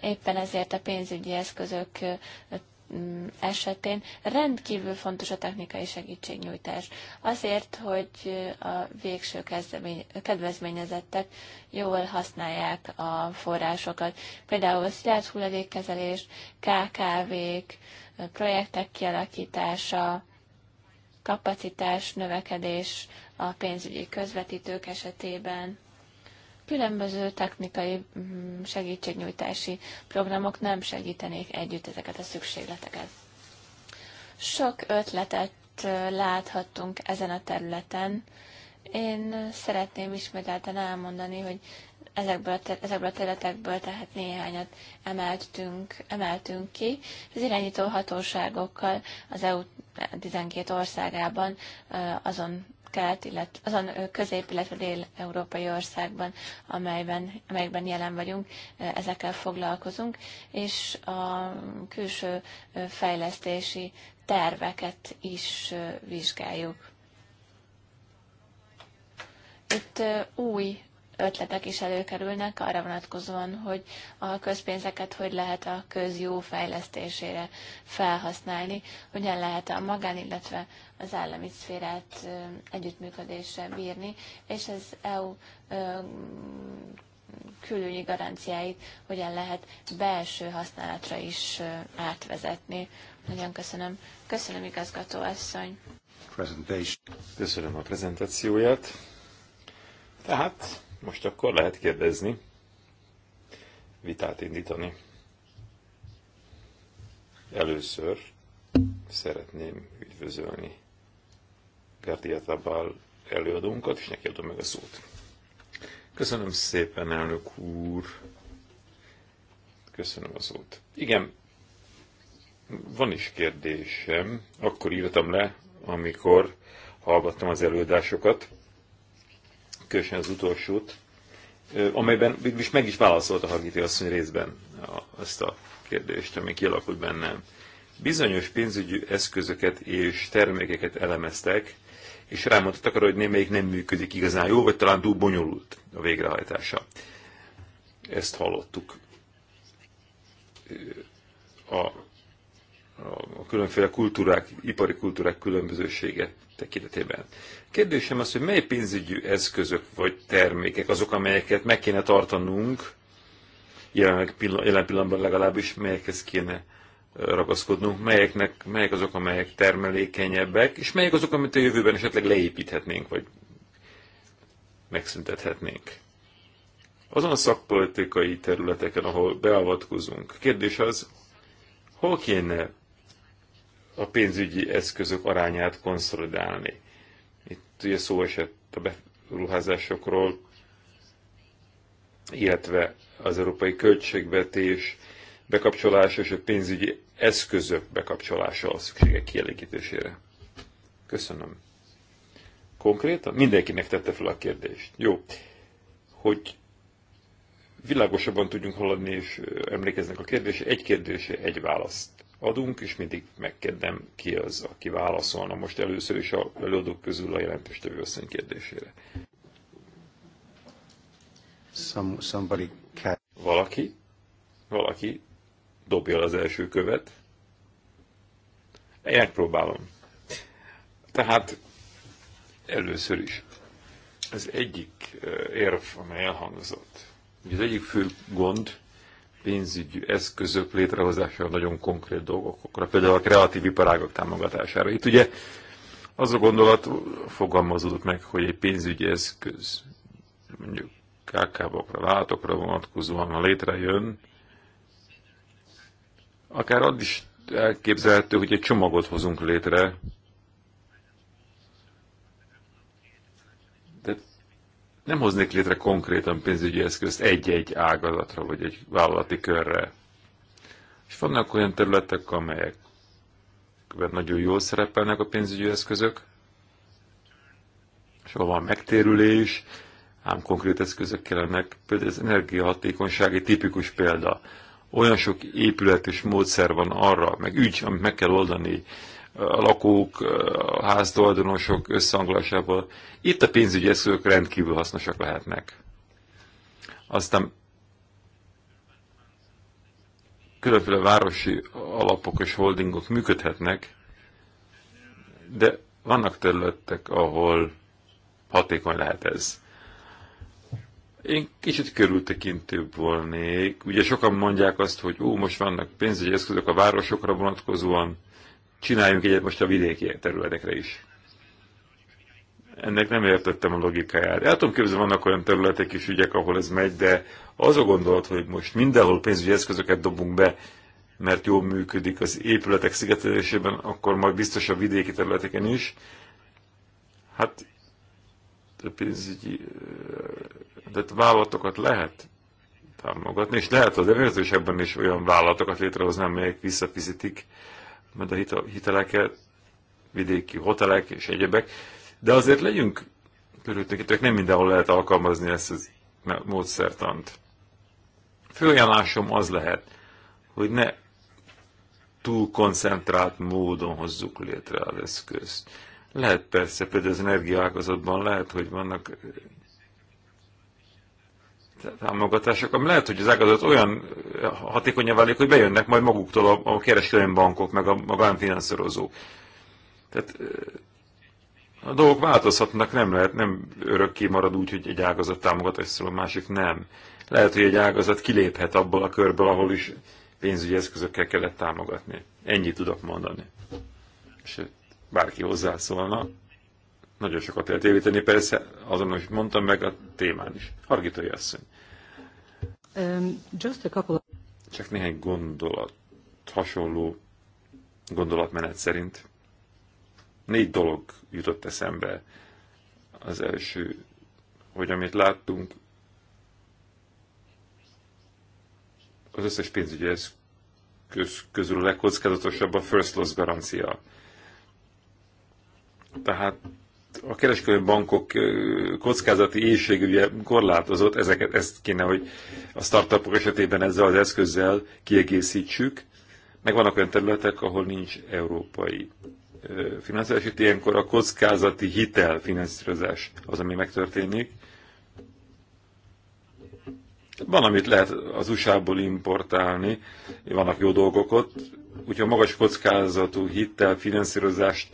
éppen ezért a pénzügyi eszközök Mm, esetén rendkívül fontos a technikai segítségnyújtás. Azért, hogy a végső kedvezményezettek jól használják a forrásokat. Például szilárd hulladékkezelés, KKV-k, projektek kialakítása, kapacitás növekedés a pénzügyi közvetítők esetében különböző technikai mm, segítségnyújtási programok nem segítenék együtt ezeket a szükségleteket. Sok ötletet láthattunk ezen a területen. Én szeretném ismételten elmondani, hogy ezekből a, ter- ezekből a területekből tehát néhányat emeltünk, emeltünk ki. Az irányító hatóságokkal az EU 12 országában azon kelet, illetve azon közép, illetve dél-európai országban, amelyben, amelyekben jelen vagyunk, ezekkel foglalkozunk, és a külső fejlesztési terveket is vizsgáljuk. Itt új ötletek is előkerülnek arra vonatkozóan, hogy a közpénzeket hogy lehet a közjó fejlesztésére felhasználni, hogyan lehet a magán, illetve az állami szférát együttműködésre bírni, és az EU külügyi garanciáit hogyan lehet belső használatra is átvezetni. Nagyon köszönöm. Köszönöm, igazgató asszony. Köszönöm a prezentációját. Tehát most akkor lehet kérdezni, vitát indítani. Először szeretném üdvözölni Gárdia Tabal előadónkat, és neki adom meg a szót. Köszönöm szépen, elnök úr! Köszönöm a szót. Igen, van is kérdésem. Akkor írtam le, amikor hallgattam az előadásokat különösen az utolsót, amelyben is meg is a Hargiti asszony részben azt a kérdést, ami kialakult bennem. Bizonyos pénzügyi eszközöket és termékeket elemeztek, és rámutattak arra, hogy némelyik nem működik igazán jó, vagy talán túl bonyolult a végrehajtása. Ezt hallottuk a különféle kultúrák, ipari kultúrák különbözősége tekintetében. Kérdésem az, hogy mely pénzügyi eszközök vagy termékek azok, amelyeket meg kéne tartanunk, jelen, jelen pillanatban legalábbis, melyekhez kéne ragaszkodnunk, melyeknek, melyek azok, amelyek termelékenyebbek, és melyek azok, amit a jövőben esetleg leépíthetnénk, vagy megszüntethetnénk. Azon a szakpolitikai területeken, ahol beavatkozunk, kérdés az, hol kéne a pénzügyi eszközök arányát konszolidálni. Itt ugye szó esett a beruházásokról, illetve az európai költségvetés bekapcsolása és a pénzügyi eszközök bekapcsolása a szükségek kielégítésére. Köszönöm. Konkrétan? Mindenkinek tette fel a kérdést. Jó. Hogy világosabban tudjunk haladni, és emlékeznek a kérdésre, egy kérdése, egy válasz adunk, és mindig megkérdem ki az, aki válaszolna most először is a előadók közül a jelentéstevő asszony kérdésére. Some, somebody can... Valaki, valaki dobja az első követ. Én próbálom. Tehát először is. Ez egyik eh, érv, amely elhangzott. Az egyik fő gond, pénzügyi eszközök létrehozására nagyon konkrét dolgokra, például a kreatív iparágok támogatására. Itt ugye az a gondolat fogalmazódott meg, hogy egy pénzügyi eszköz mondjuk KKV-okra, vonatkozóan, ha létrejön, akár az is elképzelhető, hogy egy csomagot hozunk létre, nem hoznék létre konkrétan pénzügyi eszközt egy-egy ágazatra, vagy egy vállalati körre. És vannak olyan területek, amelyek nagyon jól szerepelnek a pénzügyi eszközök, és van megtérülés, ám konkrét eszközök kellenek. Például az energiahatékonysági tipikus példa. Olyan sok épület és módszer van arra, meg ügy, amit meg kell oldani, a lakók, a háztulajdonosok összehangolásával. Itt a pénzügyi eszközök rendkívül hasznosak lehetnek. Aztán különféle városi alapok és holdingok működhetnek, de vannak területek, ahol hatékony lehet ez. Én kicsit körültekintőbb volnék. Ugye sokan mondják azt, hogy ó, most vannak pénzügyi eszközök a városokra vonatkozóan, csináljunk egyet most a vidéki területekre is. Ennek nem értettem a logikáját. El tudom képzelni, vannak olyan területek is ügyek, ahol ez megy, de az a gondolat, hogy most mindenhol pénzügyi eszközöket dobunk be, mert jól működik az épületek szigetelésében, akkor majd biztos a vidéki területeken is. Hát a pénzügyi de vállalatokat lehet támogatni, és lehet az előzősekben is olyan vállalatokat létrehozni, amelyek visszafizetik mert a hiteleket, vidéki hotelek és egyebek, de azért legyünk körültekintőek, nem mindenhol lehet alkalmazni ezt az módszertant. Főajánlásom az lehet, hogy ne túl koncentrált módon hozzuk létre az eszközt. Lehet persze, például az energiálkozatban lehet, hogy vannak támogatások, ami lehet, hogy az ágazat olyan hatékonyan válik, hogy bejönnek majd maguktól a, a kereskedelmi bankok, meg a magánfinanszírozók. Tehát a dolgok változhatnak, nem lehet, nem örökké marad úgy, hogy egy ágazat támogatás szól, a másik nem. Lehet, hogy egy ágazat kiléphet abból a körből, ahol is pénzügyi eszközökkel kellett támogatni. Ennyit tudok mondani. És bárki hozzászólna, nagyon sokat lehet évíteni, persze azon, hogy mondtam meg a témán is. Hargitai asszony. Um, Csak néhány gondolat, hasonló gondolatmenet szerint. Négy dolog jutott eszembe. Az első, hogy amit láttunk, az összes pénzügyi eszköz közül a legkockázatosabb a first loss garancia. Tehát a kereskedő bankok kockázati éjségügye korlátozott, ezeket, ezt kéne, hogy a startupok esetében ezzel az eszközzel kiegészítsük. Meg vannak olyan területek, ahol nincs európai finanszírozás, itt ilyenkor a kockázati hitel finanszírozás az, ami megtörténik. Van, amit lehet az USA-ból importálni, vannak jó dolgok ott, úgyhogy a magas kockázatú hitel finanszírozást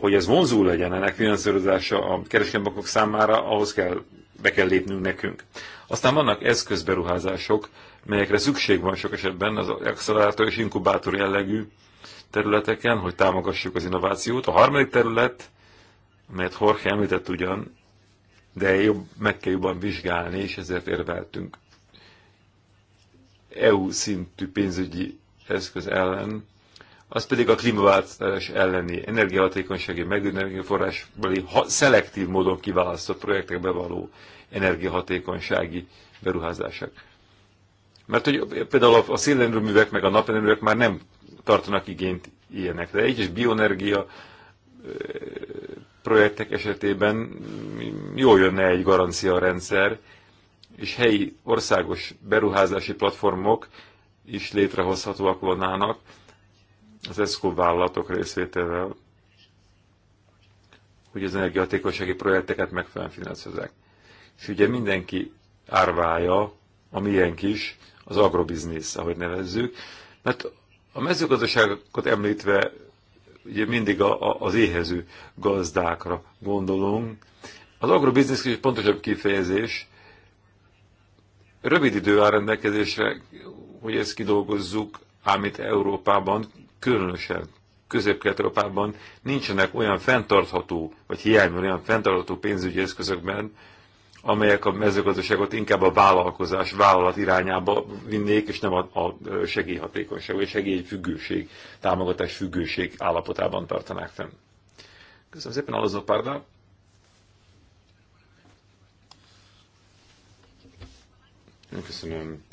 hogy ez vonzó legyen ennek finanszírozása a kereskedelmi számára, ahhoz kell, be kell lépnünk nekünk. Aztán vannak eszközberuházások, melyekre szükség van sok esetben az accelerátor és inkubátor jellegű területeken, hogy támogassuk az innovációt. A harmadik terület, amelyet Jorge említett ugyan, de jobb, meg kell jobban vizsgálni, és ezért érveltünk EU szintű pénzügyi eszköz ellen, az pedig a klímaváltozás elleni energiahatékonysági megőrnövényforrásbeli szelektív módon kiválasztott projektekbe való energiahatékonysági beruházások. Mert hogy például a szélenerőművek meg a napenerőművek már nem tartanak igényt ilyenekre. Egyes bioenergia projektek esetében jól jönne egy garanciarendszer, és helyi országos beruházási platformok is létrehozhatóak volnának, az ESCO vállalatok részvételével, hogy az energiahatékonysági projekteket megfelelően finanszírozzák. És ugye mindenki árvája, a milyen is, az agrobiznisz, ahogy nevezzük, mert a mezőgazdaságot említve ugye mindig a, a, az éhező gazdákra gondolunk. Az agrobiznisz is pontosabb kifejezés, rövid idő áll rendelkezésre, hogy ezt kidolgozzuk, ám itt Európában különösen közép európában nincsenek olyan fenntartható, vagy hiány olyan fenntartható pénzügyi eszközökben, amelyek a mezőgazdaságot inkább a vállalkozás, vállalat irányába vinnék, és nem a, a segélyhatékonyság, vagy segélyfüggőség, támogatás függőség állapotában tartanák fenn. Köszönöm szépen, Alazó Párda. Köszönöm.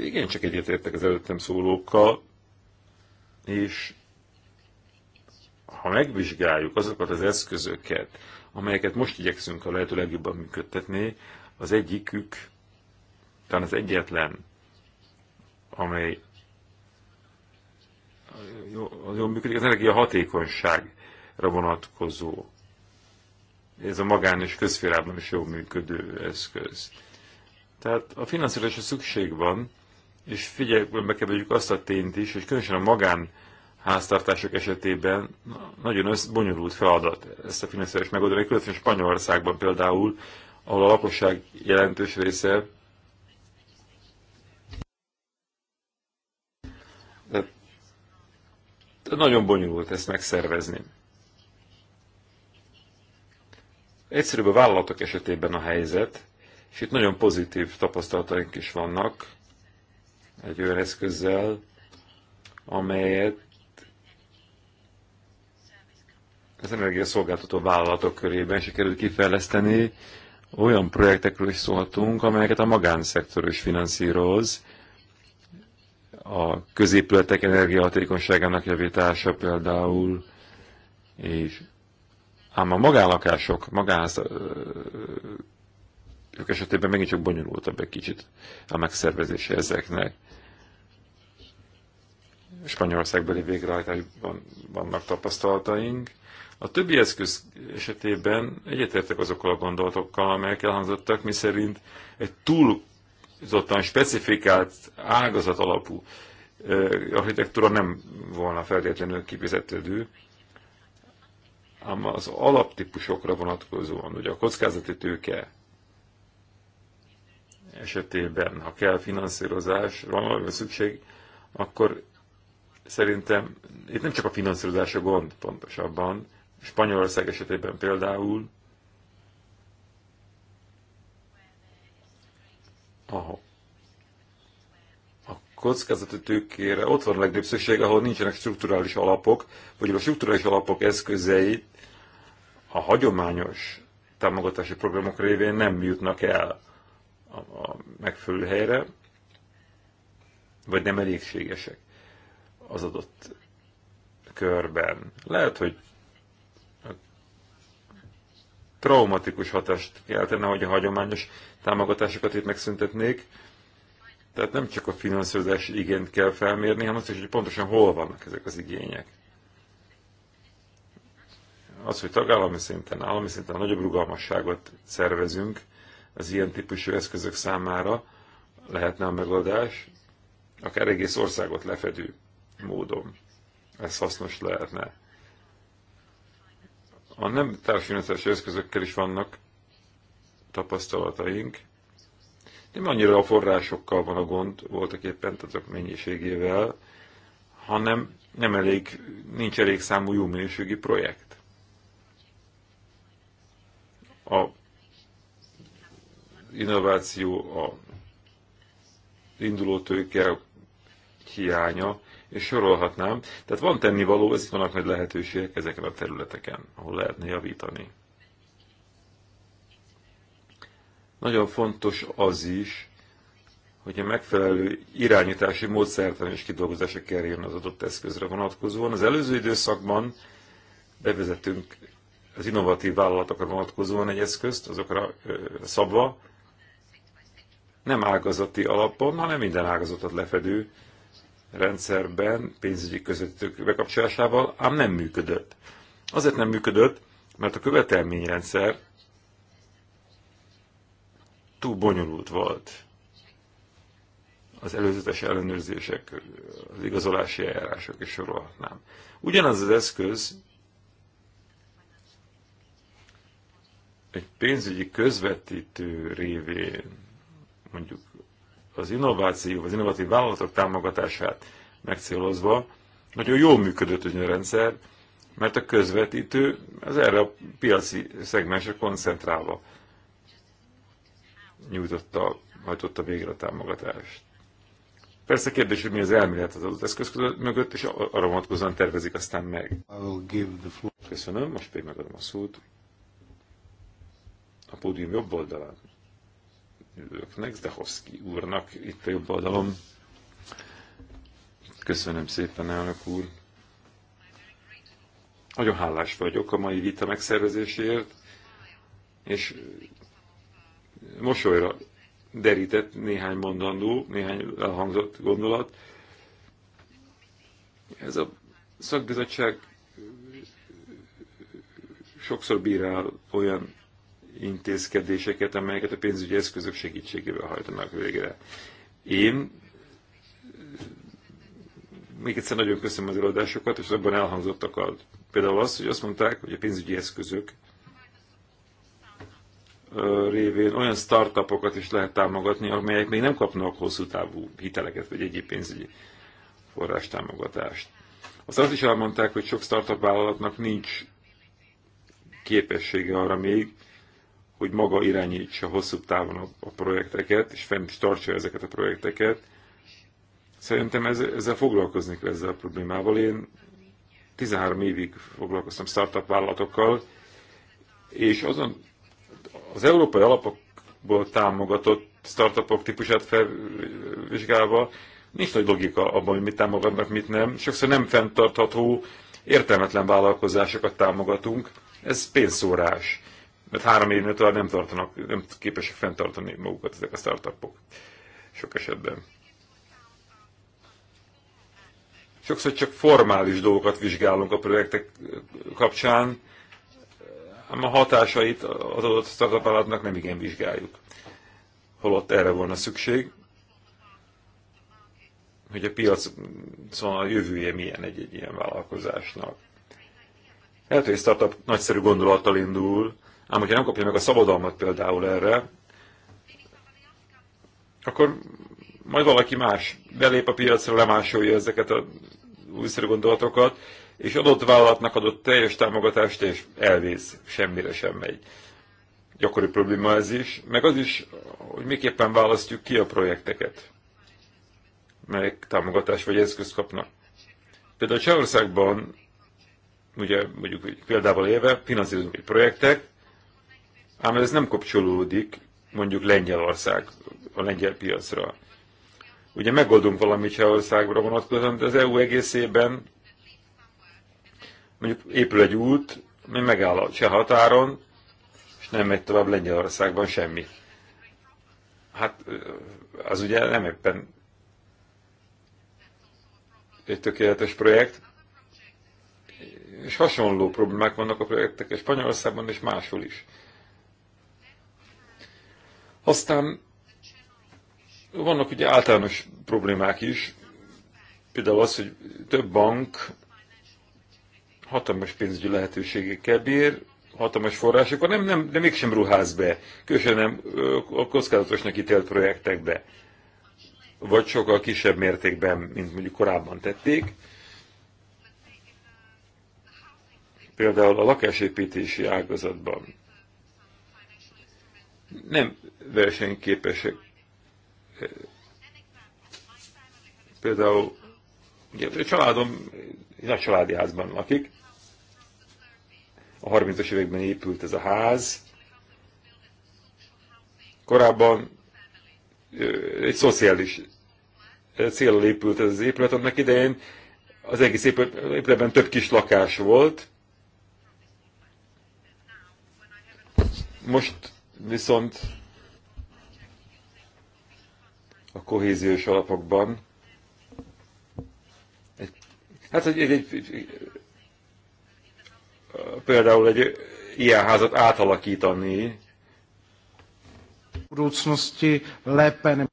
igen, csak egyetértek az előttem szólókkal. És ha megvizsgáljuk azokat az eszközöket, amelyeket most igyekszünk a lehető legjobban működtetni, az egyikük, talán az egyetlen, amely jól, jól működik, az hatékonyságra vonatkozó. Ez a magán és közférában is jól működő eszköz. Tehát a finanszírozásra szükség van, és figyelembe kell vegyük azt a tényt is, hogy különösen a magán háztartások esetében nagyon bonyolult feladat ezt a finanszírozás megoldani, különösen Spanyolországban például, ahol a lakosság jelentős része de nagyon bonyolult ezt megszervezni. Egyszerűbb a vállalatok esetében a helyzet, és itt nagyon pozitív tapasztalataink is vannak, egy olyan eszközzel, amelyet az energiaszolgáltató vállalatok körében sikerült kifejleszteni, olyan projektekről is szólhatunk, amelyeket a magánszektor is finanszíroz, a középületek energiahatékonyságának javítása például, és ám a magánlakások, magánház ők esetében megint csak bonyolultabb egy kicsit a megszervezése ezeknek. Spanyolországbeli végrehajtásban vannak tapasztalataink. A többi eszköz esetében egyetértek azokkal a gondolatokkal, amelyek elhangzottak, miszerint egy túlzottan specifikált ágazat alapú architektúra nem volna feltétlenül kifizetődő, ám az alaptípusokra vonatkozóan, ugye a kockázati tőke, esetében, ha kell finanszírozás, van valami szükség, akkor szerintem itt nem csak a finanszírozás a gond pontosabban. Spanyolország esetében például, ahol a kockázati tőkére ott van a legnagyobb szükség, ahol nincsenek strukturális alapok, vagy a strukturális alapok eszközei a hagyományos támogatási programok révén nem jutnak el a, a megfelelő helyre, vagy nem elégségesek az adott körben. Lehet, hogy traumatikus hatást keltene, hogy a hagyományos támogatásokat itt megszüntetnék. Tehát nem csak a finanszírozási igényt kell felmérni, hanem azt is, hogy pontosan hol vannak ezek az igények. Az, hogy tagállami szinten, állami szinten nagyobb rugalmasságot szervezünk, az ilyen típusú eszközök számára lehetne a megoldás, akár egész országot lefedő módon. Ez hasznos lehetne. A nem társadalmi eszközökkel is vannak tapasztalataink. Nem annyira a forrásokkal van a gond, voltak éppen azok mennyiségével, hanem nem elég, nincs elég számú jó minőségi projekt. A innováció, a induló tőke hiánya, és sorolhatnám. Tehát van tennivaló, ez vannak nagy lehetőségek ezeken a területeken, ahol lehetne javítani. Nagyon fontos az is, hogy a megfelelő irányítási módszertan és kidolgozása kerüljön az adott eszközre vonatkozóan. Az előző időszakban bevezetünk az innovatív vállalatokra vonatkozóan egy eszközt, azokra szabva, nem ágazati alapon, hanem minden ágazatot lefedő rendszerben pénzügyi közöttük bekapcsolásával, ám nem működött. Azért nem működött, mert a követelményrendszer túl bonyolult volt az előzetes ellenőrzések, az igazolási eljárások és sorolhatnám. Ugyanaz az eszköz egy pénzügyi közvetítő révén mondjuk az innováció, az innovatív vállalatok támogatását megcélozva, nagyon jól működött ugyan a rendszer, mert a közvetítő az erre a piaci szegmensre koncentrálva nyújtotta, hajtotta végre a támogatást. Persze kérdés, hogy mi az elmélet az adott eszköz mögött, és arra vonatkozóan tervezik aztán meg. Köszönöm, most pedig megadom a szót a pódium jobb oldalán ülőknek, Zdehovszki úrnak itt a jobb oldalon. Köszönöm szépen, elnök úr. Nagyon hálás vagyok a mai vita megszervezéséért, és mosolyra derített néhány mondandó, néhány elhangzott gondolat. Ez a szakbizottság sokszor bírál olyan intézkedéseket, amelyeket a pénzügyi eszközök segítségével hajtanak végre. Én még egyszer nagyon köszönöm az előadásokat, és abban elhangzottak a, például azt, hogy azt mondták, hogy a pénzügyi eszközök révén olyan startupokat is lehet támogatni, amelyek még nem kapnak hosszú távú hiteleket, vagy egyéb pénzügyi forrás támogatást. Azt, azt is elmondták, hogy sok startup vállalatnak nincs képessége arra még, hogy maga irányítsa hosszú távon a, a projekteket, és fent is tartsa ezeket a projekteket. Szerintem ez, ezzel foglalkozni kell ezzel a problémával. Én 13 évig foglalkoztam startup vállalatokkal, és azon az európai alapokból támogatott startupok típusát felvizsgálva nincs nagy logika abban, hogy mit támogatnak, mit nem. Sokszor nem fenntartható, értelmetlen vállalkozásokat támogatunk. Ez pénzszórás mert három év tovább nem, tartanak, nem képesek fenntartani magukat ezek a startupok sok esetben. Sokszor csak formális dolgokat vizsgálunk a projektek kapcsán, ám a hatásait az adott startup állatnak nem igen vizsgáljuk. Holott erre volna szükség, hogy a piac szóval a jövője milyen egy, egy ilyen vállalkozásnak. Lehet, hogy egy startup nagyszerű gondolattal indul, Ám hogyha nem kapja meg a szabadalmat például erre, akkor majd valaki más belép a piacra, lemásolja ezeket a újszerű gondolatokat, és adott vállalatnak adott teljes támogatást, és elvész, semmire sem megy. Gyakori probléma ez is, meg az is, hogy miképpen választjuk ki a projekteket, melyek támogatást vagy eszközt kapnak. Például Csehországban, ugye mondjuk példával élve, finanszírozunk egy projektet, Ám ez nem kapcsolódik mondjuk Lengyelország, a lengyel piacra. Ugye megoldunk valamit Csehországra vonatkozóan, de az EU egészében mondjuk épül egy út, ami megáll a cseh határon, és nem megy tovább Lengyelországban semmi. Hát az ugye nem éppen egy tökéletes projekt, és hasonló problémák vannak a projektek és Spanyolországban és máshol is. Aztán vannak ugye általános problémák is, például az, hogy több bank hatalmas pénzügyi lehetőségekkel bír, hatalmas forrásokkal, nem, nem, de mégsem ruház be, különösen nem a kockázatosnak ítélt projektekbe, vagy sokkal kisebb mértékben, mint mondjuk korábban tették. Például a lakásépítési ágazatban nem versenyképesek. Például ugye, a családom egy nagy családi házban lakik, a 30-as években épült ez a ház. Korábban egy szociális célra épült ez az épület, annak idején az egész épületben több kis lakás volt. Most viszont a kohéziós alapokban egy, hát egy, egy, egy, például egy ilyen házat átalakítani. Budúcnosti lepen.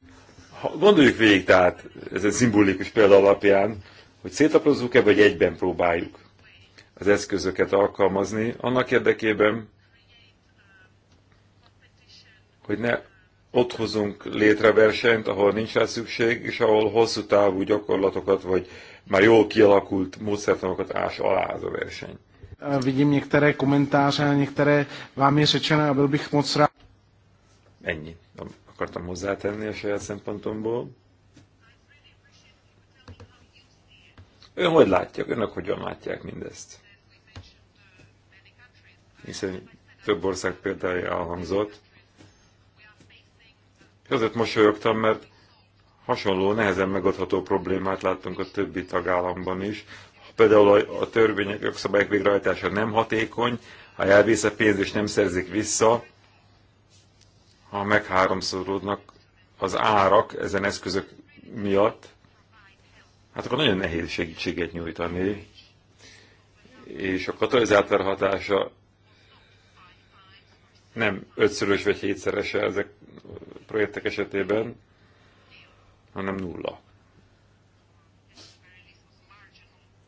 Ha gondoljuk végig, tehát ez egy szimbolikus példa alapján, hogy szétaprozzuk-e, vagy egyben próbáljuk az eszközöket alkalmazni, annak érdekében, hogy ne ott hozunk létre versenyt, ahol nincs rá szükség, és ahol hosszú távú gyakorlatokat, vagy már jól kialakult módszertanokat ás alá ez a verseny. Eh, vidím některé komentáře, některé vám je řečené a byl bych moc rád. Ennyi. Akartam hozzátenni a saját szempontomból. Ő hogy látja? Önök hogyan látják mindezt? Hiszen több ország példája elhangzott Azért mosolyogtam, mert hasonló, nehezen megadható problémát láttunk a többi tagállamban is. Például a, a törvények, jogszabályok végrehajtása nem hatékony, ha elvész a pénz és nem szerzik vissza, ha megháromszorodnak az árak ezen eszközök miatt, hát akkor nagyon nehéz segítséget nyújtani. És a katalizátor hatása nem ötszörös vagy hétszerese ezek projektek esetében, hanem nulla.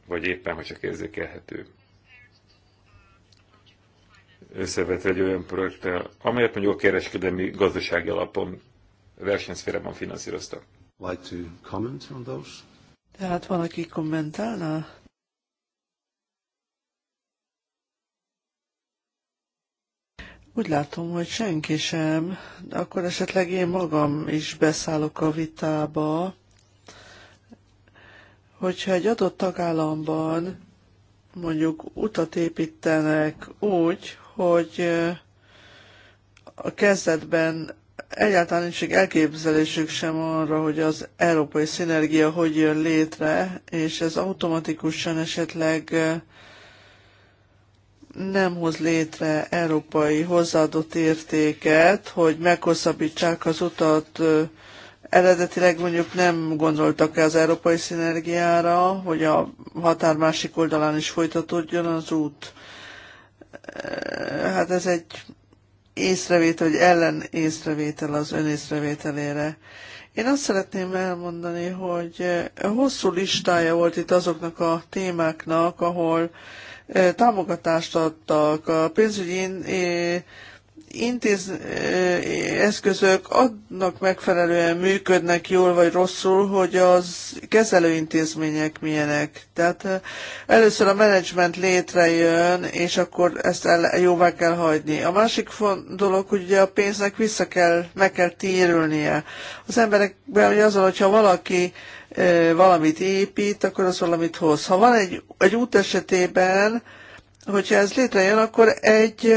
Vagy éppen, ha csak érzékelhető. Összevetve egy olyan projekttel, amelyet mondjuk a kereskedelmi gazdasági alapon versenyszférában finanszíroztak. Like to comment on those? Tehát valaki kommentálna Úgy látom, hogy senki sem. de Akkor esetleg én magam is beszállok a vitába, hogyha egy adott tagállamban mondjuk utat építenek úgy, hogy a kezdetben egyáltalán nincs elképzelésük sem arra, hogy az európai szinergia hogy jön létre, és ez automatikusan esetleg nem hoz létre európai hozzáadott értéket, hogy meghosszabbítsák az utat. Eredetileg mondjuk nem gondoltak az európai szinergiára, hogy a határ másik oldalán is folytatódjon az út. Hát ez egy észrevétel, hogy ellen észrevétel az ön észrevételére. Én azt szeretném elmondani, hogy hosszú listája volt itt azoknak a témáknak, ahol támogatást adtak. A pénzügyi intéz, eh, eszközök adnak megfelelően működnek jól vagy rosszul, hogy az kezelőintézmények milyenek. Tehát eh, először a menedzsment létrejön, és akkor ezt el, jóvá kell hagyni. A másik dolog, hogy ugye a pénznek vissza kell, meg kell térülnie. Az emberekben ugye azon, hogyha valaki eh, valamit épít, akkor az valamit hoz. Ha van egy, egy út esetében, hogyha ez létrejön, akkor egy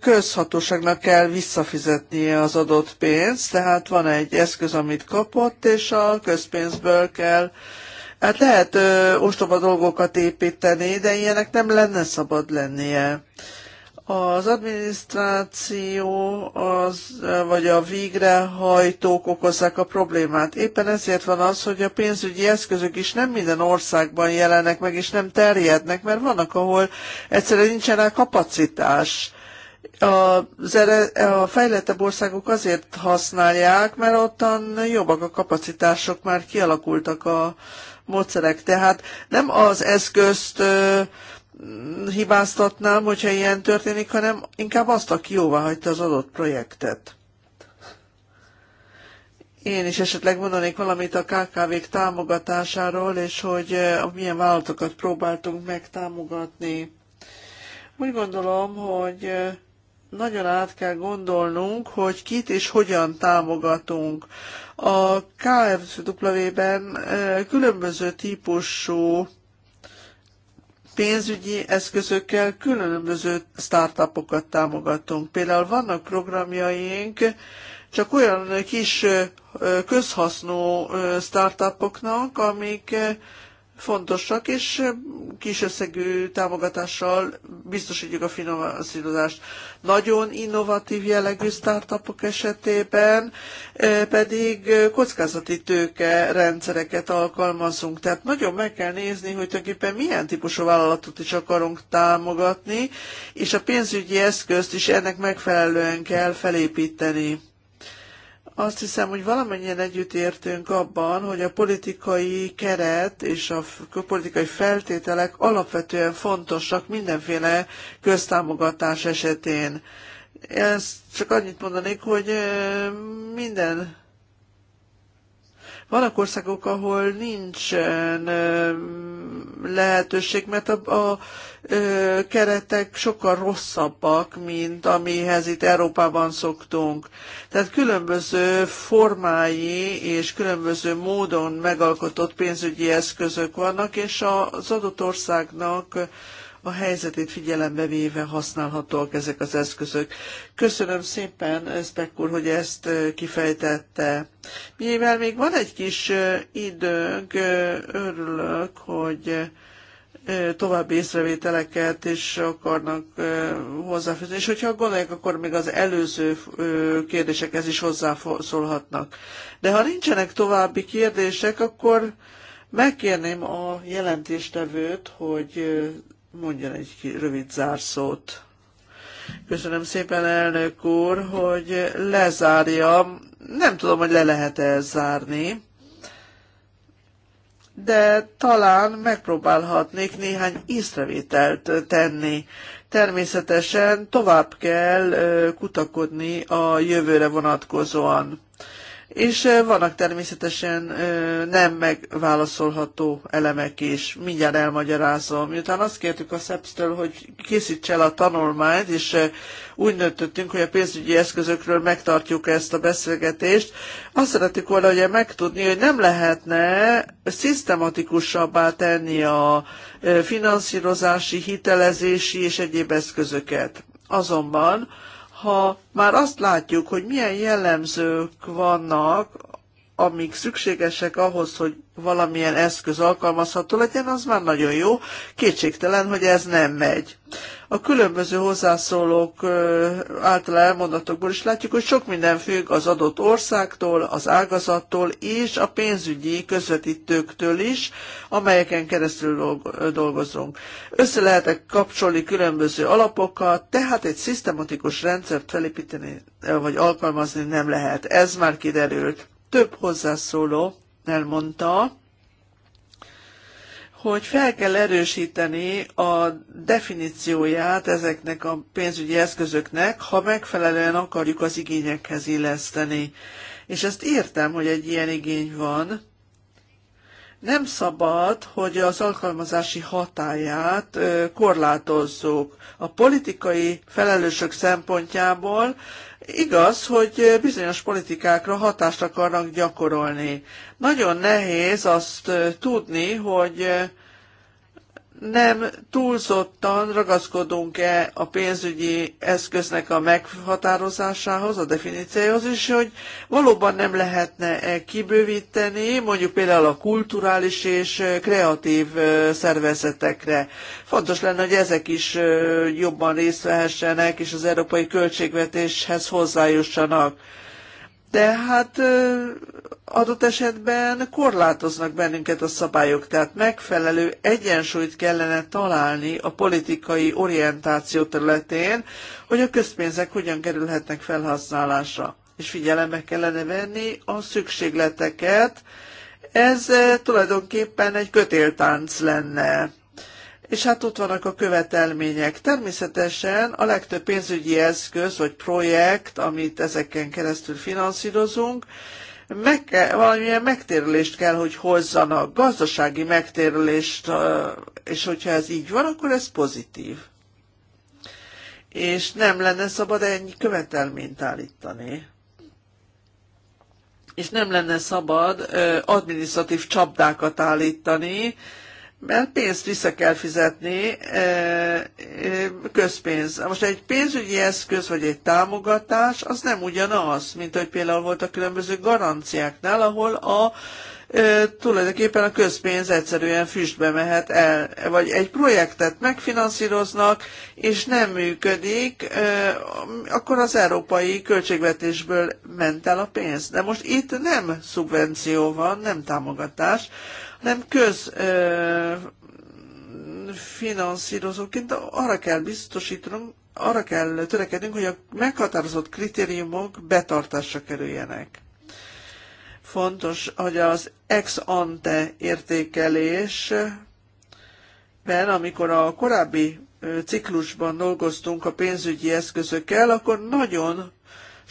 közhatóságnak kell visszafizetnie az adott pénzt, tehát van egy eszköz, amit kapott, és a közpénzből kell. Hát lehet ö, ostoba dolgokat építeni, de ilyenek nem lenne szabad lennie. Az adminisztráció az, vagy a végrehajtók okozzák a problémát. Éppen ezért van az, hogy a pénzügyi eszközök is nem minden országban jelennek meg, és nem terjednek, mert vannak, ahol egyszerűen nincsen rá kapacitás. A, a fejlettebb országok azért használják, mert ottan jobbak a kapacitások, már kialakultak a módszerek. Tehát nem az eszközt hibáztatnám, hogyha ilyen történik, hanem inkább azt, aki jóvá hagyta az adott projektet. Én is esetleg mondanék valamit a KKV-k támogatásáról, és hogy eh, milyen vállalatokat próbáltunk megtámogatni. Úgy gondolom, hogy eh, nagyon át kell gondolnunk, hogy kit és hogyan támogatunk. A KFW-ben eh, különböző típusú pénzügyi eszközökkel különböző startupokat támogatunk. Például vannak programjaink csak olyan kis közhasznú startupoknak, amik fontosak, és kis összegű támogatással biztosítjuk a finanszírozást. Nagyon innovatív jellegű startupok esetében pedig kockázati tőke rendszereket alkalmazunk. Tehát nagyon meg kell nézni, hogy tulajdonképpen milyen típusú vállalatot is akarunk támogatni, és a pénzügyi eszközt is ennek megfelelően kell felépíteni azt hiszem, hogy valamennyien együtt értünk abban, hogy a politikai keret és a politikai feltételek alapvetően fontosak mindenféle köztámogatás esetén. Ezt csak annyit mondanék, hogy minden vannak országok, ahol nincsen lehetőség, mert a, a keretek sokkal rosszabbak, mint amihez itt Európában szoktunk. Tehát különböző formái és különböző módon megalkotott pénzügyi eszközök vannak, és az adott országnak a helyzetét figyelembe véve használhatóak ezek az eszközök. Köszönöm szépen, Speck úr, hogy ezt kifejtette. Mivel még van egy kis időnk, örülök, hogy további észrevételeket is akarnak hozzáfűzni, és hogyha gondolják, akkor még az előző kérdésekhez is hozzászólhatnak. De ha nincsenek további kérdések, akkor megkérném a jelentéstevőt, hogy mondjon egy rövid zárszót. Köszönöm szépen, elnök úr, hogy lezárja. Nem tudom, hogy le lehet-e zárni, de talán megpróbálhatnék néhány észrevételt tenni. Természetesen tovább kell kutakodni a jövőre vonatkozóan és vannak természetesen nem megválaszolható elemek is. Mindjárt elmagyarázom. Miután azt kértük a SEPS-től, hogy készíts el a tanulmányt, és úgy döntöttünk, hogy a pénzügyi eszközökről megtartjuk ezt a beszélgetést, azt szeretik volna ugye megtudni, hogy nem lehetne szisztematikusabbá tenni a finanszírozási, hitelezési és egyéb eszközöket. Azonban ha már azt látjuk, hogy milyen jellemzők vannak amik szükségesek ahhoz, hogy valamilyen eszköz alkalmazható legyen, az már nagyon jó. Kétségtelen, hogy ez nem megy. A különböző hozzászólók által elmondatokból is látjuk, hogy sok minden függ az adott országtól, az ágazattól és a pénzügyi közvetítőktől is, amelyeken keresztül dolgozunk. Össze lehetek kapcsolni különböző alapokat, tehát egy szisztematikus rendszert felépíteni vagy alkalmazni nem lehet. Ez már kiderült több hozzászóló elmondta, hogy fel kell erősíteni a definícióját ezeknek a pénzügyi eszközöknek, ha megfelelően akarjuk az igényekhez illeszteni. És ezt értem, hogy egy ilyen igény van. Nem szabad, hogy az alkalmazási hatáját korlátozzuk. A politikai felelősök szempontjából Igaz, hogy bizonyos politikákra hatást akarnak gyakorolni. Nagyon nehéz azt tudni, hogy nem túlzottan ragaszkodunk-e a pénzügyi eszköznek a meghatározásához, a definíciához is, hogy valóban nem lehetne -e kibővíteni, mondjuk például a kulturális és kreatív szervezetekre. Fontos lenne, hogy ezek is jobban részt vehessenek, és az európai költségvetéshez hozzájussanak de hát adott esetben korlátoznak bennünket a szabályok, tehát megfelelő egyensúlyt kellene találni a politikai orientáció területén, hogy a közpénzek hogyan kerülhetnek felhasználásra. És figyelembe kellene venni a szükségleteket, ez tulajdonképpen egy kötéltánc lenne és hát ott vannak a követelmények. Természetesen a legtöbb pénzügyi eszköz vagy projekt, amit ezeken keresztül finanszírozunk, meg kell, valamilyen megtérülést kell, hogy hozzanak, gazdasági megtérülést, és hogyha ez így van, akkor ez pozitív. És nem lenne szabad ennyi követelményt állítani. És nem lenne szabad ö, administratív csapdákat állítani, mert pénzt vissza kell fizetni, e, e, közpénz. Most egy pénzügyi eszköz vagy egy támogatás, az nem ugyanaz, mint hogy például volt a különböző garanciáknál, ahol a e, tulajdonképpen a közpénz egyszerűen füstbe mehet el, vagy egy projektet megfinanszíroznak, és nem működik, akkor az európai költségvetésből ment el a pénz. De most itt nem szubvenció van, nem támogatás, nem köz finanszírozóként arra kell biztosítanunk, arra kell törekednünk, hogy a meghatározott kritériumok betartásra kerüljenek. Fontos, hogy az ex ante értékelésben, amikor a korábbi ciklusban dolgoztunk a pénzügyi eszközökkel, akkor nagyon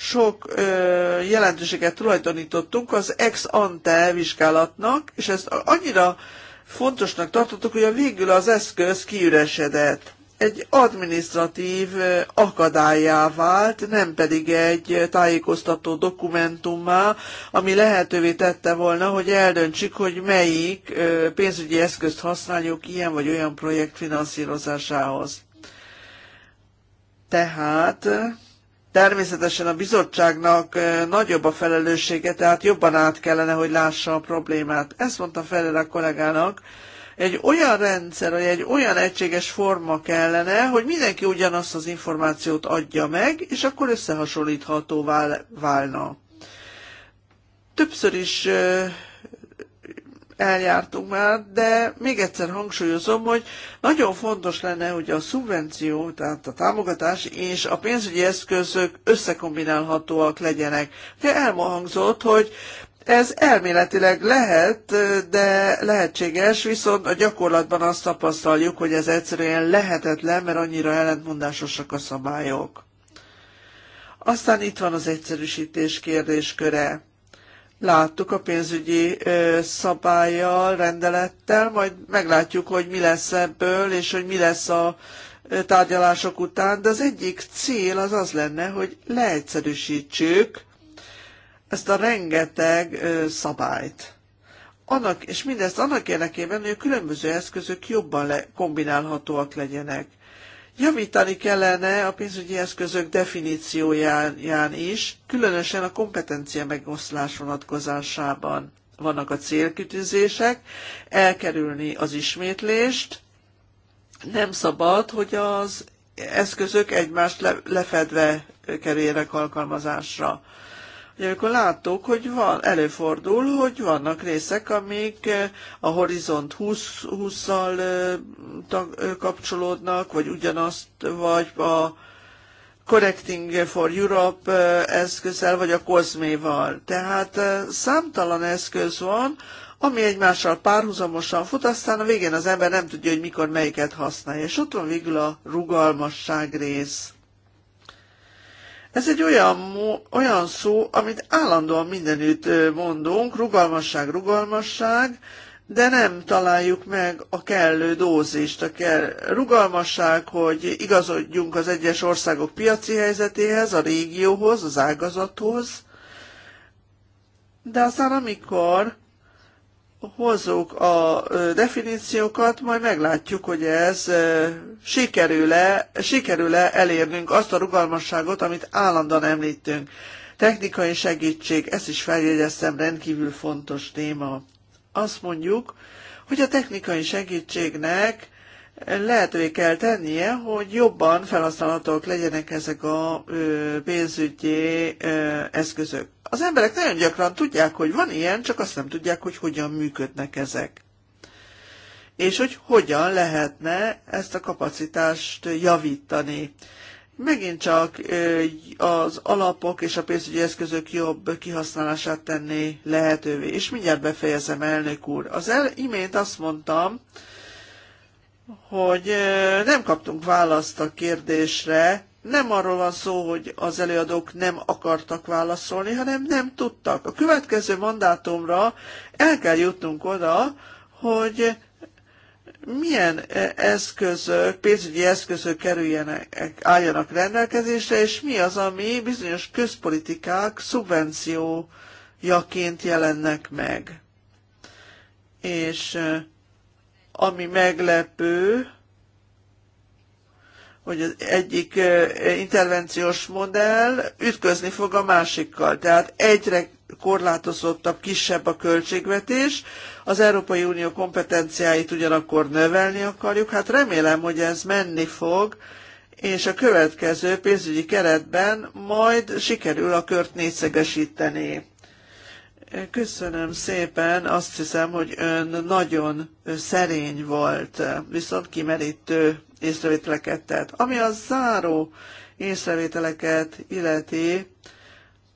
sok ö, jelentőséget tulajdonítottunk az ex ante vizsgálatnak, és ezt annyira fontosnak tartottuk, hogy a végül az eszköz kiüresedett. Egy administratív akadályá vált, nem pedig egy tájékoztató dokumentummá, ami lehetővé tette volna, hogy eldöntsük, hogy melyik pénzügyi eszközt használjuk ilyen vagy olyan projekt finanszírozásához. Tehát Természetesen a bizottságnak nagyobb a felelőssége, tehát jobban át kellene, hogy lássa a problémát. Ezt mondta Ferrer a kollégának, egy olyan rendszer, vagy egy olyan egységes forma kellene, hogy mindenki ugyanazt az információt adja meg, és akkor összehasonlíthatóvá válna. Többször is eljártunk már, de még egyszer hangsúlyozom, hogy nagyon fontos lenne, hogy a szubvenció, tehát a támogatás és a pénzügyi eszközök összekombinálhatóak legyenek. Ugye elmahangzott, hogy ez elméletileg lehet, de lehetséges, viszont a gyakorlatban azt tapasztaljuk, hogy ez egyszerűen lehetetlen, mert annyira ellentmondásosak a szabályok. Aztán itt van az egyszerűsítés kérdésköre láttuk a pénzügyi szabályjal, rendelettel, majd meglátjuk, hogy mi lesz ebből, és hogy mi lesz a tárgyalások után, de az egyik cél az az lenne, hogy leegyszerűsítsük ezt a rengeteg szabályt. Annak, és mindezt annak érdekében, hogy a különböző eszközök jobban le, kombinálhatóak legyenek. Javítani kellene a pénzügyi eszközök definícióján is, különösen a kompetencia megoszlás vonatkozásában vannak a célkütőzések, elkerülni az ismétlést, nem szabad, hogy az eszközök egymást lefedve kerüljenek alkalmazásra hogy amikor láttuk, hogy van, előfordul, hogy vannak részek, amik eh, a Horizont 20, 20-szal eh, eh, kapcsolódnak, vagy ugyanazt, vagy a Connecting for Europe eszközzel, vagy a Cosmé-val. Tehát számtalan eszköz van, ami egymással párhuzamosan fut, aztán a végén az ember nem tudja, hogy mikor melyiket használja. És ott van végül a rugalmasság rész. Ez egy olyan, olyan szó, amit állandóan mindenütt mondunk, rugalmasság, rugalmasság, de nem találjuk meg a kellő dózist, a kell rugalmasság, hogy igazodjunk az egyes országok piaci helyzetéhez, a régióhoz, az ágazathoz, de aztán amikor hozzuk a definíciókat, majd meglátjuk, hogy ez sikerül-e, sikerül-e elérnünk azt a rugalmasságot, amit állandóan említünk. Technikai segítség, ezt is feljegyeztem, rendkívül fontos téma. Azt mondjuk, hogy a technikai segítségnek lehetővé kell tennie, hogy jobban felhasználhatók legyenek ezek a pénzügyi eszközök. Az emberek nagyon gyakran tudják, hogy van ilyen, csak azt nem tudják, hogy hogyan működnek ezek. És hogy hogyan lehetne ezt a kapacitást javítani. Megint csak az alapok és a pénzügyi eszközök jobb kihasználását tenni lehetővé. És mindjárt befejezem, elnök úr. Az el, imént azt mondtam, hogy nem kaptunk választ a kérdésre, nem arról van szó, hogy az előadók nem akartak válaszolni, hanem nem tudtak. A következő mandátumra el kell jutnunk oda, hogy milyen eszközök, pénzügyi eszközök kerüljenek, álljanak rendelkezésre, és mi az, ami bizonyos közpolitikák szubvenciójaként jelennek meg. És ami meglepő, hogy az egyik intervenciós modell ütközni fog a másikkal. Tehát egyre korlátozottabb, kisebb a költségvetés, az Európai Unió kompetenciáit ugyanakkor növelni akarjuk. Hát remélem, hogy ez menni fog, és a következő pénzügyi keretben majd sikerül a kört négyszegesíteni. Köszönöm szépen, azt hiszem, hogy ön nagyon szerény volt, viszont kimerítő észrevételeket tett. Ami a záró észrevételeket illeti,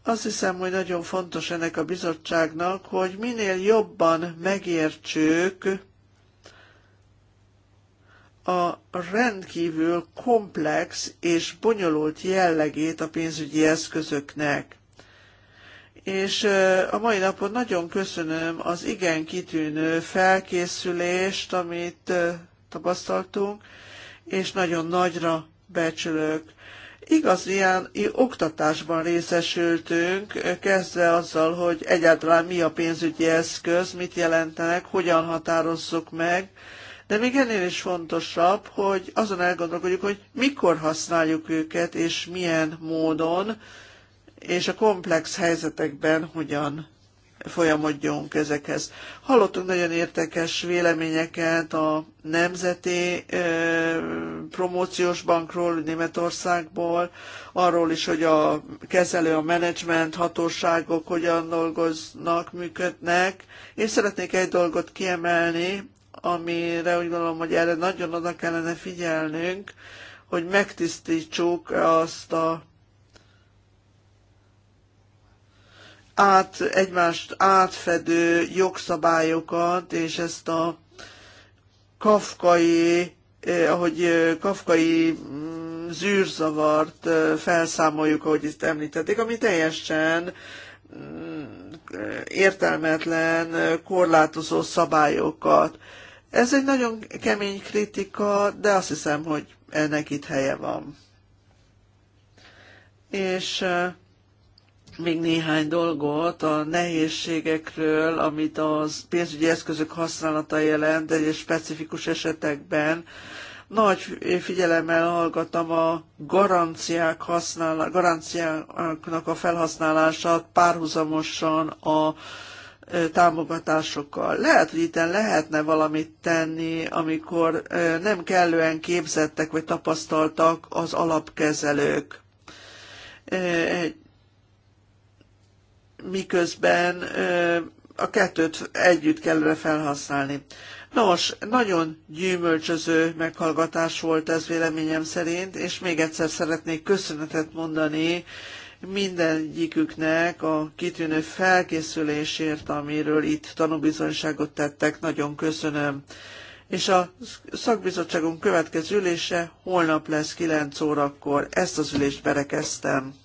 azt hiszem, hogy nagyon fontos ennek a bizottságnak, hogy minél jobban megértsük a rendkívül komplex és bonyolult jellegét a pénzügyi eszközöknek és a mai napon nagyon köszönöm az igen kitűnő felkészülést, amit tapasztaltunk, és nagyon nagyra becsülök. Igaz, ilyen oktatásban részesültünk, kezdve azzal, hogy egyáltalán mi a pénzügyi eszköz, mit jelentenek, hogyan határozzuk meg, de még ennél is fontosabb, hogy azon elgondolkodjuk, hogy mikor használjuk őket, és milyen módon, és a komplex helyzetekben hogyan folyamodjunk ezekhez. Hallottunk nagyon értékes véleményeket a Nemzeti ö, Promóciós Bankról, Németországból, arról is, hogy a kezelő, a menedzsment hatóságok hogyan dolgoznak, működnek. Én szeretnék egy dolgot kiemelni, amire úgy gondolom, hogy erre nagyon oda kellene figyelnünk, hogy megtisztítsuk azt a át, egymást átfedő jogszabályokat, és ezt a kafkai, eh, ahogy eh, kafkai mm, zűrzavart eh, felszámoljuk, ahogy itt említették, ami teljesen mm, értelmetlen, korlátozó szabályokat. Ez egy nagyon kemény kritika, de azt hiszem, hogy ennek itt helye van. És eh, még néhány dolgot a nehézségekről, amit az pénzügyi eszközök használata jelent egy specifikus esetekben. Nagy figyelemmel hallgatom a garanciák használa, garanciáknak a felhasználását párhuzamosan a e, támogatásokkal. Lehet, hogy itt lehetne valamit tenni, amikor e, nem kellően képzettek vagy tapasztaltak az alapkezelők. E, egy miközben a kettőt együtt kellene felhasználni. Nos, nagyon gyümölcsöző meghallgatás volt ez véleményem szerint, és még egyszer szeretnék köszönetet mondani mindegyiküknek a kitűnő felkészülésért, amiről itt tanúbizonyságot tettek. Nagyon köszönöm. És a szakbizottságunk következő ülése holnap lesz 9 órakor. Ezt az ülést berekeztem.